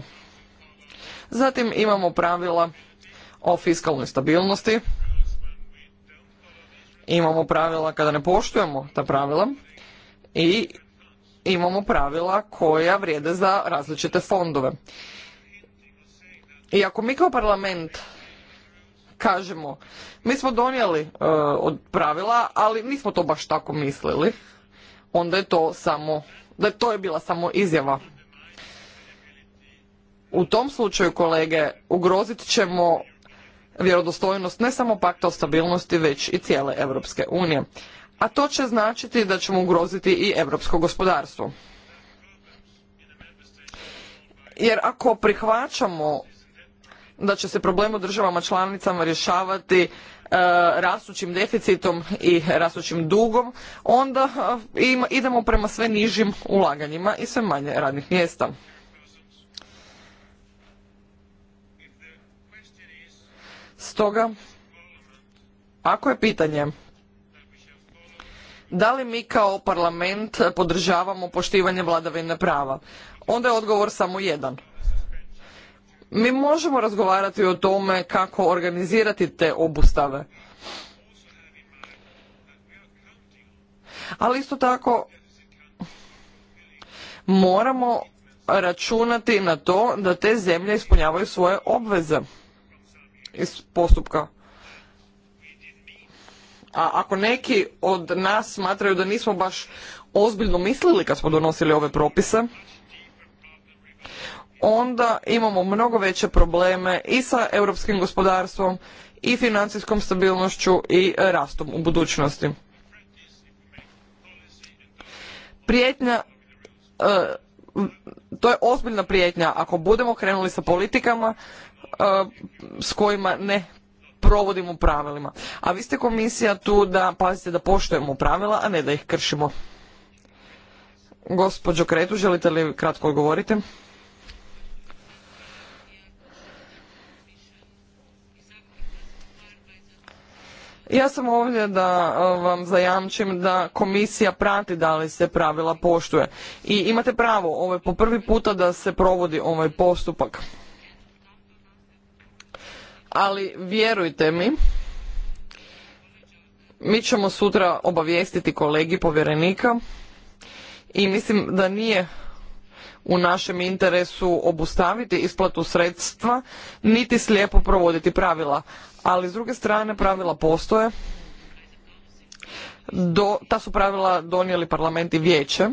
Speaker 3: Zatim imamo pravila o fiskalnoj stabilnosti. Imamo pravila kada ne poštujemo ta pravila i imamo pravila koja vrijede za različite fondove. I ako mi kao parlament kažemo mi smo donijeli e, od pravila, ali nismo to baš tako mislili, onda je to samo, da to je bila samo izjava. U tom slučaju, kolege, ugrozit ćemo vjerodostojnost ne samo pakta o stabilnosti, već i cijele Europske unije. A to će značiti da ćemo ugroziti i europsko gospodarstvo. Jer ako prihvaćamo da će se problem u državama članicama rješavati e, rastućim deficitom i rastućim dugom, onda e, idemo prema sve nižim ulaganjima i sve manje radnih mjesta. Stoga, ako je pitanje da li mi kao parlament podržavamo poštivanje vladavine prava, onda je odgovor samo jedan – mi možemo razgovarati o tome kako organizirati te obustave. Ali isto tako moramo računati na to da te zemlje ispunjavaju svoje obveze iz postupka. A ako neki od nas smatraju da nismo baš ozbiljno mislili kad smo donosili ove propise, onda imamo mnogo veće probleme i sa europskim gospodarstvom i financijskom stabilnošću i e, rastom u budućnosti. Prijetnja, e, to je ozbiljna prijetnja ako budemo krenuli sa politikama e, s kojima ne provodimo pravilima. A vi ste komisija tu da pazite da poštujemo pravila, a ne da ih kršimo. Gospođo Kretu, želite li kratko odgovoriti? Ja sam ovdje da e, vam zajamčim da komisija prati da li se pravila poštuje. I imate pravo, ovo je po prvi puta da se provodi ovaj postupak. Ali vjerujte mi, mi ćemo sutra obavijestiti kolegi povjerenika i mislim da nije u našem interesu obustaviti isplatu sredstva niti slijepo provoditi pravila ali s druge strane pravila postoje ta su pravila donijeli parlament i vijeće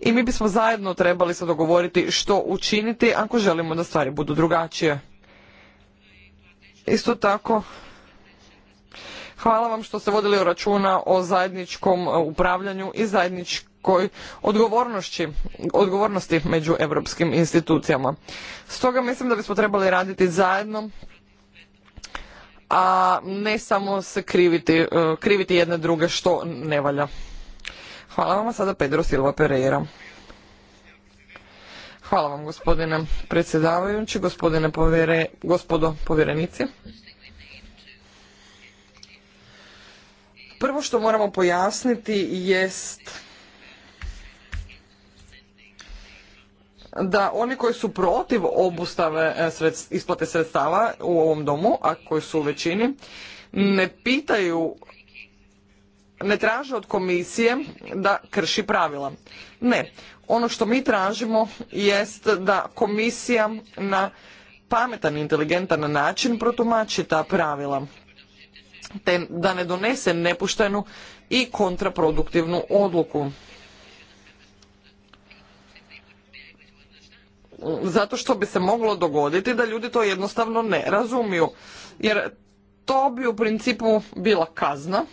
Speaker 3: i mi bismo zajedno trebali se dogovoriti što učiniti ako želimo da stvari budu drugačije isto tako Hvala vam što ste vodili računa o zajedničkom e, upravljanju i zajedničkoj odgovornosti, odgovornosti među europskim institucijama. Stoga mislim da bismo trebali raditi zajedno a ne samo se kriviti, e, kriviti jedne druge što ne valja. Hvala vam, sada Pedro Silva Pereira. Hvala vam gospodine predsjedavajući, gospodine gospodo povjerenici. Prvo što moramo pojasniti jest da oni koji su protiv obustave e, isplate sredstava u ovom domu, a koji su u većini, ne pitaju, ne traže od komisije da krši pravila. Ne. Ono što mi tražimo jest da komisija na pametan, inteligentan način protumači ta pravila te da ne donese nepuštenu i kontraproduktivnu odluku. Zato što bi se moglo dogoditi da ljudi to jednostavno ne razumiju. Jer to bi u principu bila kazna.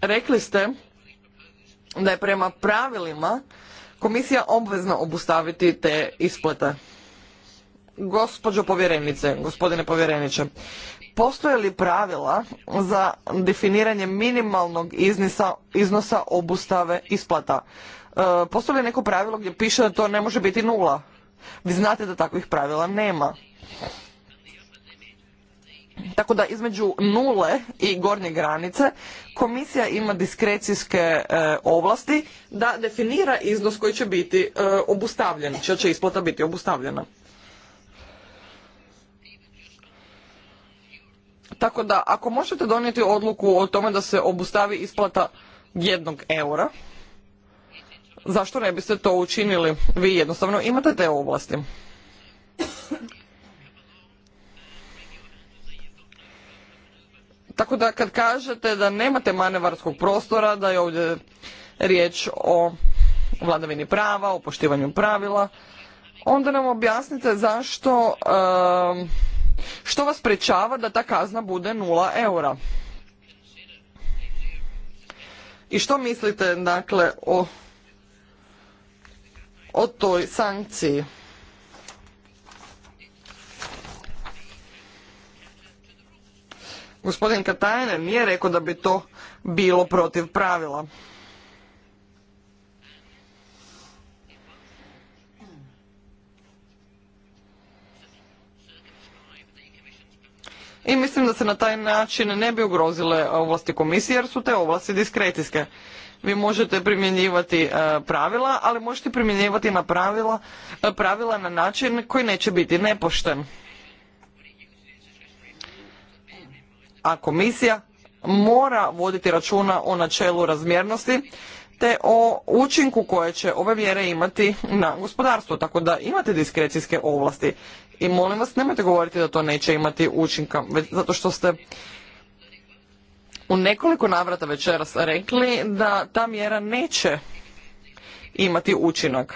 Speaker 3: Rekli ste da je prema pravilima komisija obvezna obustaviti te isplate. Gospođo povjerenice, gospodine povjereniče, postoje li pravila za definiranje minimalnog iznosa obustave isplata? E, postoji li neko pravilo gdje piše da to ne može biti nula? Vi znate da takvih pravila nema. Tako da između nule i gornje granice komisija ima diskrecijske e, ovlasti da definira iznos koji će biti e, obustavljen, čija će isplata biti obustavljena. Tako da ako možete donijeti odluku o tome da se obustavi isplata jednog eura, zašto ne biste to učinili? Vi jednostavno imate te ovlasti. Tako da kad kažete da nemate manevarskog prostora, da je ovdje riječ o vladavini prava, o poštivanju pravila, onda nam objasnite zašto, ehm, što vas prečava da ta kazna bude nula eura. I što mislite, dakle, o, o toj sankciji? Gospodin Katainen nije rekao da bi to bilo protiv pravila. I mislim da se na taj način ne bi ugrozile ovlasti komisije jer su te ovlasti diskrecijske. Vi možete primjenjivati e, pravila, ali možete primjenjivati na e, pravila na način koji neće biti nepošten. a komisija mora voditi računa o načelu razmjernosti te o učinku koje će ove mjere imati na gospodarstvo. Tako da imate diskrecijske ovlasti. I molim vas, nemojte govoriti da to neće imati učinka, zato što ste u nekoliko navrata večeras rekli da ta mjera neće imati učinak.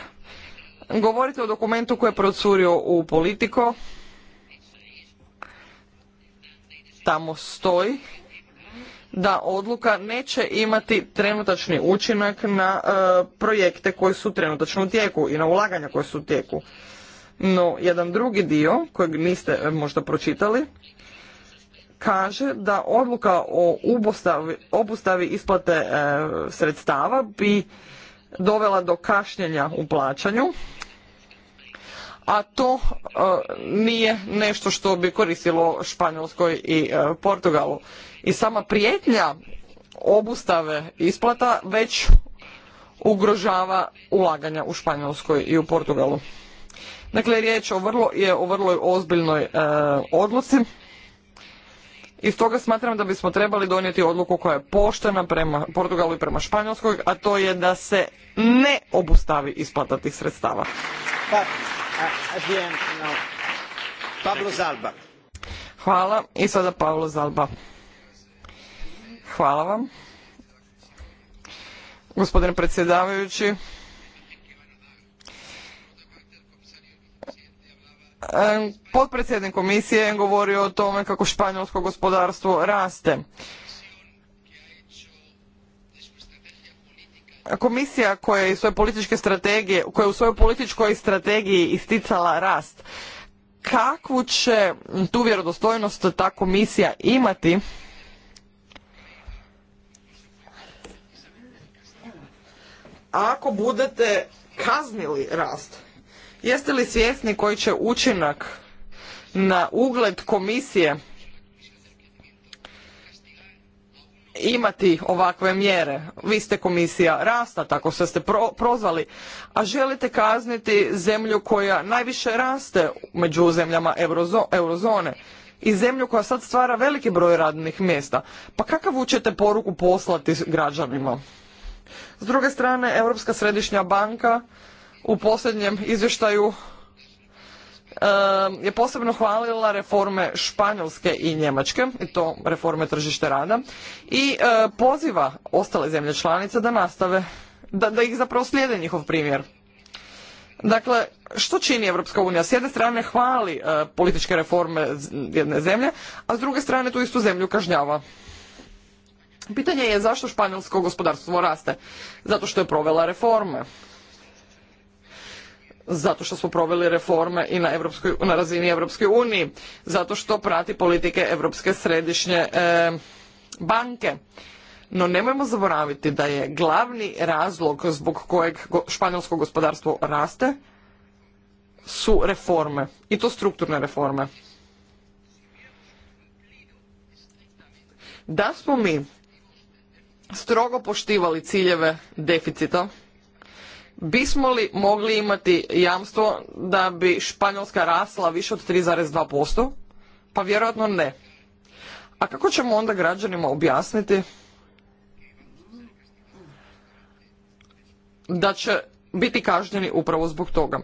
Speaker 3: Govorite o dokumentu koji je procurio u politiko, tamo stoji da odluka neće imati trenutačni učinak na e, projekte koji su trenutačno u tijeku i na ulaganja koje su u tijeku. No, jedan drugi dio kojeg niste e, možda pročitali kaže da odluka o obustavi isplate e, sredstava bi dovela do kašnjenja u plaćanju a to e, nije nešto što bi koristilo Španjolskoj i e, Portugalu. I sama prijetnja obustave isplata već ugrožava ulaganja u Španjolskoj i u Portugalu. Dakle, riječ o vrlo, je o vrlo ozbiljnoj e, odluci i stoga smatram da bismo trebali donijeti odluku koja je poštena prema Portugalu i prema Španjolskoj, a to je da se ne obustavi isplata tih sredstava. Pa, Zalba. Hvala. I sada Pablo Zalba. Hvala vam. Gospodine predsjedavajući, potpredsjednik komisije govorio o tome kako španjolsko gospodarstvo raste. komisija koja je svoje strategije, koja je u svojoj političkoj strategiji isticala rast, kakvu će tu vjerodostojnost ta komisija imati ako budete kaznili rast? Jeste li svjesni koji će učinak na ugled komisije imati ovakve mjere. Vi ste komisija rasta, tako ste ste prozvali, a želite kazniti zemlju koja najviše raste među zemljama eurozone i zemlju koja sad stvara veliki broj radnih mjesta. Pa kakavu ćete poruku poslati građanima? S druge strane, Europska središnja banka u posljednjem izvještaju je posebno hvalila reforme Španjolske i Njemačke, i to reforme tržišta rada, i e, poziva ostale zemlje članice da nastave, da, da ih zapravo slijede njihov primjer. Dakle, što čini Europska unija? S jedne strane hvali e, političke reforme jedne zemlje, a s druge strane tu istu zemlju kažnjava. Pitanje je zašto španjolsko gospodarstvo raste? Zato što je provela reforme zato što smo proveli reforme i na, razini Europske unije, zato što prati politike Europske središnje e, banke. No nemojmo zaboraviti da je glavni razlog zbog kojeg španjolsko gospodarstvo raste su reforme i to strukturne reforme. Da smo mi strogo poštivali ciljeve deficita bismo li mogli imati jamstvo da bi Španjolska rasla više od 3,2%? Pa vjerojatno ne. A kako ćemo onda građanima objasniti da će biti kažnjeni upravo zbog toga?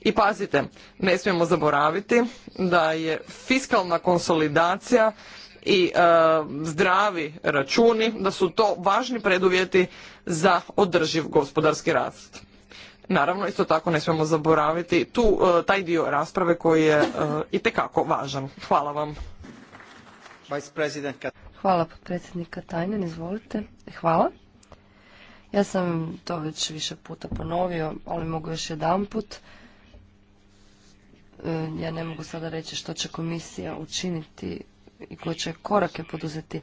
Speaker 3: I pazite, ne smijemo zaboraviti da je fiskalna konsolidacija i e, zdravi računi, da su to važni preduvjeti za održiv gospodarski rast. Naravno, isto tako ne smijemo zaboraviti tu e, taj dio rasprave koji je e, itekako važan. Hvala vam. Hvala
Speaker 1: potpredsjednika Tajnen, izvolite. Hvala. Ja sam to već više puta ponovio, ali mogu još jedan put. E, ja ne mogu sada reći što će komisija učiniti i koje će korake poduzeti.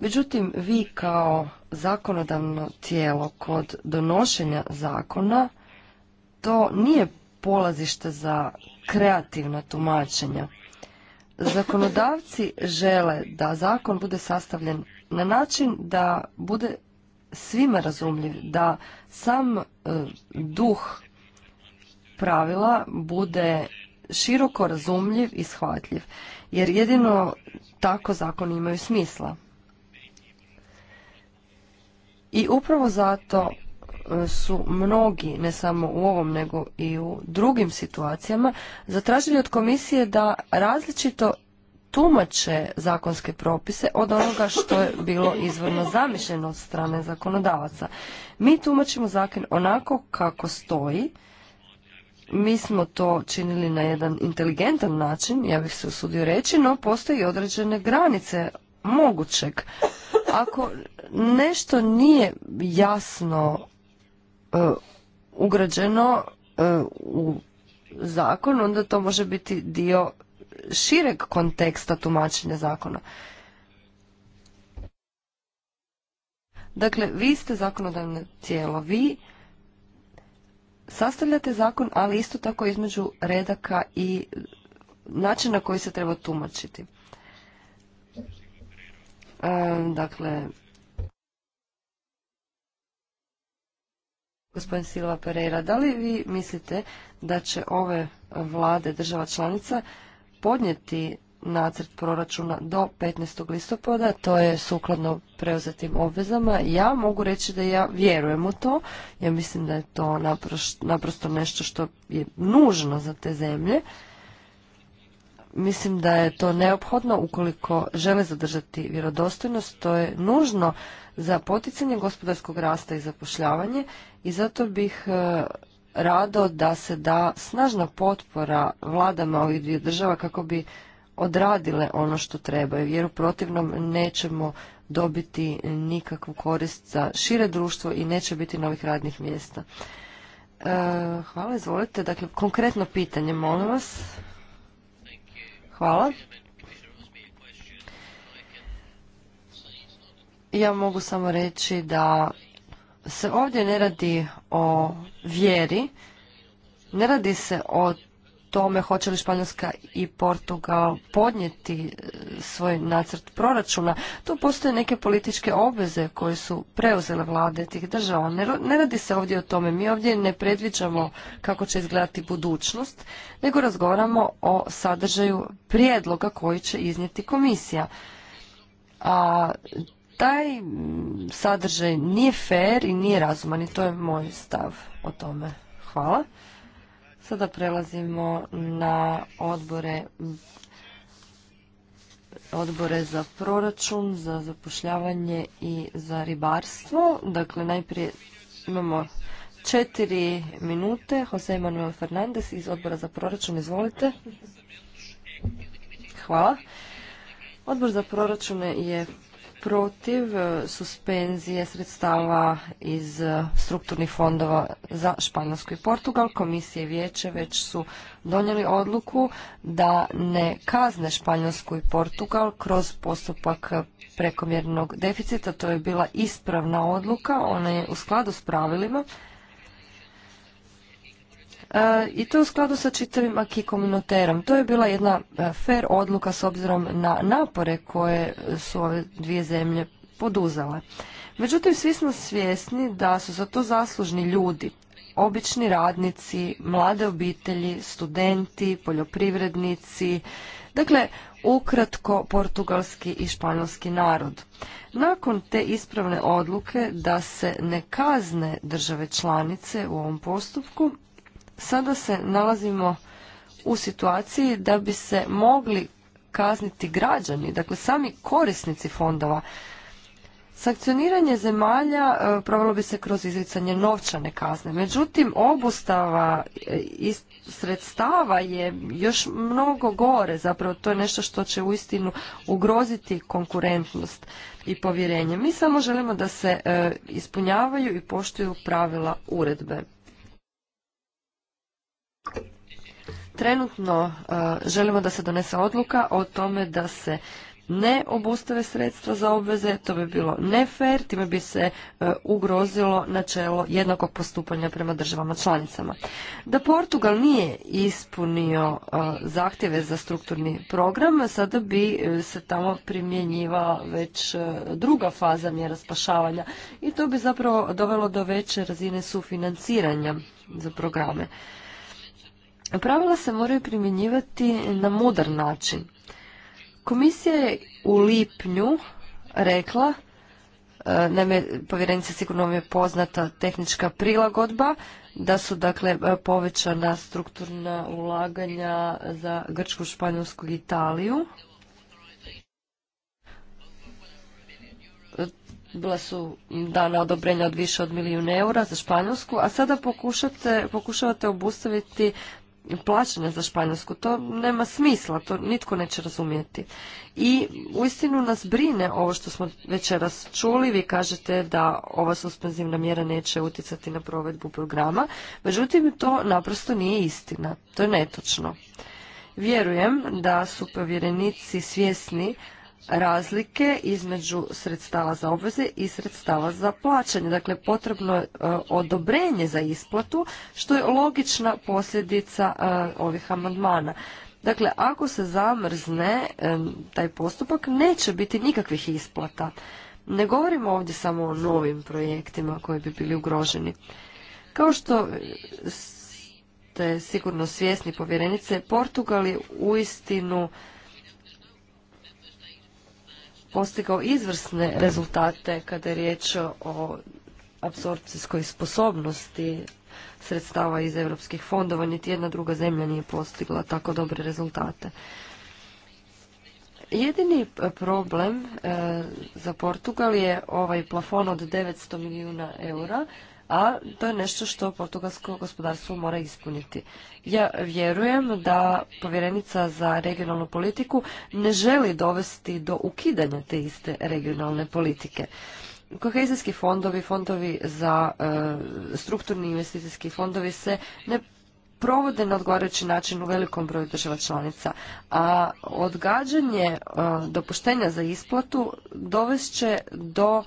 Speaker 1: Međutim, vi kao zakonodavno tijelo kod donošenja zakona to nije polazište za kreativna tumačenja. Zakonodavci žele da zakon bude sastavljen na način da bude svima razumljiv, da sam e, duh pravila bude široko razumljiv i shvatljiv. Jer jedino tako zakoni imaju smisla. I upravo zato e, su mnogi, ne samo u ovom nego i u drugim situacijama, zatražili od komisije da različito tumače zakonske propise od onoga što je bilo izvorno zamišljeno od strane zakonodavaca. Mi tumačimo zakon onako kako stoji. Mi smo to činili na jedan inteligentan način, ja bih se usudio reći, no postoji određene granice mogućeg. Ako nešto nije jasno e, ugrađeno e, u zakon, onda to može biti dio šireg konteksta tumačenja zakona. Dakle, vi ste zakonodavno tijelo, vi sastavljate zakon, ali isto tako između redaka i načina koji se treba tumačiti dakle, gospodin Silva Pereira, da li vi mislite da će ove vlade država članica podnijeti nacrt proračuna do 15. listopada, to je sukladno preuzetim obvezama. Ja mogu reći da ja vjerujem u to, ja mislim da je to naprosto nešto što je nužno za te zemlje. Mislim da je to neophodno ukoliko žele zadržati vjerodostojnost, to je nužno za poticanje gospodarskog rasta i zapošljavanje i zato bih e, rado da se da snažna potpora vladama ovih dvije država kako bi odradile ono što trebaju, jer u protivnom nećemo dobiti nikakvu korist za šire društvo i neće biti novih radnih mjesta. E, hvala, izvolite. Dakle, konkretno pitanje, molim vas. Hvala. Ja mogu samo reći da se ovdje ne radi o vjeri, ne radi se o tome hoće li Španjolska i Portugal podnijeti e, svoj nacrt proračuna. Tu postoje neke političke obveze koje su preuzele vlade tih država. Ne radi se ovdje o tome. Mi ovdje ne predviđamo kako će izgledati budućnost, nego razgovaramo o sadržaju prijedloga koji će iznijeti komisija. A taj sadržaj nije fair i nije razuman i to je moj stav o tome. Hvala. Sada prelazimo na odbore za proračun, za zapošljavanje i za ribarstvo. Dakle, najprije imamo četiri minute. Jose Manuel Fernandez iz odbora za proračun, izvolite. Hvala. Odbor za proračune je protiv e, suspenzije sredstava iz e, strukturnih fondova za Španjolsku i Portugal. Komisije i vijeće već su donijeli odluku da ne kazne Španjolsku i Portugal kroz postupak prekomjernog deficita. To je bila ispravna odluka, ona je u skladu s pravilima E, i to u skladu sa čitavim noterom. To je bila jedna e, fer odluka s obzirom na napore koje su ove dvije zemlje poduzele. Međutim, svi smo svjesni da su za to zaslužni ljudi, obični radnici, mlade obitelji, studenti, poljoprivrednici, dakle, ukratko portugalski i španjolski narod. Nakon te ispravne odluke da se ne kazne države članice u ovom postupku, sada se nalazimo u situaciji da bi se mogli kazniti građani, dakle sami korisnici fondova. Sankcioniranje zemalja e, provalo bi se kroz izricanje novčane kazne. Međutim, obustava e, sredstava je još mnogo gore. Zapravo, to je nešto što će uistinu ugroziti konkurentnost i povjerenje. Mi samo želimo da se e, ispunjavaju i poštuju pravila uredbe. trenutno e, želimo da se donese odluka o tome da se ne obustave sredstva za obveze, to bi bilo nefer, time bi se e, ugrozilo načelo jednakog postupanja prema državama članicama. Da Portugal nije ispunio e, zahtjeve za strukturni program, sada bi se tamo primjenjiva već druga faza mjera spašavanja i to bi zapravo dovelo do veće razine sufinanciranja za programe. Pravila se moraju primjenjivati na mudar način. Komisija je u lipnju rekla, e, naime povjerenica sigurno vam je poznata tehnička prilagodba, da su dakle e, povećana strukturna ulaganja za Grčku, Španjolsku i Italiju. Bila su dana odobrenja od više od milijuna eura za Španjolsku, a sada pokušavate obustaviti plaćanja za Španjolsku. To nema smisla, to nitko neće razumijeti. I uistinu nas brine ovo što smo večeras čuli. Vi kažete da ova suspenzivna mjera neće utjecati na provedbu programa. Međutim, to naprosto nije istina. To je netočno. Vjerujem da su povjerenici svjesni razlike između sredstava za obveze i sredstava za plaćanje. Dakle, potrebno je e, odobrenje za isplatu, što je logična posljedica e, ovih amandmana. Dakle, ako se zamrzne e, taj postupak, neće biti nikakvih isplata. Ne govorimo ovdje samo o novim projektima koji bi bili ugroženi. Kao što ste sigurno svjesni povjerenice, Portugal je istinu, postigao izvrsne rezultate kada je riječ o apsorpcijskoj sposobnosti sredstava iz europskih fondova, niti jedna druga zemlja nije postigla tako dobre rezultate. Jedini problem e, za Portugal je ovaj plafon od 900 milijuna eura a to je nešto što portugalsko gospodarstvo mora ispuniti. Ja vjerujem da povjerenica za regionalnu politiku ne želi dovesti do ukidanja te iste regionalne politike. Kohezijski fondovi, fondovi za e, strukturni investicijski fondovi se ne provode na odgovarajući način u velikom broju država članica, a odgađanje e, dopuštenja za isplatu dovest će do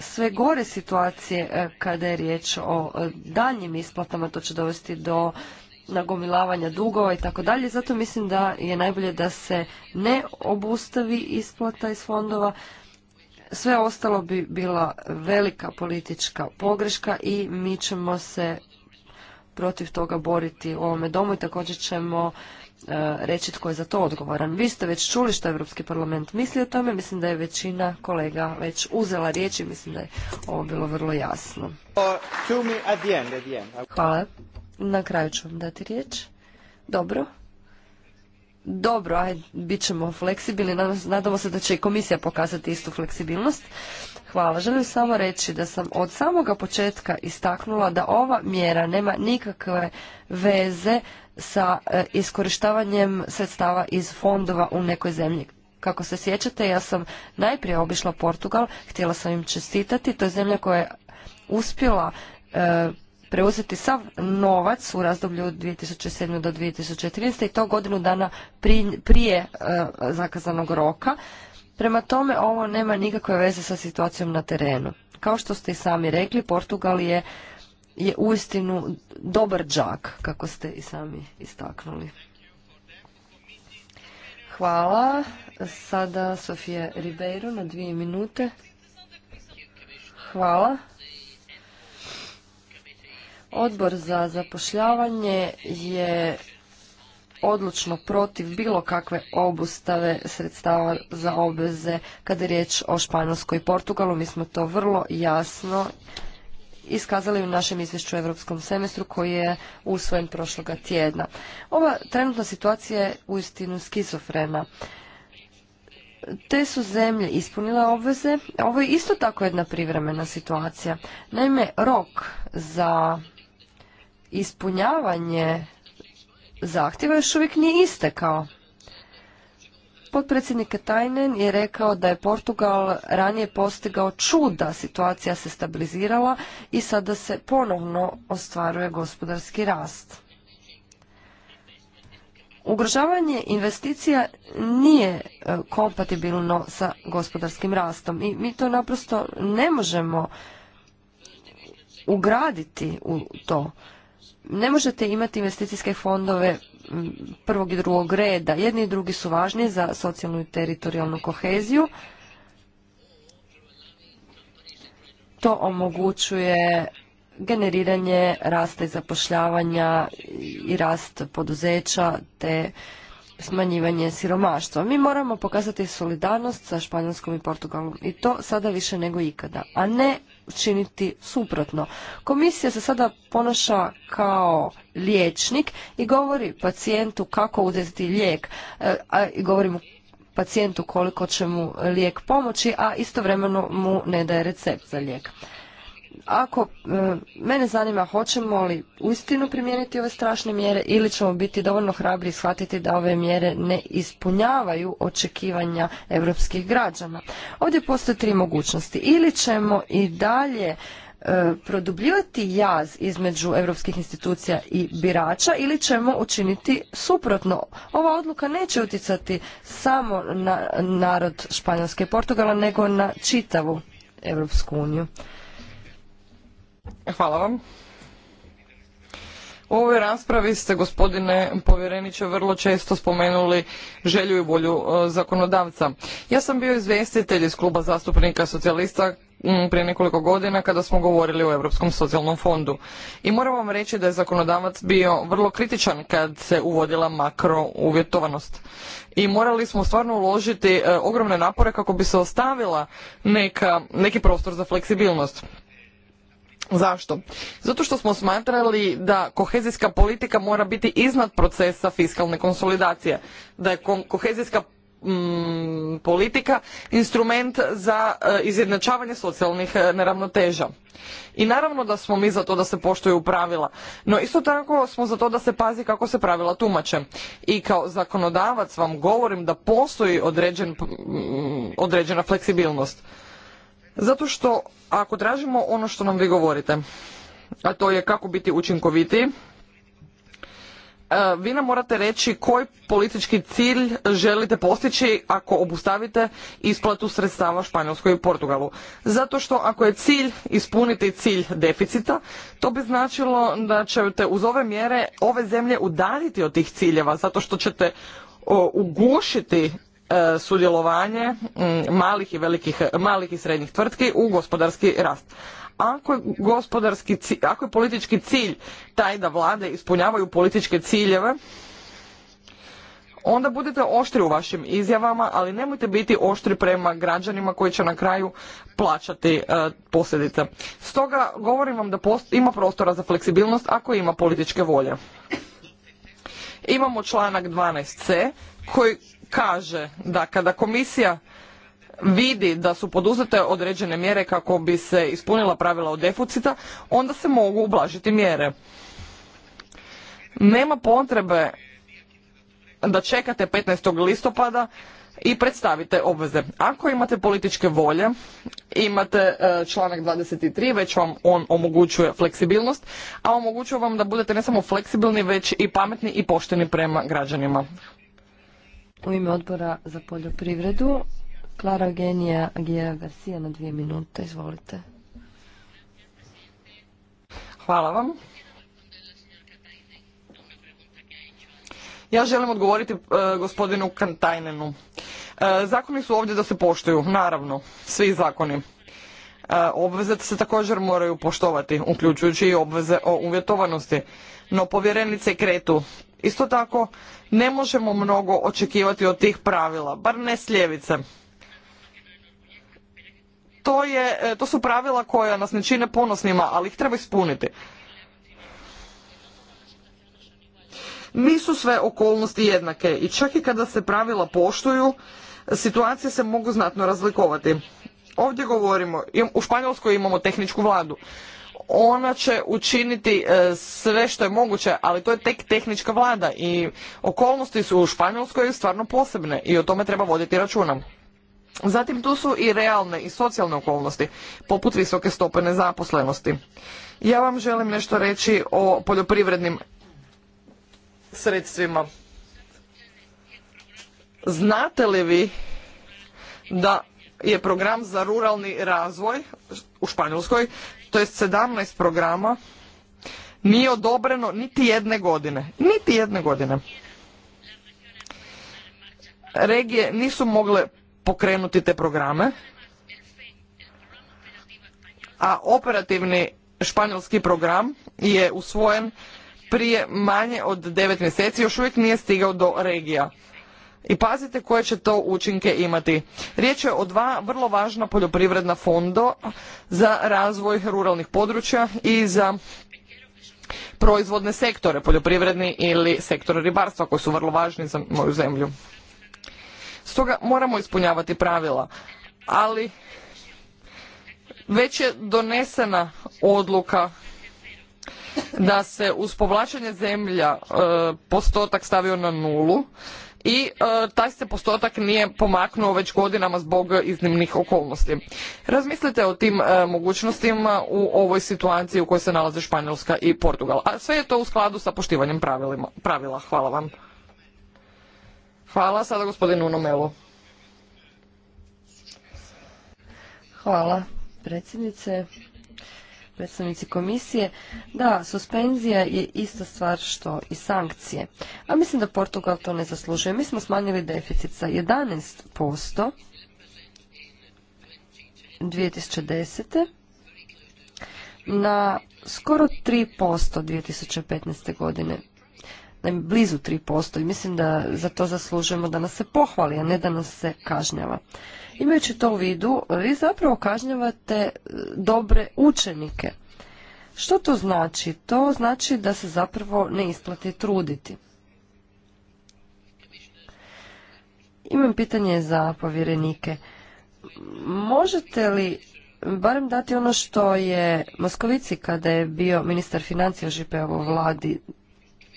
Speaker 1: sve gore situacije e, kada je riječ o e, daljnjim isplatama, to će dovesti do nagomilavanja dugova i tako dalje. Zato mislim da je najbolje da se ne obustavi isplata iz fondova. Sve ostalo bi bila velika politička pogreška i mi ćemo se protiv toga boriti u ovome domu i također ćemo E, reći tko je za to odgovoran. Vi ste već čuli što Europski parlament misli o tome, mislim da je većina kolega već uzela riječ i mislim da je ovo bilo vrlo jasno. Hvala. Na kraju ću vam dati riječ. Dobro. Dobro, aj, bit ćemo fleksibilni. Nadamo se da će i komisija pokazati istu fleksibilnost. Hvala. Želim samo reći da sam od samoga početka istaknula da ova mjera nema nikakve veze sa e, iskorištavanjem sredstava iz fondova u nekoj zemlji. Kako se sjećate, ja sam najprije obišla Portugal, htjela sam im čestitati, to je zemlja koja je uspjela e, preuzeti sav novac u razdoblju od 2007. do 2014. i to godinu dana prije, e, zakazanog roka. Prema tome ovo nema nikakve veze sa situacijom na terenu. Kao što ste i sami rekli, Portugal je je uistinu dobar džak, kako ste i sami istaknuli. Hvala. Sada Sofija Ribeiro na dvije minute. Hvala. Odbor za zapošljavanje je odlučno protiv bilo kakve obustave sredstava za obveze kada je riječ o Španjolskoj i Portugalu. Mi smo to vrlo jasno iskazali u našem izvješću u europskom semestru koji je usvojen prošloga tjedna. Ova trenutna situacija je uistinu skizofrena. Te su zemlje ispunile obveze. Ovo je isto tako jedna privremena situacija. Naime, rok za ispunjavanje zahtjeva još uvijek nije istekao. Potpredsjednik Tajnen je rekao da je Portugal ranije postigao čuda, situacija se stabilizirala i sada se ponovno ostvaruje gospodarski rast. Ugrožavanje investicija nije e, kompatibilno sa gospodarskim rastom i mi to naprosto ne možemo ugraditi u to. Ne možete imati investicijske fondove prvog i drugog reda. Jedni i drugi su važni za socijalnu i teritorijalnu koheziju. To omogućuje generiranje rasta i zapošljavanja i rast poduzeća te smanjivanje siromaštva. Mi moramo pokazati solidarnost sa Španjolskom i Portugalom i to sada više nego ikada, a ne učiniti suprotno. Komisija se sada ponaša kao liječnik i govori pacijentu kako uzeti lijek, e, i govori mu pacijentu koliko će mu lijek pomoći, a istovremeno mu ne daje recept za lijek ako e, mene zanima hoćemo li uistinu primijeniti ove strašne mjere ili ćemo biti dovoljno hrabri i shvatiti da ove mjere ne ispunjavaju očekivanja europskih građana. Ovdje postoje tri mogućnosti. Ili ćemo i dalje e, produbljivati jaz između europskih institucija i birača ili ćemo učiniti suprotno. Ova odluka neće utjecati samo na narod Španjolske i Portugala nego na čitavu Europsku
Speaker 3: uniju. Hvala vam. U ovoj raspravi ste, gospodine povjereniče, vrlo često spomenuli želju i volju e, zakonodavca. Ja sam bio izvjestitelj iz kluba zastupnika socijalista prije nekoliko godina kada smo govorili o Europskom socijalnom fondu. I moram vam reći da je zakonodavac bio vrlo kritičan kad se uvodila makro uvjetovanost. I morali smo stvarno uložiti e, ogromne napore kako bi se ostavila neki prostor za fleksibilnost. Zašto? Zato što smo smatrali da kohezijska politika mora biti iznad procesa fiskalne konsolidacije, da je kohezijska mm, politika instrument za e, izjednačavanje socijalnih e, neravnoteža. I naravno da smo mi za to da se poštuju pravila, no isto tako smo za to da se pazi kako se pravila tumače. I kao zakonodavac vam govorim da postoji određena fleksibilnost zato što ako tražimo ono što nam vi govorite, a to je kako biti učinkoviti, e, vi nam morate reći koji politički cilj želite postići ako obustavite isplatu sredstava Španjolskoj i Portugalu. Zato što ako je cilj ispuniti cilj deficita, to bi značilo da ćete uz ove mjere ove zemlje udaljiti od tih ciljeva, zato što ćete e, ugušiti E, sudjelovanje malih i velikih, malih i srednjih tvrtki u gospodarski rast. Ako je, ako je politički cilj taj da vlade ispunjavaju političke ciljeve, onda budite oštri u vašim izjavama, ali nemojte biti oštri prema građanima koji će na kraju plaćati e, posljedice. Stoga govorim vam da ima prostora za fleksibilnost ako ima političke volje. Imamo članak 12c koji kaže da kada komisija vidi da su poduzete određene mjere kako bi se ispunila pravila o deficita, onda se mogu ublažiti mjere. Nema potrebe da čekate 15. listopada i predstavite obveze. Ako imate političke volje, imate e, članak 23, već vam on omogućuje fleksibilnost, a omogućuje vam da budete ne samo fleksibilni, već i pametni i pošteni prema građanima
Speaker 1: u ime odbora za poljoprivredu. Klara Eugenija Agija Garcia na dvije minute. Izvolite. Hvala vam.
Speaker 3: Ja želim odgovoriti e, gospodinu Kantajnenu. E, zakoni su ovdje da se poštuju, naravno, svi zakoni. E, obveze se također moraju poštovati, uključujući i obveze o uvjetovanosti. No povjerenice kretu. Isto tako ne možemo mnogo očekivati od tih pravila, bar ne s ljevice. To, e, to su pravila koja nas ne čine ponosnima, ali ih treba ispuniti. Nisu sve okolnosti jednake i čak i kada se pravila poštuju, situacije se mogu znatno razlikovati. Ovdje govorimo, u Španjolskoj imamo tehničku vladu ona će učiniti e, sve što je moguće, ali to je tek tehnička vlada i okolnosti su u Španjolskoj stvarno posebne i o tome treba voditi računa. Zatim tu su i realne i socijalne okolnosti, poput visoke stope nezaposlenosti. Ja vam želim nešto reći o poljoprivrednim sredstvima. Znate li vi da je program za ruralni razvoj u Španjolskoj to je sedamnaest programa, nije odobreno niti jedne godine. Niti jedne godine. Regije nisu mogle pokrenuti te programe, a operativni španjolski program je usvojen prije manje od devet mjeseci još uvijek nije stigao do regija i pazite koje će to učinke imati. Riječ je o dva vrlo važna poljoprivredna fonda za razvoj ruralnih područja i za proizvodne sektore, poljoprivredni ili sektor ribarstva koji su vrlo važni za moju zemlju. Stoga moramo ispunjavati pravila, ali već je donesena odluka da se uz povlačenje zemlja e, postotak stavio na nulu i e, taj se postotak nije pomaknuo već godinama zbog iznimnih okolnosti. Razmislite o tim e, mogućnostima u ovoj situaciji u kojoj se nalaze Španjolska i Portugal. A sve je to u skladu sa poštivanjem pravila. Hvala vam. Hvala sada gospodinu Nomelu.
Speaker 1: Hvala predsjednice predstavnici komisije. Da, suspenzija je ista stvar što i sankcije. A mislim da Portugal to ne zaslužuje. Mi smo smanjili deficit sa 11% 2010. na skoro 3% 2015. godine blizu 3% i mislim da za to zaslužujemo da nas se pohvali, a ne da nas se kažnjava. Imajući to u vidu, vi zapravo kažnjavate e, dobre učenike. Što to znači? To znači da se zapravo ne isplati truditi. Imam pitanje za povjerenike. Možete li barem dati ono što je Moskovici kada je bio ministar financija Žipeovo vladi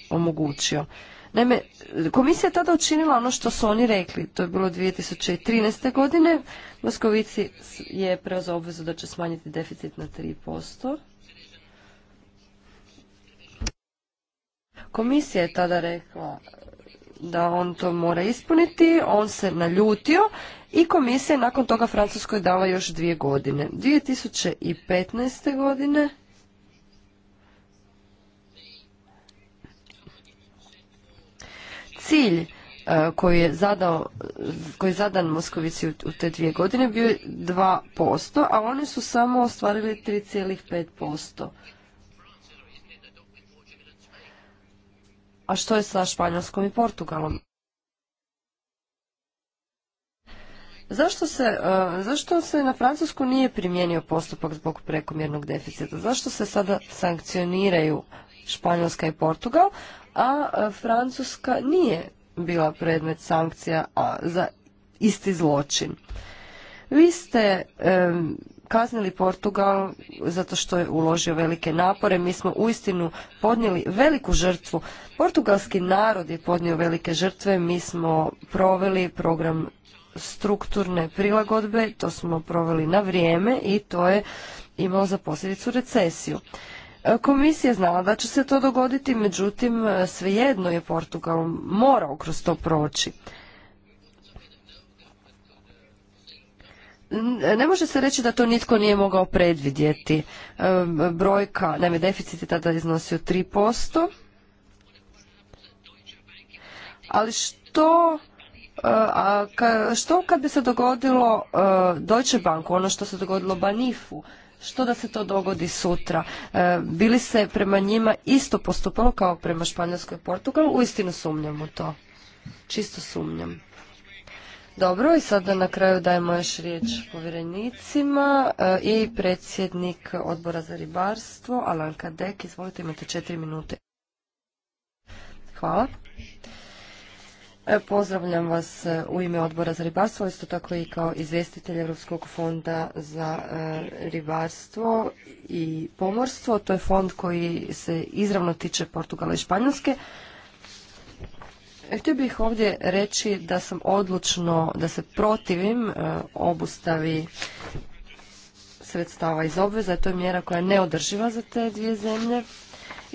Speaker 1: omogućio? Naime, komisija je tada učinila ono što su oni rekli. To je bilo 2013. godine. Moskovici je preozao obvezu da će smanjiti deficit na 3%. Komisija je tada rekla da on to mora ispuniti, on se naljutio i komisija je nakon toga Francuskoj dala još dvije godine. 2015. godine cilj e, koji je, zadao, koji je zadan Moskovici u te dvije godine bio je 2%, a oni su samo ostvarili 3,5%. A što je sa Španjolskom i Portugalom? Zašto se, e, zašto se na Francusku nije primijenio postupak zbog prekomjernog deficita? Zašto se sada sankcioniraju Španjolska i Portugal, a Francuska nije bila predmet sankcija za isti zločin. Vi ste kaznili Portugal zato što je uložio velike napore. Mi smo uistinu podnijeli veliku žrtvu. Portugalski narod je podnio velike žrtve. Mi smo proveli program strukturne prilagodbe, to smo proveli na vrijeme i to je imao za posljedicu recesiju. E, komisija znala da će se to dogoditi, međutim e, svejedno je Portugal morao kroz to proći. Ne može se reći da to nitko nije mogao predvidjeti. E, brojka, naime, deficit je tada iznosio 3%. Ali što a što kad bi se dogodilo Deutsche Banku, ono što se dogodilo Banifu? što da se to dogodi sutra? E, bili se prema njima isto postupalo kao prema Španjolskoj i Portugalu? Uistinu sumnjam u to. Čisto sumnjam. Dobro, i sada na kraju dajemo još riječ povjerenicima e, i predsjednik odbora za ribarstvo, Alanka Dek. Izvolite, imate četiri minute. Hvala. E, pozdravljam vas e, u ime odbora za ribarstvo, isto tako i kao izvjestitelj Europskog fonda za e, ribarstvo i pomorstvo. To je fond koji se izravno tiče Portugala i Španjolske. Htio bih ovdje reći da sam odlučno da se protivim obustavi sredstava iz obveza. To je mjera koja je neodrživa za te dvije zemlje.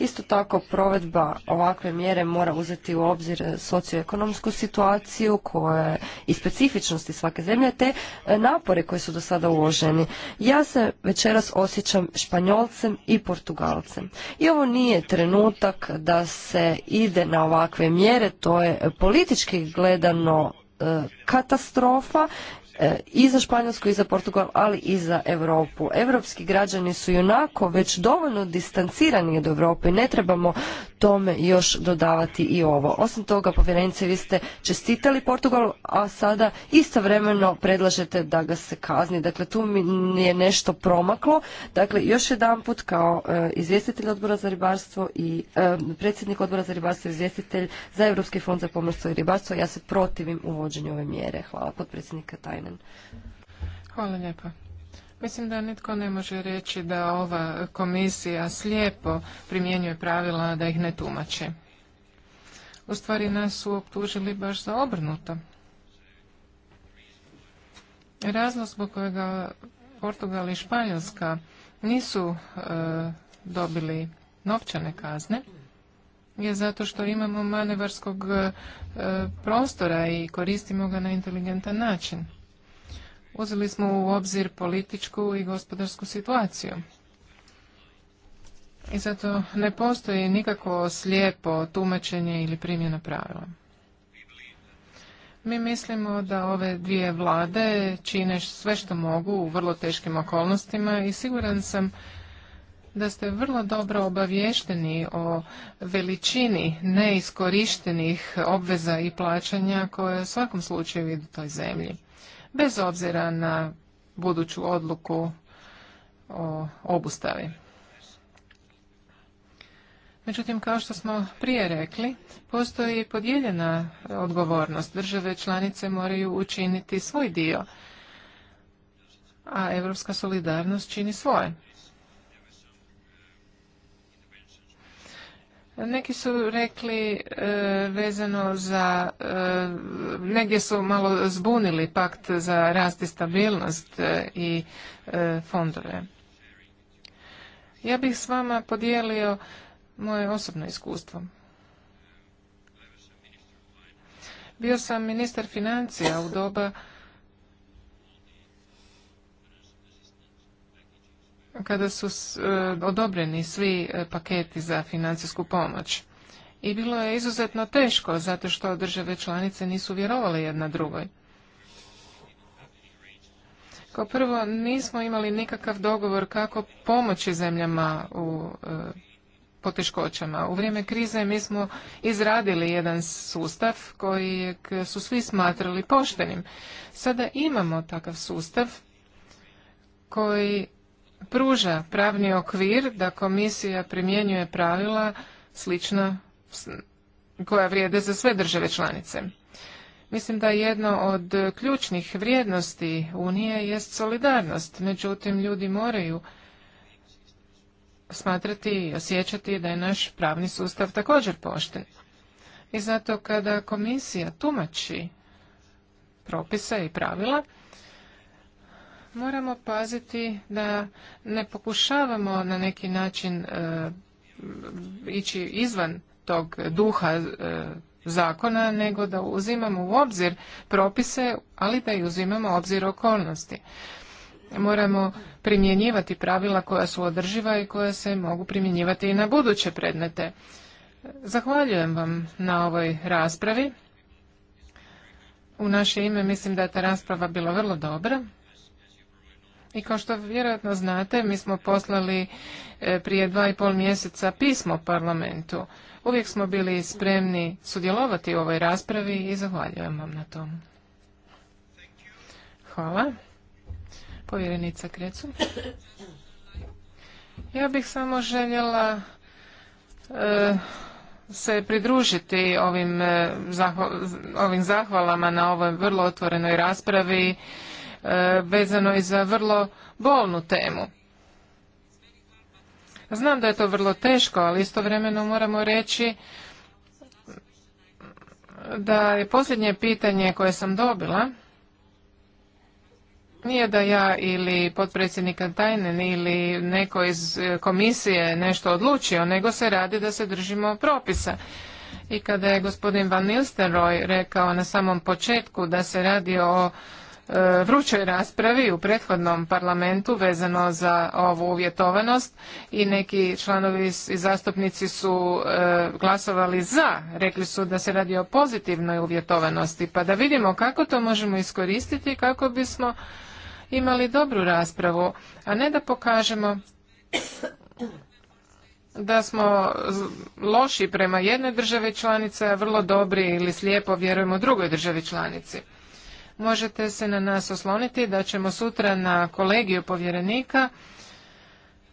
Speaker 1: Isto tako provedba ovakve mjere mora uzeti u obzir socioekonomsku situaciju koja je i specifičnosti svake zemlje te e, napore koji su do sada uloženi. Ja se večeras osjećam španjolcem i portugalcem. I ovo nije trenutak da se ide na ovakve mjere, to je politički gledano e, katastrofa E, i za Španjolsku i za Portugal, ali i za Europu. Europski građani su junako već dovoljno distancirani od Europe i ne trebamo tome još dodavati i ovo. Osim toga, povjerenice, vi ste čestitali Portugal, a sada istovremeno predlažete da ga se kazni. Dakle, tu mi je nešto promaklo. Dakle, još jedan put kao e, izvjestitelj odbora za ribarstvo i e, predsjednik odbora za ribarstvo i izvjestitelj za Europski fond za pomorstvo i ribarstvo, ja se protivim uvođenju ove mjere. Hvala potpredsjednika Tajne.
Speaker 2: Hvala lijepa. Mislim da nitko ne može reći da ova komisija slijepo primjenjuje pravila da ih ne tumači. U stvari nas su optužili baš za obrnuto. Razlog zbog kojega Portugal i Španjolska nisu e, dobili novčane kazne je zato što imamo manevarskog e, prostora i koristimo ga na inteligentan način uzeli smo u obzir političku i gospodarsku situaciju. I zato ne postoji nikako slijepo tumačenje ili primjena pravila. Mi mislimo da ove dvije vlade čine sve što mogu u vrlo teškim okolnostima i siguran sam da ste vrlo dobro obavješteni o veličini neiskorištenih obveza i plaćanja koje u svakom slučaju idu toj zemlji bez obzira na buduću odluku o obustavi. Međutim, kao što smo prije rekli, postoji podijeljena odgovornost. Države članice moraju učiniti svoj dio, a evropska solidarnost čini svoje. Neki su rekli e, vezano za, e, negdje su malo zbunili pakt za rast i stabilnost e, i fondove. Ja bih s vama podijelio moje osobno iskustvo. Bio sam ministar financija u doba kada su e, odobreni svi e, paketi za financijsku pomoć. I bilo je izuzetno teško zato što države članice nisu vjerovali jedna drugoj. Kao prvo, nismo imali nikakav dogovor kako pomoći zemljama u e, poteškoćama. U vrijeme krize mi smo izradili jedan sustav koji su svi smatrali poštenim. Sada imamo takav sustav koji pruža pravni okvir da komisija primjenjuje pravila slična koja vrijede za sve države članice. Mislim da jedno od ključnih vrijednosti Unije jest solidarnost, međutim ljudi moraju smatrati i osjećati da je naš pravni sustav također pošten. I zato kada komisija tumači propise i pravila, moramo paziti da ne pokušavamo na neki način e, ići izvan tog duha e, zakona, nego da uzimamo u obzir propise, ali da i uzimamo u obzir okolnosti. Moramo primjenjivati pravila koja su održiva i koja se mogu primjenjivati i na buduće predmete. Zahvaljujem vam na ovoj raspravi. U naše ime mislim da je ta rasprava bila vrlo dobra. I kao što vjerojatno znate, mi smo poslali e, prije dva i pol mjeseca pismo parlamentu. Uvijek smo bili spremni sudjelovati u ovoj raspravi i zahvaljujem vam na tom. Hvala. Povjerenica Krecu. Ja bih samo željela e, se pridružiti ovim, e, ovim zahvalama na ovoj vrlo otvorenoj raspravi E, vezano i za vrlo bolnu temu. Znam da je to vrlo teško, ali istovremeno moramo reći da je posljednje pitanje koje sam dobila nije da ja ili potpredsjednik Tajnen ili neko iz komisije nešto odlučio, nego se radi da se držimo propisa. I kada je gospodin Van Nilsteroj rekao na samom početku da se radi o E, vrućoj raspravi u prethodnom parlamentu vezano za ovu uvjetovanost i neki članovi i zastupnici su e, glasovali za, rekli su da se radi o pozitivnoj uvjetovanosti, pa da vidimo kako to možemo iskoristiti kako bismo imali dobru raspravu, a ne da pokažemo da smo loši prema jednoj državi članice, a vrlo dobri ili slijepo vjerujemo drugoj državi članici možete se na nas osloniti da ćemo sutra na kolegiju povjerenika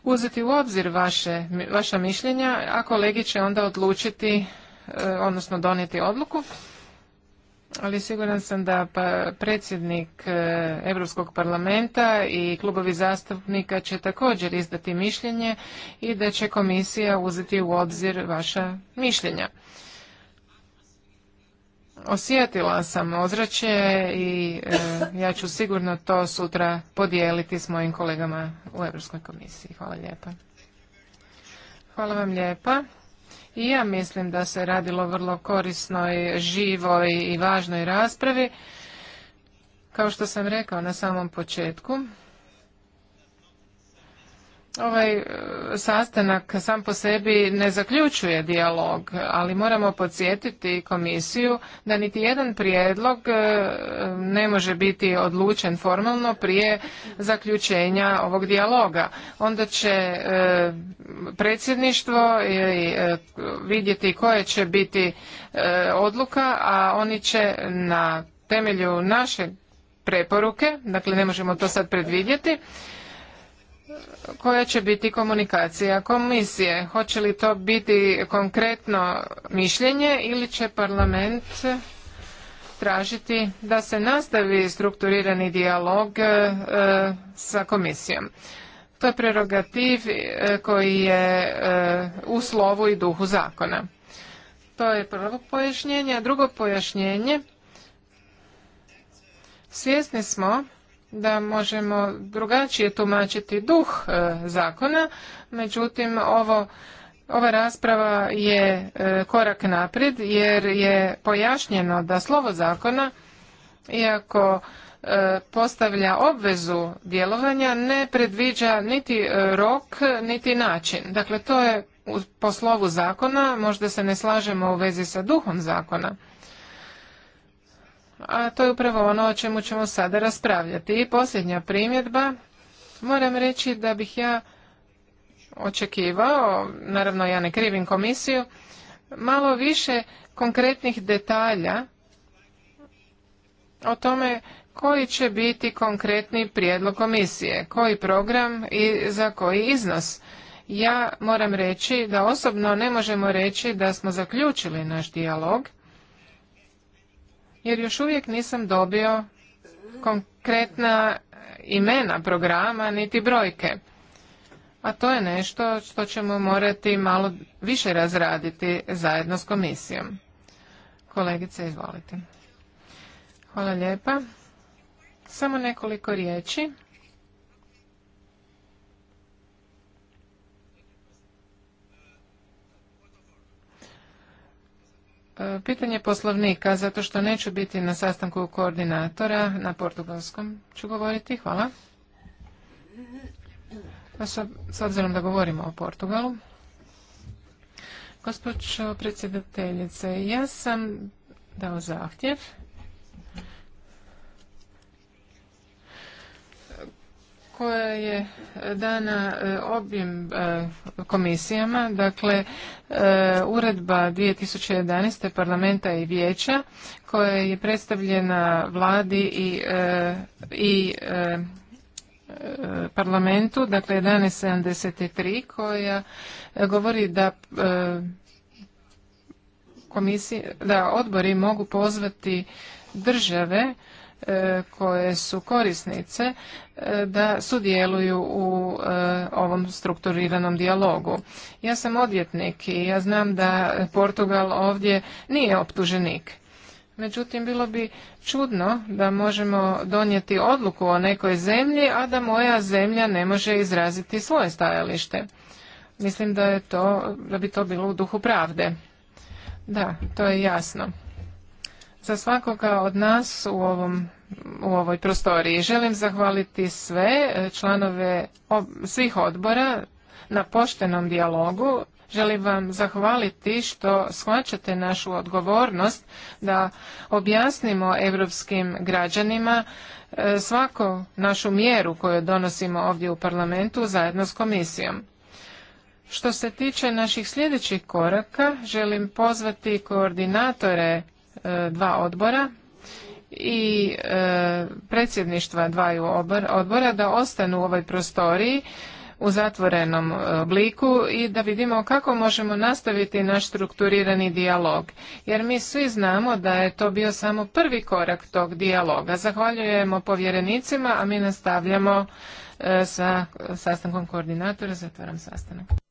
Speaker 2: uzeti u obzir vaše, vaša mišljenja, a kolegi će onda odlučiti, e, odnosno donijeti odluku. Ali siguran sam da pa predsjednik e, Europskog parlamenta i klubovi zastupnika će također izdati mišljenje i da će komisija uzeti u obzir vaša mišljenja osjetila sam ozračje i e, ja ću sigurno to sutra podijeliti s mojim kolegama u Europskoj komisiji. Hvala lijepa. Hvala vam lijepa. I ja mislim da se radilo vrlo korisnoj, živoj i važnoj raspravi. Kao što sam rekao na samom početku, Ovaj e, sastanak sam po sebi ne zaključuje dijalog, ali moramo podsjetiti komisiju da niti jedan prijedlog e, ne može biti odlučen formalno prije zaključenja ovog dijaloga. Onda će e, predsjedništvo vidjeti koje će biti odluka, a oni će na temelju naše preporuke, dakle ne možemo to sad predvidjeti, koja će biti komunikacija komisije. Hoće li to biti konkretno mišljenje ili će parlament tražiti da se nastavi strukturirani dijalog e, sa komisijom. To je prerogativ e, koji je e, u slovu i duhu zakona. To je prvo pojašnjenje. A drugo pojašnjenje, svjesni smo da možemo drugačije tumačiti duh e, zakona, međutim ovo ova rasprava je e, korak naprijed jer je pojašnjeno da slovo zakona iako e, postavlja obvezu djelovanja ne predviđa niti rok niti način. Dakle to je po slovu zakona, možda se ne slažemo u vezi sa duhom zakona a to je upravo ono o čemu ćemo sada raspravljati. I posljednja primjedba, moram reći da bih ja očekivao, naravno ja ne krivim komisiju, malo više konkretnih detalja o tome koji će biti konkretni prijedlog komisije, koji program i za koji iznos. Ja moram reći da osobno ne možemo reći da smo zaključili naš dijalog jer još uvijek nisam dobio konkretna imena programa niti brojke. A to je nešto što ćemo morati malo više razraditi zajedno s komisijom. Kolegice, izvolite. Hvala lijepa. Samo nekoliko riječi E, pitanje poslovnika, zato što neću biti na sastanku koordinatora, na portugalskom ću govoriti, hvala. S obzirom da govorimo o Portugalu. Gospođo predsjedateljice, ja sam dao zahtjev koja je e, dana e, obim e, komisijama, dakle uredba 2011. parlamenta i vijeća koja je predstavljena vladi i, parlamentu, dakle 1173 koja govori da komisije, da odbori mogu pozvati države E, koje su korisnice e, da sudjeluju u e, ovom strukturiranom dijalogu. Ja sam odvjetnik i ja znam da Portugal ovdje nije optuženik. Međutim, bilo bi čudno da možemo donijeti odluku o nekoj zemlji, a da moja zemlja ne može izraziti svoje stajalište. Mislim da, je to, da bi to bilo u duhu pravde. Da, to je jasno za svakoga od nas u ovom ovoj prostoriji. Želim zahvaliti sve e, članove svih odbora na poštenom dijalogu. Želim vam zahvaliti što shvaćate našu odgovornost da objasnimo europskim građanima e, svaku našu mjeru koju donosimo ovdje u parlamentu zajedno s komisijom. Što se tiče naših sljedećih koraka, želim pozvati koordinatore E, dva odbora i e, predsjedništva dvaju odbora da ostanu u ovoj prostoriji u zatvorenom e, obliku i da vidimo kako možemo nastaviti naš strukturirani dijalog. Jer mi svi znamo da je to bio samo prvi korak tog dijaloga. Zahvaljujemo povjerenicima, a mi nastavljamo sa sastankom koordinatora. Zatvaram sastanak.